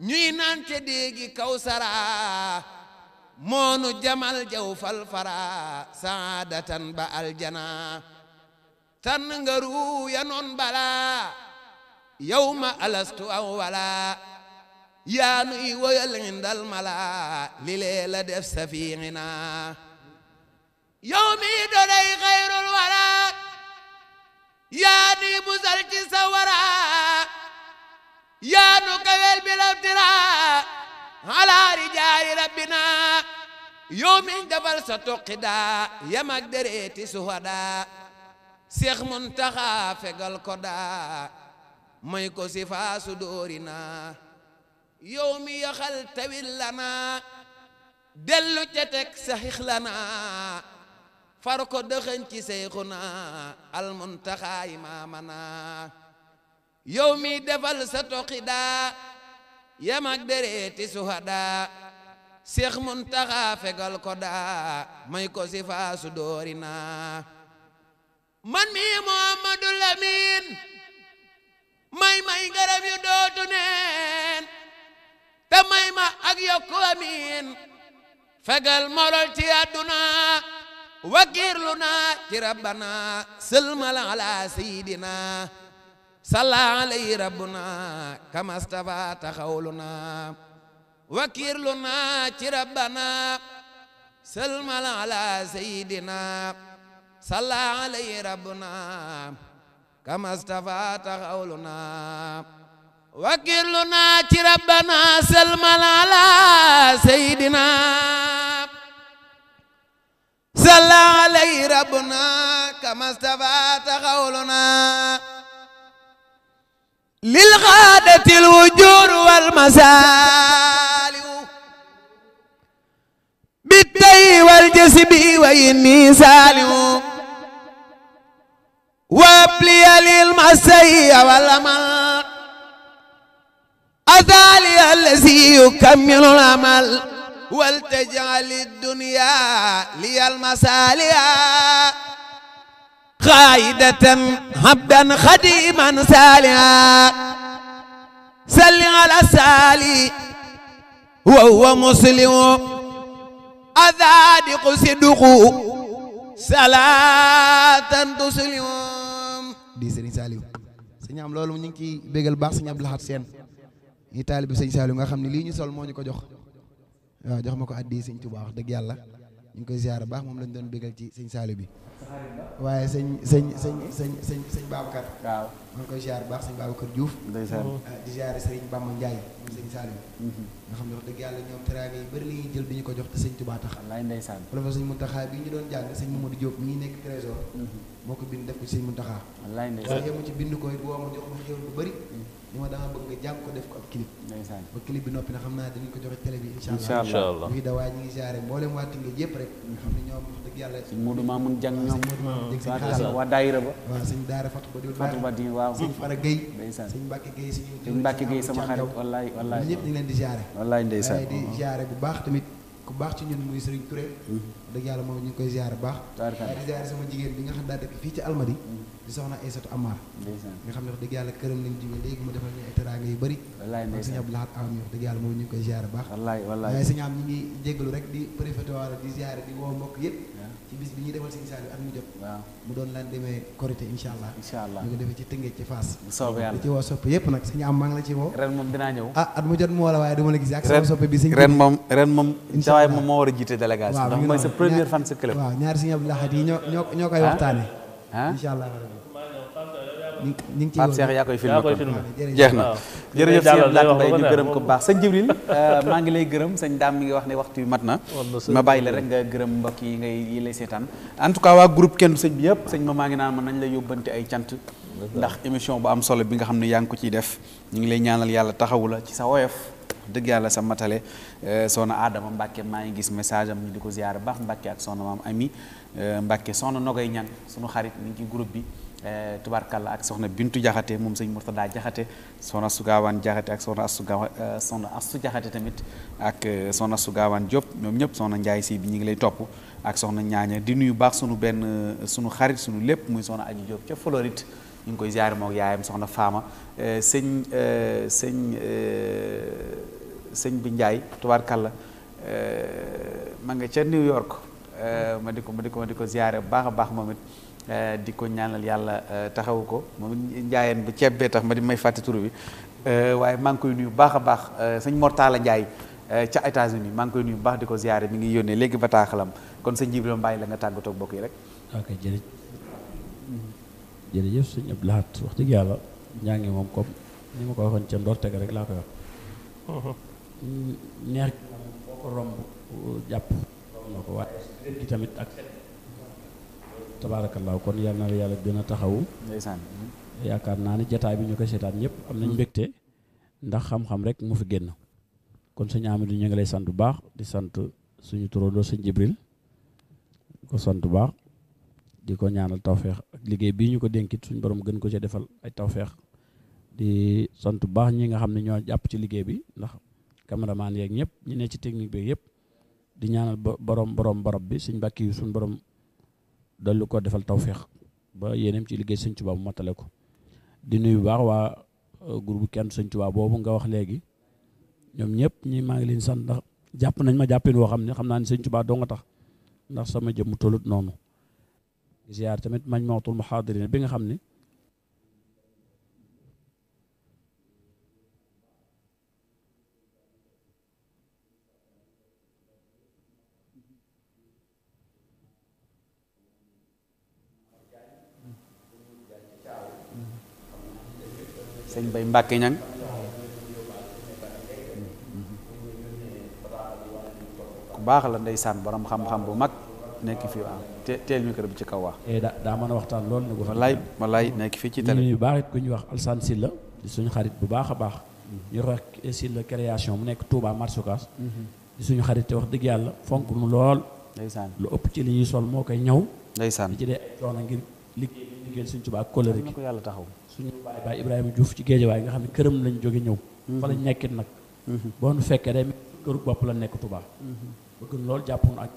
ñuy naan ca déegi kaw sara moo nu jamal jaw falfara saadatan ba aljana tànn nga ruu ya noon balaa ma alastu aw walaa yaa nuy woyal indal malaa li lee la def safiina yow mi doday xayrul walaa yaa nuy musal ci sa waraa yaa nu kawel bi laftiraa alaa rijaali rabbinaa yow mi defal sa tuqidaa yamak dereeti suhadaa seex Muntaxa fegal ko daa may ko si faasu dóori naa yow mi yaxal tawil la naa dellu ca teg saxix naa far ko dëxëñ ci seyxu naa al Muntaxa imaama naa yow defal sa toqi daa yam ak dereeti suhadaa seex Muntaxa fegal ko daa may ko si faasu dóori naa man mii Muhammadul Amin may may ngaram yu dootu neen te may ma ak yokku amin fegal morol ci àdduna wakirlu naa ci rabbana sëlmal ala sayidina salla alayhi rabbuna kamastafa taxawlu naa wakirlu naa ci rabbana sëlmal ala sayidina salla alayhi rabbuna kama stafa taxawluna wakiluna ci rabbana salmal ala sayidina salla alayhi rabbuna kama stafa taxawluna lil xaadatil wujur wal masaa bi tey wal jësi bi way nii saalimu wapliyalil masaya wala mal azaali allazi yukammilul amal wal tajali dunya liyal masaliya qaidatan habdan khadiman saliha salli ala sali wa huwa muslimu a azadiqu sidduqu salaatan tuslim di sëriñ Saliou si am loolu ñu ngi ciy bégal baax sëñ Abdou Lahad Sène ñi taalibi sëñ Saliou nga xam ne lii ñu sol moo ñu ko jox waaw jox ma ko addi sëñ Tuubaa wax dëgg yàlla ñu ngi koy ziar baax moom lañ doon bégal ci sëñ Saliou bi waaye sëñ sëñ sëñ sëñ sëñ sëñ Babacar waaw ma ngi koy ziar baax sëñ Babacar Diouf ah, di ziar sëriñ Bamba Ndiaye moom sëñ Saliou mm-hmm. nga xam ne wax dëgg yàlla ñoom teraanga yi bëri la ñuy jël ñu ko jox te sëñ Touba tax wallaay ndeysaan professeur sëñ Mountakha bi ñu doon jàng sëñ Mamadou Diop mi ngi nekk trésor mm-hmm. moo ko bind def ko ci sëñ Mountakha wallaay ci bind ko it boo ma jox ma xéwal bu bëri mm-hmm. ni ma dama bëgg nga jàng ko def ko ab clip ba clip bi noppi na xam naa dinañ ko joxe télé bi incha allah ñu ngi dawaa ñu ngi jaare mboolem waa Tëngéej yëpp rek nga xam ne ñoom wax dëgg yàlla suñ Modou Mamoun jàng ñoom waa daayira ba waaw suñ daara Fatou Badi Fatou Badi waaw suñ Fara Gueye suñ Mbacke Gueye suñu Mbacke Gueye sama xarit wallaay wallaay ñëpp ñu ngi leen di jaare wallaay ndeysaan di jaare bu baax tamit ku baax ci ñun dëgg yàlla moom ñu ngi koy ziar baax waaye di ziar sama jigéen bi nga xam daa dëkk fii ci almadi mm. di soxna Aysatu Amar nga xam ne wax dëgg yàlla këram lañ jóge léegi mu defal ñu ay teraanga yu bëri ak sëñ Abdou Lahad am wax dëgg moom ñu ngi koy ziar baax waaye sëñ am ñi ngi jégalu rek di préfété wala di ziar di woo mbokk yëpp ci bis bi ñuy defal sëñ Saliou am ñu jot waaw mu doon lan demee korité incha allah incha allah ñu ko defee ci tëngee ci Fass bu soobee yàlla ci woo soppe yëpp nag sëñ am maa ngi la ci woo moom dinaa ñëw ah at mu jot mu woo la waaye dama la gis ak sama soppe bi sëñ ren moom ren moom sa waay moom moo war a jiite délégation ndax mooy sa première fan sa club waaw ñaari sëñ Abdou Lahad yi ñoo ñoo ñoo ah? waxtaane ah? incha allah ñu ngi ciy Pape Cheikh yaa jeex na jërëjëf sëñ Abdoulaye Mbaye ñu gërëm ko bu baax sëñ euh, ngi lay gërëm sëñ Dame mi ngi wax ne waxtu mat na ma bàyyi la rek nga gërëm mbokk yi ngay yi lay seetaan en tout cas waa groupe kenn sëñ bi yëpp sëñ ma maa ngi naan man nañ la yóbbante ay cant ndax émission bu am solo bi nga xam ne yaa ngi ko ciy def ñu ngi lay ñaanal yàlla taxawu la ci sa woyof dëgg yàlla sa matale euh, soxna Adama Mbacke maa ngi gis message am ñu di ko ziyaar baax mbàkke ak soxna maam Ami euh, Mbacke soxna Nogay ñan sunu xarit mi ngi ci groupe bi Eh, tubaarkàlla ak soxna Bintu Jaxate moom sëñ Murtada Jaxate soxna Astu Gaawaan Jaxate ak soxna Astu Gaawa eh, soxna Astu Jaxate tamit ak eh, soxna Astu Gaawaan Diop ñoom ñëpp soxna Njaay sii bi ñu ngi lay topp ak soxna ñaaña di nuyu baax sunu benn sunu xarit sunu lépp muy soxna aju Diop ca Floride ñu ngi koy ziare mook yaayam soxna Faama sëñ sëñ sëñ bu Njaay tubaarkàlla ma nga ca New York ma di ko ma di ko ma di ko ziare baax a baax moom it Eh, di ko ñaanal yàlla eh, taxawu ko moom njaayeen bu ceeb bee tax ma di may fàtte tur bi eh, waaye maa ngi koy nuyu baax a baax sëñ Mortala Ndiaye ca États-Unis maa ngi koy nuyu baax di ko ziyaare mi ngi yónnee léegi bataaxalam kon sëñ Jibril Mbaye la nga tàggatoo bokk yi rek. ok jërëjëf jërëjëf sëñ Abdou Lahad wax dëgg yàlla ñaa ngi moom comme ni ma ko waxoon ca ndorteg rek laa koy wax. Uh-huh. neex boo ko romb jàpp. tamit ak. tabaarakallaa kon yal na yàlla gën a taxawu. ndeysaan. yaakaar naa ne jataay bi ñu ko seetaan ñëpp am nañ mbégte ndax xam-xam rek mu fi génn kon sëñ Amady ñu ngi lay sant bu baax di sant suñu turandoo sëñ Jibril ko sant bu baax di ko ñaanal tawféex ak liggéey bii ñu ko dénkit suñu borom gën ko ci defal ay tawfeex di sant bu baax ñi nga xam ne ñoo jàpp ci liggéey bi ndax cameraman yeeg ñëpp ñu ne ci technique bi yëpp di ñaanal borom borom barab bi suñ mbàkk yi suñu dolli ko defal tawféex ba yéenem ci liggéey sëñ Tuubaa bu matale ko di nuyu bu baax waa euh, groupe kenn sëñ Tuubaa boobu nga wax léegi ñoom ñëpp ñi maa ngi leen sant ndax jàpp nañ ma jàppin woo xam ne xam naa ne sëñ Tuubaa nga tax ndax sama jëmm tolut noonu ziar tamit mañ mawtul muhaadirin bi nga xam ni sëñ Bay Mbàkke ñang ku baax la ndeysaan borom xam-xam bu mag nekk fi waaw te teel micro bi ci kaw wax eh, da daa mën a waxtaan lool ne ko walaay walaay nekk fii ci télé ñu baax ku ñuy wax Alsaan Silla di suñu xarit bu baax a baax ñu wax Silla création mu nekk Touba Marsukaas mm-hmm. di suñu xarit te wax dëgg yàlla fonk mu lool ndeysaan lu ëpp ci li ñuy sol moo koy ñëw ndeysaan di ci dee coono ngir liggéey liggéeyal Sëñ Tuubaa ak kóllëre gi yàlla taxaw suñu baay baay Ibrahima Diouf ci Géejawaay nga xam ne këram lañ jóge ñëw mhm. fa lañ nekkit nag mhm. boo nu fekkee day këru bopp la nekk Tuubaa mhm. bëgg loolu jàpp nu ak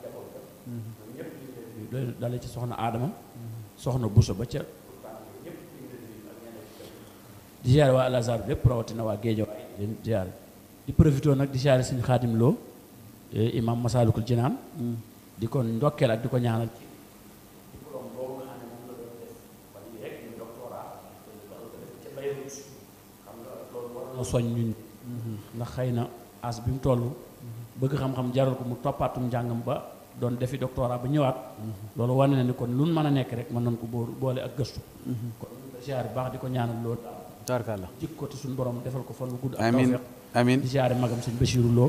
ñëpp dale ci soxna Aadama soxna Buso ba ca di ziare waa Al-Azhar lépp rawatina waa Géejawaay di ziare di profité nag di ziare Sëñ Xaadim eh, imam Masaalikul Jinaan di ko ndokkeel ak di ko ñaanal soñ ñun ndax xëy na as bi mu toll bëgg xam-xam jaral ko mu toppaatum njàngam ba doon defi doctorat ba ñëwaat loolu wane na ni kon lu mën a nekk rek mën nañ ko boo boole ak gëstu kon ziar baax di ko ñaanal loolu tarkalla jik ko te suñu borom defal ko fan lu gudd ak tawfeex amiin di ziare magam sëñ Bachirou Lo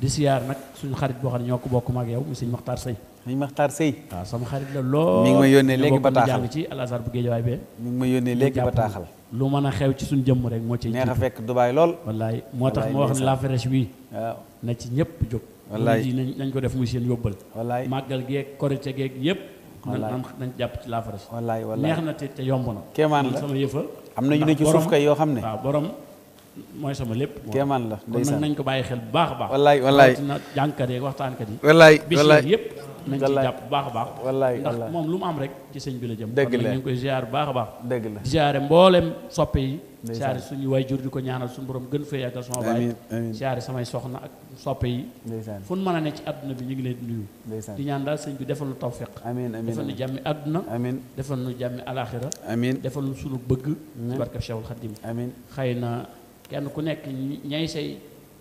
di ziar nag suñu xarit boo xam ne ñoo ko bokk mag yow mu sëñ Maxtaar Sëy sëñ Maxtaar Sëy waaw sama xarit la lool mi ngi ma yónnee léegi bataaxal jàng Al Azhar bu Guédiawaye ngi ma yónnee léegi bataaxal lu mën a xew ci suñ jëmm rek moo ci neex a fekk Dubaay lool wallaay moo tax moo wax ne la fraîche bi waaw na ci ñëpp jóg wallaay ji nañ ko def muy seen yóbbal wallaay màggal geeg korite geeg yëpp nañ nañ jàpp ci laa fraîche wallaay wallaay neex na te te yomb na kemaan la sama yëfa am na ñu ne ci suuf kay yoo xam ne waaw borom mooy sama lépp kéemaan la ndeysaan kon nañ ko bàyyi xel bu baax a baax wallaay wallaay na jàngkat yeeg waxtaankat yi wallaay wallaay yëpp nañ ci jàpp bu baax a baax ndax moom lu mu am rek ci sëñ bi la jëm dëgg la ñu ngi koy ziar bu baax a baax dëgg la ziare mboolem soppe yi ziare suñu waajur di ko ñaanal suñ borom gën fee yàggal sama baay ziare samay soxna ak soppe yi fu nu mën a ne ci àdduna bi ñu ngi leen nuyu di ñaan daal sëñ bi defal nu tawféq defal nu jàmmi àdduna defal nu jàmmi alaxira defal nu suñu bëgg ci barkab Cheikhul Khadim xëy na kenn ku nekk ñay say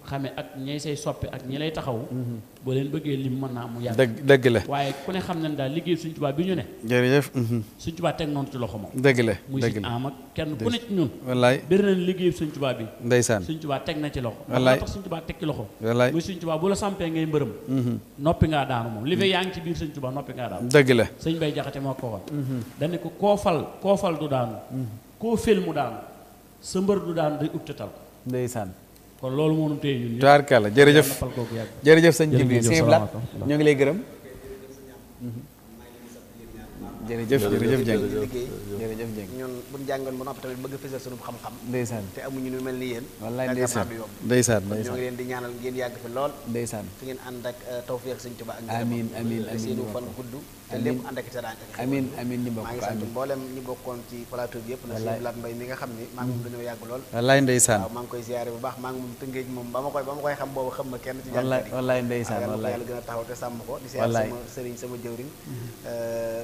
xame ak ñay say soppi ak ñi lay taxaw mhm. boo leen bëggee lim mën naa mu yàgg dëgg dëgg la waaye ku ne xam nañ daal liggéey suñ tubaa bi ñu ne jërëjëf mhm. suñ tubaa teg noonu ci loxo moom dëgg la muy si am kenn ku ne ci ñun wallaay bëri liggéey suñ tubaa bi ndeysaan suñ tubaa teg na ci loxo wallaay tax suñ tubaa teg ci loxo wallaay muy suñ tubaa bu la sampee ngay mbërëm mhm. noppi ngaa daanu moom li fee yaa ngi ci biir suñ tubaa noppi ngaa daanu dëgg la sëñ bay jaxate moo ko waxoon dane ko koo fal koo fal du daanu koo fel mu daanu sa mbër du daanu day ubtatal ko ndeysaan kon loolu moo ñu téye ñun. tubaarkàlla jërëjëf jërëjëf sëñ Jibril sëñ Bla ñu ngi lay gërëm. jërëjëf jërëjëf Dieng jërëjëf Dieng ñun bu ñu jàngoon ba noppi tamit bëgg a sunu xam-xam ndeysaan te amuñu ñu mel ni yéen wallaay ndeysaan ndeysaan ndeysaan ñoo ngi leen di ñaanal ngeen yàgg fi lool ndeysaan fu ngeen ànd ak euh, tawfiq sëñ Tuubaa ak amiin amiin amiin seenu fan gudd te lépp ànd ak teraanga ak amiin maa ngi sant mboolem ñu bokkoon ci plateau bi yëpp na suñu Lat Mbaye mi nga xam ni maa ngi moom dañoo yàgg koy ziyaare bu baax maa ngi moom tëngéej moom ba ma koy ba ma koy xam boobu xam a taxaw te sàmm ko di seet sama sëriñ sama mhm. euh,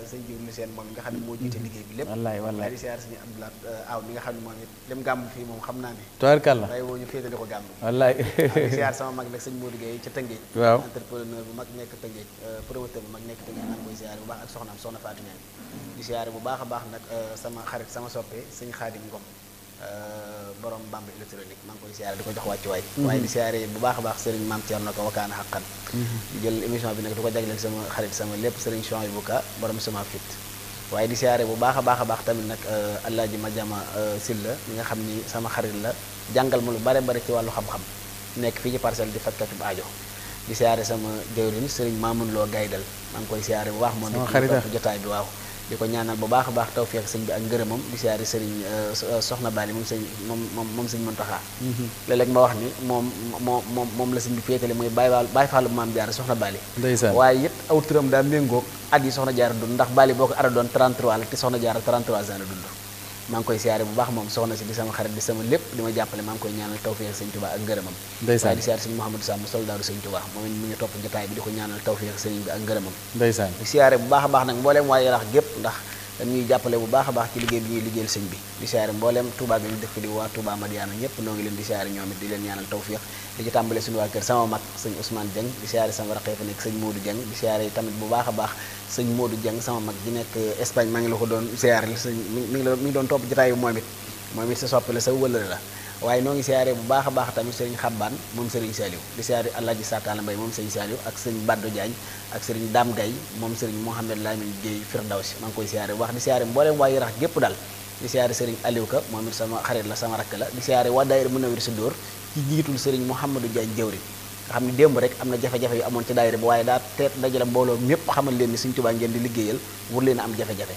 nga xam ne moo jiite mhm. liggéey bi lépp wallaay wallaay di ziyaare suñu xam ne moom it lim gàmm fii moom xam naa ne tubaarkàlla day woo ñu féetale ko gàmm wallaay mag nekk tëngéej euh, mag koy ziyaare siyaare bu ak soxnaam soxna Fatou Niang di siyaare bu baax a baax nag euh, sama xarit sama soppe sëñ Xaadim Ngom euh, borom bamb électronique maa ngi koy siyaare di ko jox wàccu waay mhm. waaye di siyaare bu baax a baax sëriñ maam Thierno ko wakaana xaqan mhm. jël émission bi nag di ko jagleel sama xarit sama lépp sëriñ Chouaï Bouka borom sama fit waaye di siyaare bu baax a baax a baax tamit nag euh, ji ma Madiama Silla mi nga xam ni sama xarit la jàngal ma lu bare bare ci wàllu xam-xam nekk fii ci parcelle di fajkatub aajo di siyaare sama jawriñ sëriñ Mamoun Lo Gaydal maa ngi koy siyaare bu baax moom it jotaay bi waaw di ko ñaanal bu baax a baax tawfeex sëñ bi ak ngërëmam di siyaare sëriñ euh, euh, soxna Bali moom sëñ moom moom moom sëñ Muntaxa mhm. léeg-léeg ma wax ni moom moo moom moom la sëñ bi féetale muy Baay Faal Baay Faalu maam Jaara soxna Bali waaye it aw turam daa méngoog at yi soxna Jaara dund ndax Bali boo ko ara doon 33 la te soxna Jaara 33 ans la dund maa ngi koy siyaare bu baax moom soxna si di sama xarit di sama lépp di ma jàppale maa ngi koy ñaanal tawféex sëñ Tuubaa ak ngërëmam di siyaare ko ñaanal tawféex bu baax a baax nag mbooleem waaye yalax gépp ndax dañuy jàppale bu baax a baax ci liggéey bi ñuy liggéeyal sëñ bi di siyaare mbooleem Touba bi ñu dëkk di waa Touba Madiana ñëpp noo ngi leen di siyaare ñoom it di leen ñaanal tawféex di ci tàmbale suñu waa kër sama mag sëñ Ousmane Dieng di siyaare sa raqee nekk sëñ Modou bu baax a baax sëñ Modou Dieng sama mag ji nekk Espagne maa ngi la ko doon siyaare sëñ mi ngi la mi ngi doon topp jotaayu moom it moom it sa soppale sa wëllëre la waaye noo ngi bu baax a baax tamit sëriñ Xabbaan moom sëriñ Saliou di siyaare Alaaji Sataala Mbay moom sëriñ Saliou ak sëriñ Baddo Diagne ak sëriñ Dame Gaye moom sëriñ Mouhamed Lamine Gueye Firdawsi maa ngi koy siyaare bu baax di siyaare mbooleem waa Yarax gépp daal di siyaare sëriñ Aliou Ka moom it sama xarit la sama rakk la di siyaare waa daayira Munawir si dóor ci jiitul sëriñ Mouhamadou Diagne jëwri nga xam ne démb rek am na jafe-jafe yu amoon ci daayira bi waaye daa teet dajale mbooloo mépp xamal leen ni Sëriñ Tuubaa ngeen di liggéeyal wur leen am jafe-jafe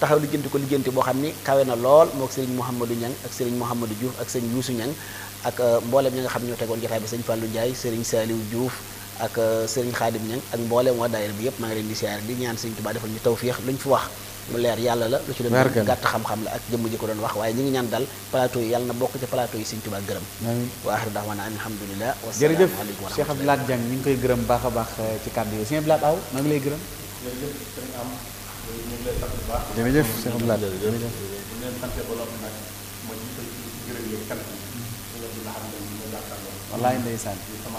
taxaw lijjanti ko lijjanti boo xam ni kawe na lool moo sëriñ Mouhamadou Niang ak sëriñ Mouhamadou Diouf ak sëriñ Youssou Niang ak euh, mbooleem ñi nga xam ñoo tegoon jotaay bi sëriñ Fallou Ndiaye sëriñ Saliou Diouf ak euh, sëriñ Khadim Niang ak mbooleem waa daayira bi yépp maa ngi leen di siyaare di ñaan Sëriñ Tuubaa defal ñu tawfeex luñ fi wax lu leer yàlla la lu ci doon gàtt xam-xam la ak jëmm ji ko doon wax waaye ñu ngi ñaan dal plateau yi yàlla na bokk ci plateau yi Sëñ Tuubaa gërëm wa aaxiru da'waanaa ani alhamdulilah jërëjëf Cheikh Abdou Lahad Diagne ñu ngi koy gërëm baax a baax eh, ci kàddu yi Sëñ Abdou Lahad aw maa ngi lay gërëm jërëjëf Cheikh Abdou Lahad wallaay ndeysaan sama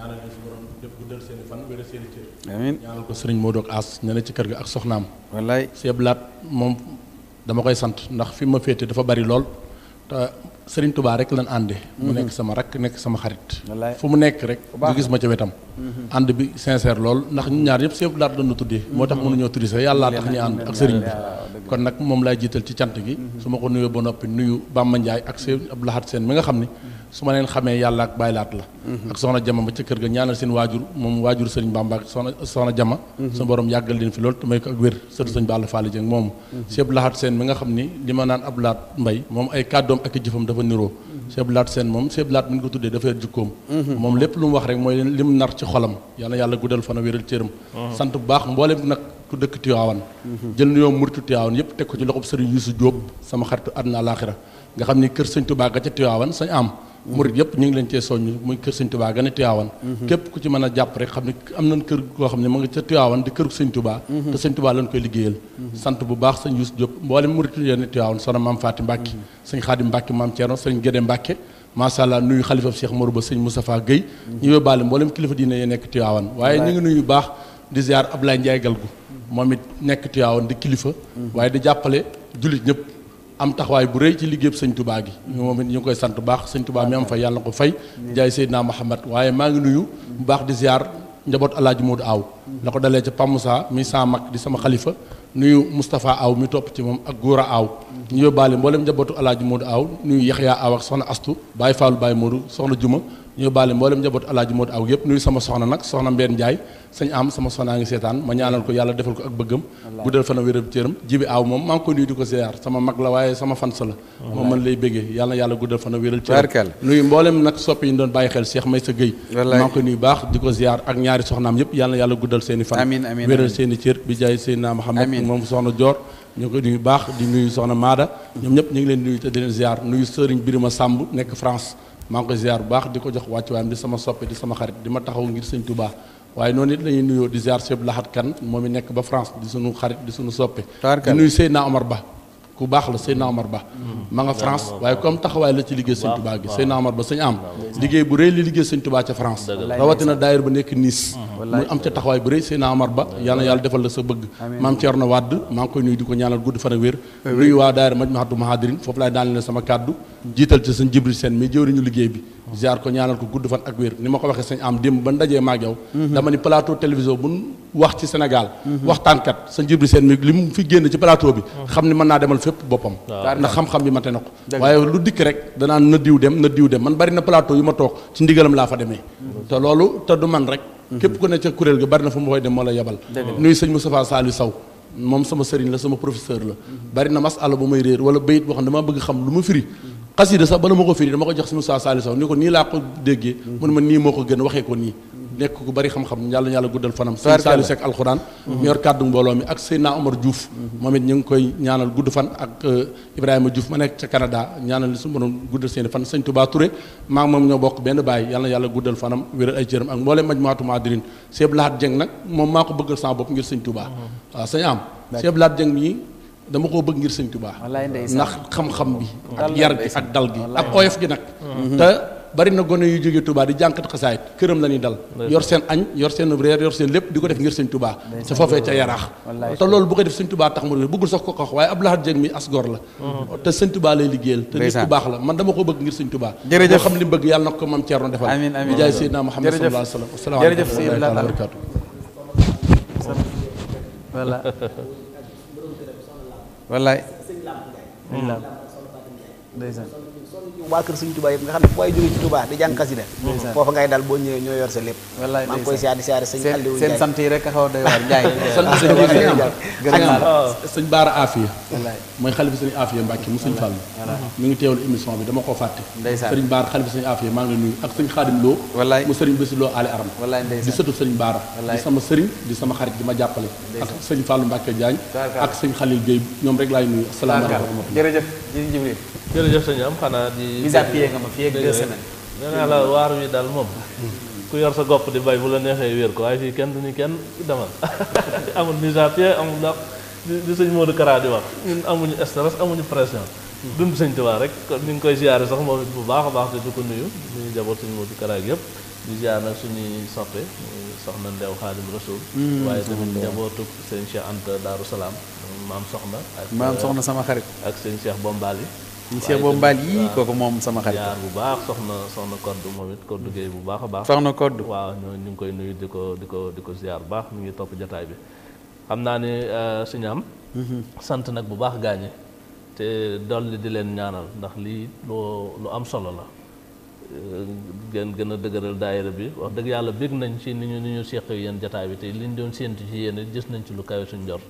ñaanal ñu si borom def guddal seen i fan wéral seen i cër. amiin sëriñ Modou ak As ne ci kër gi ak soxnaam. wallaay Sëñ Laat moom dama koy sant ndax fi ma féete dafa bari lool te sëriñ Touba rek lan ànde mu mhm. nekk sama rakk nekk sama xarit. fu mu nekk rek. nga gis ma ca wetam. Mhm. ànd bi sincère lool ndax ñaar yëpp Sëñ Laat doon tuddee. moo tax mënuñoo tuddee sax yàlla tax ñu ànd ak sëriñ bi. kon nag moom laay jiital ci cant gi. Mhm. su ma ko nuyoo ba noppi nuyu ma njaay ak sëñ Abdou mi nga xam ni su ma leen xamee yàlla ak laat la mhm. ak soxna jama ba ca kër ga ñaanal seen waajur moom waajur sëriñ Bamba ak soxna jama mhm. borom yàggal fi loolu te may ko moom mhm. Cheikh Abdou Lahad nga xam ni li ma naan Abdou Lahad Mbaye moom ay kàddoom ak i jëfam dafa niroo Cheikh Abdou Lahad moom Cheikh Abdou Lahad dafa yor jikkoom lépp lu mu rek mooy lim nar ci xolam yàlla yàlla sant bu baax mboolem nag ku dëkk Tiwaawan jël nuyoo murtu Tiwaawan yépp teg ko ci loxob sëriñ Youssou Diop sama xaritu àdduna àlaaxira nga xam ni kër sëñ Tuubaa ga ca Tiwaawan sañ am murit yëpp ñu ngi leen cee soññ muy kër sëñ tubaa gën a tuyaawan mhm. képp ku ci mën a jàpp rek xam ne am nañ kër koo xam ne ma nga ca tuyaawan di këruk sëñ tubaa mhm. te sëñ tubaa lañ koy liggéeyal mhm. sant bu baax sëñ Youssou Diop mboolem murit yéen tuyaawan soxna maam Faati Mbàkke sëñ Xaadim Mbàkke maam Ceerno sëñ Gédé Mbàkke macha nuyu xalifab Cheikh Mor ba sëñ Moustapha Guèye ñu yóbbaale mboolem kilifa diine yi nekk tuyaawan waaye ñu ngi nuyu baax di ziar Ablaye Ndiaye Galgu moom it nekk am taxawaay bu rëy ci liggéeyub sëñ tubaa gi moom it ñu koy sant bu baax sëñ tubaa mi am fay yàlla na ko fay jaay Seydina Muhammad waaye maa ngi nuyu bu baax di ziar njaboot alaaji Moodu Aw la ko dalee ca Pamoussa mi saa mag di sama xalifa nuyu Moustapha Aw mi topp ci moom ak Góora Aw ñu yóbbaale mboolem njabootu alaaji Moodu Aw nuyu Yaxya Aw ak soxna Astu Baay Faalu Baay Moodu soxna Juma ñu baale mboolem njaboot alaaji Modou aw yëpp nuyu sama soxna nag soxna Mbène Ndiaye sañ am sama soxnaa ngi seetaan ma ñaanal la waaye sama fan sa la moom man lay béggee yàlla yàlla guddal fan a wéral cëram nuyu mboolem nag soppi baax di ko ziar ak ñaari soxnaam yëpp yàlla na yàlla guddal seen i fan wéral seen i cër bi jaay Seydina Muhammad moom soxna Joor ñu ngi koy nuyu baax di nuyu soxna Maada ñoom ñëpp ñu ngi leen nuyu te di leen ziar nuyu Birima Samb nekk France maa ngi koy ziar bu baax di ko jox wàccu waayam di sama soppe di sama xarit di ma taxaw ngir sëñ Touba waaye noonu it la ñuy nuyoo di ziar Cheikh Lahad Kane moom mi nekk ba France di sunu xarit di suñu soppe di nuyu Seydina Omar Ba bu baax la Seydina Omar Ba mm-hmm. ma nga France waaye comme taxawaay la ci liggéey Sëñ Tubaa gi Seydina Omar Ba sëñ am liggéey bu rëy li liggéey Sëñ Tubaa ca France rawatina daayir ba nekk Nice mm-hmm. muy am ca taxawaay bu rëy Seydina Omar Ba yal na yàlla defal la sa bëgg maam Thierno Wade maa ngi koy nuyu di ko ñaanal gudd fan wér nuyu waa daayir Majmahatu Mahadirin foofu laay daanele sama kàddu mm-hmm. jiital ci sëñ Jibril Sène mais jëwriñu liggéey bi ziar ko ñaanal ko gudd fan ak wér ni ma ko waxee sëñ am démb ba ndajee maag yow mhm. dama ni plateau télévision bu wax ci Sénégal mhm. waxtaankat sa njibri seen mi li mu fi génn ci plateau bi oh. xam ni mën naa demal fépp boppam ndax xam-xam bi mate na ko waaye lu dikk rek danaan na diw dem na diw dem man bari na plateau yu ma toog ci ndigalam laa fa demee mhm. te loolu te du man rek képp ku ne ca kuréel gi bari na fu mu koy dem moo la yebal nuyu sëñ Moustapha Saliou Sow la sama professeur la bari na masala bu may réer wala bayit boo xam ne dama bëgg xasida sax bala ma ko firi dama ko jox si Moussa Saliou sax ni ko nii laa ko déggee mun ma nii moo ko gën waxee ko nii nekk ku bari xam-xam yàlla yàlla guddal fanam sëñ Saliou Seck alxuraan mi mhm. yor kàddu mbooloo mhm. fan ak euh, Ibrahima Diouf ma nekk ca Canada ñaanal su borom guddal seeni fan sëñ Touba Touré maa ngi moom ñoo bokk benn bàyyi yàlla yàlla guddal fanam wéral ay cëram ak mboolem Majmahatoul Moukhaddamine Cheikh Lahad Dieng nag moom maa ko bëggal sama bopp ngir sëñ Touba mhm. waaw sëñ am Cheikh Lahad Dieng mii dama koo bëgg ngir sëñ Tuubaa ndax xam-xam bi ak yar gi ak dal gi ak oyof gi nag mm-hmm. te bari na gone yu jóge Touba di jànkat xasaayit këram la ñuy dal yor seen añ yor seen lépp di ko def ngir sëñ Touba sa foofee ca yaraax te loolu bu ko def sëñ Touba tax mu ne bëggul sax ko ko wax waaye Abdou Lahad Dieng mi asgor la mm-hmm. te sëñ Touba lay liggéeyal te nit ku baax la man dama ko bëgg ngir sëñ Touba boo xam li mu bëgg yàlla na ko mam Ceerno defal amiin amiin jaay Seydina Muhammad sallallahu alayhi wa sallam asalaamaaleykum wa rahmatullahi wa barakatuh wallaay. ndeysaan waa kër Sëriñ Tuubaa yëpp nga xam ne foo ay jógee ci Tuubaa di jàng xasida foofa ngay dal boo ñëwee ñoo yor sa lépp maa ngi koy siyaari siyaari sëñ Aliou Ndiaye seen sant yi rek xaw a doy waar Ndiaye sëñ oh. Baara Afia mooy xalifa sëñ Afia Mbàkke mu sëñ Fall mi ngi teewlu émission bi dama koo fàtte sëriñ Baara xalifa sëñ Afia maa ngi nuyu ak sëñ Xaadim Loo mu sëriñ Bési Loo Ali Aram di sëtu sëriñ Baara di sama sëriñ di sama xarit di ma jàppale ak sëñ Fallu Mbàkke Jaañ ak sëñ Xalil Géey ñoom rek laay nuyu asalaamaaleykum jërëjëf jërëjëf sëñ am xanaa mise à pied nga ma fii ak waar wi daal moom. ku yor sa gopp di bay bu la neexee ko waaye kenn du ñu kenn demal amul mise à pied amul ndax di sëñ Modou Kara di wax ñun amuñu stress amuñu pression. dund sëñ Tuubaa rek kon ñu ngi koy ziare sax moom it bu baax a baax te du ko nuyu ñu jaboot sëñ Modou Kara ak yëpp di ziare nag suñuy soppe soxna Ndew Xaadim Rasul mm, waaye tamit njabootu sëñ Cheikh Anta Daaru Salaam maam soxna ak maam soxna sama xarit ak sëñ Cheikh Bombali monsieur Bombali kooku moom sama xarit bu baax soxna soxna Codé moom it Codé Gueye bu baax a baax. soxna Codé waaw ñu ngi koy nuyu di ko di ko di ko ziar baax mi ngi topp jataay bi xam naa ne euh, suñu am. Mhm. sant nag bu baax gaañe te dolli di leen ñaanal ndax lii lu lu am solo la. Euh, gën gën a dëgëral daayira bi wax dëgg yàlla bég nañ ci ni ñu ni ñu seq yéen jataay bi te liñ doon séentu ci yéen gis nañ ci lu kawe suñ jor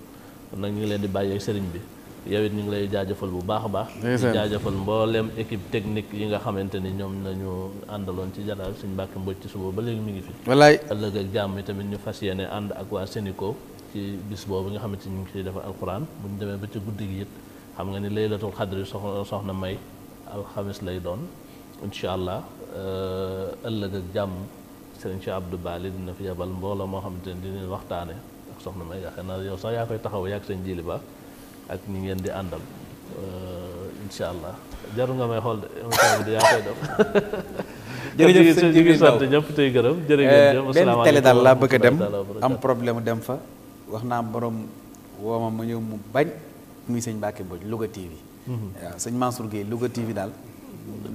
nag ñu ngi leen di bàyyeeg sëriñ bi. yow it ñu ngi lay jaajëfal bu baax a baax. jaajëfal mboolem équipe technique yi nga xamante ni ñoom nañu àndaloon ci jataay suñ Mbàkke Mbodj ci suba ba léegi mi ngi fi. wallaay ëllëg ak jàmm yi tamit ñu fas yéene ànd ak waa Sénico ci bis boobu nga xamante ni ñu ngi ciy defar alxuraan bu ñu demee ba ci guddi gi it xam nga ni laylatul xadri soxna soxna May alxamis lay doon incha allah euh, ëllëg ak jàmm sëriñ Cheikh Abdou Bali dina fi yabal mbooloo moo xamante ni dinañ waxtaane ak soxna May yaakaar naa yow sax yaa koy taxaw yaa ak seen jili ba ak ñi ngeen di àndal euh, incha allah jaru nga may xool de émission bi de yaa koy def. jërëjëf sëñ bi ñu ngi euh, laa bëgg a dem am problème dem fa wax naa borom wooma ma ñëw mu bañ muy sëñ Mbacke Mbodj Louga TV. Mhm. waaw sëñ Mansour Guèye Louga TV daal.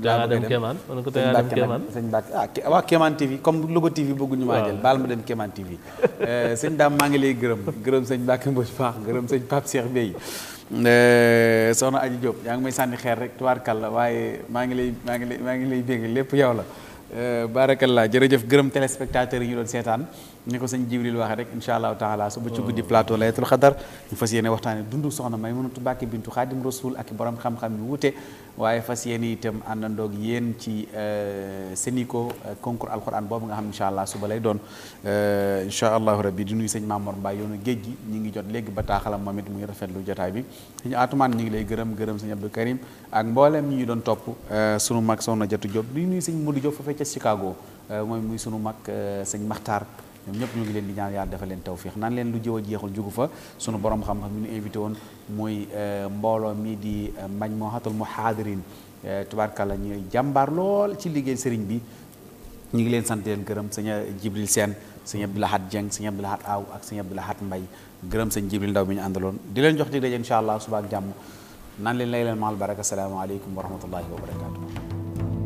daa dem Kéemaan ma ne ko daa dem Kéemaan sëñ Mbacke ah waa Kéemaan TV comme Louga TV bëgguñu maa ah. jël baal ma dem Kéemaan TV euh, sëñ daam maa ngi lay gërëm gërëm sëñ Mbacke Mbodj baax gërëm sëñ Pape Cheikh Bey euh, soxna Aji Diop yaa ngi may sànni xeer rek kal la waaye maa ngi lay maa ngi lay maa ngi lay bégg lépp yow la euh, barakallaa jërëjëf gërëm téléspectateurs yi ñu doon seetaan ni ko sëñ Jibril waxee rek incha allahu taala suba ci oh. guddi plateau laylatul xadar ñu fas yéene waxtaane dundu soxna Maymunatu Mbàkke bintu xaadim rasul ak borom xam-xam yu wuute waaye fas yéene itam àndandoog yéen ci euh, Sénico euh, concours alquran boobu nga xam incha allah ba lay doon euh, incha allahu rabbi di nuyu sëñ Mamour Mbaye yoonu géej gi ñu ngi jot léegi ba taaxalam moom it mu ngi rafetlu jotaay bi sëñ Atumaan ñu ngi lay gërëm gërëm sëñ Abdou Karim ak mbooleem ñi ngi doon topp sunu mag soxna Jatu Diop di nuyu sëñ Modou Diop foofee ca Chicago mooy muy sunu mag sëñ Maxtaar ñoom ñëpp ñu ngi leen di ñaan yàlla defal leen tawfiix naan leen lu jëw a jeexul jugu fa suñu borom xam-xam ñu ñu invité woon muy euh, mbooloo mii di euh, mañ moo xatul mu xaadirin euh, tubaarkàlla ñuy jàmbaar lool ci liggéey sëriñ bi ñu ngi leen sant leen gërëm sëñ Jibril seen sëñ Abdou Lahad Dieng sëñ Abdou Lahad Aw ak sëñ Abdou Lahad Mbay gërëm sañ Jibril Ndaw bi ñu àndaloon di leen jox dig daje incha allah suba ak jàmm naan leen lay leen maal baraka salaamaaleykum wa rahmatullahi wa barakatuh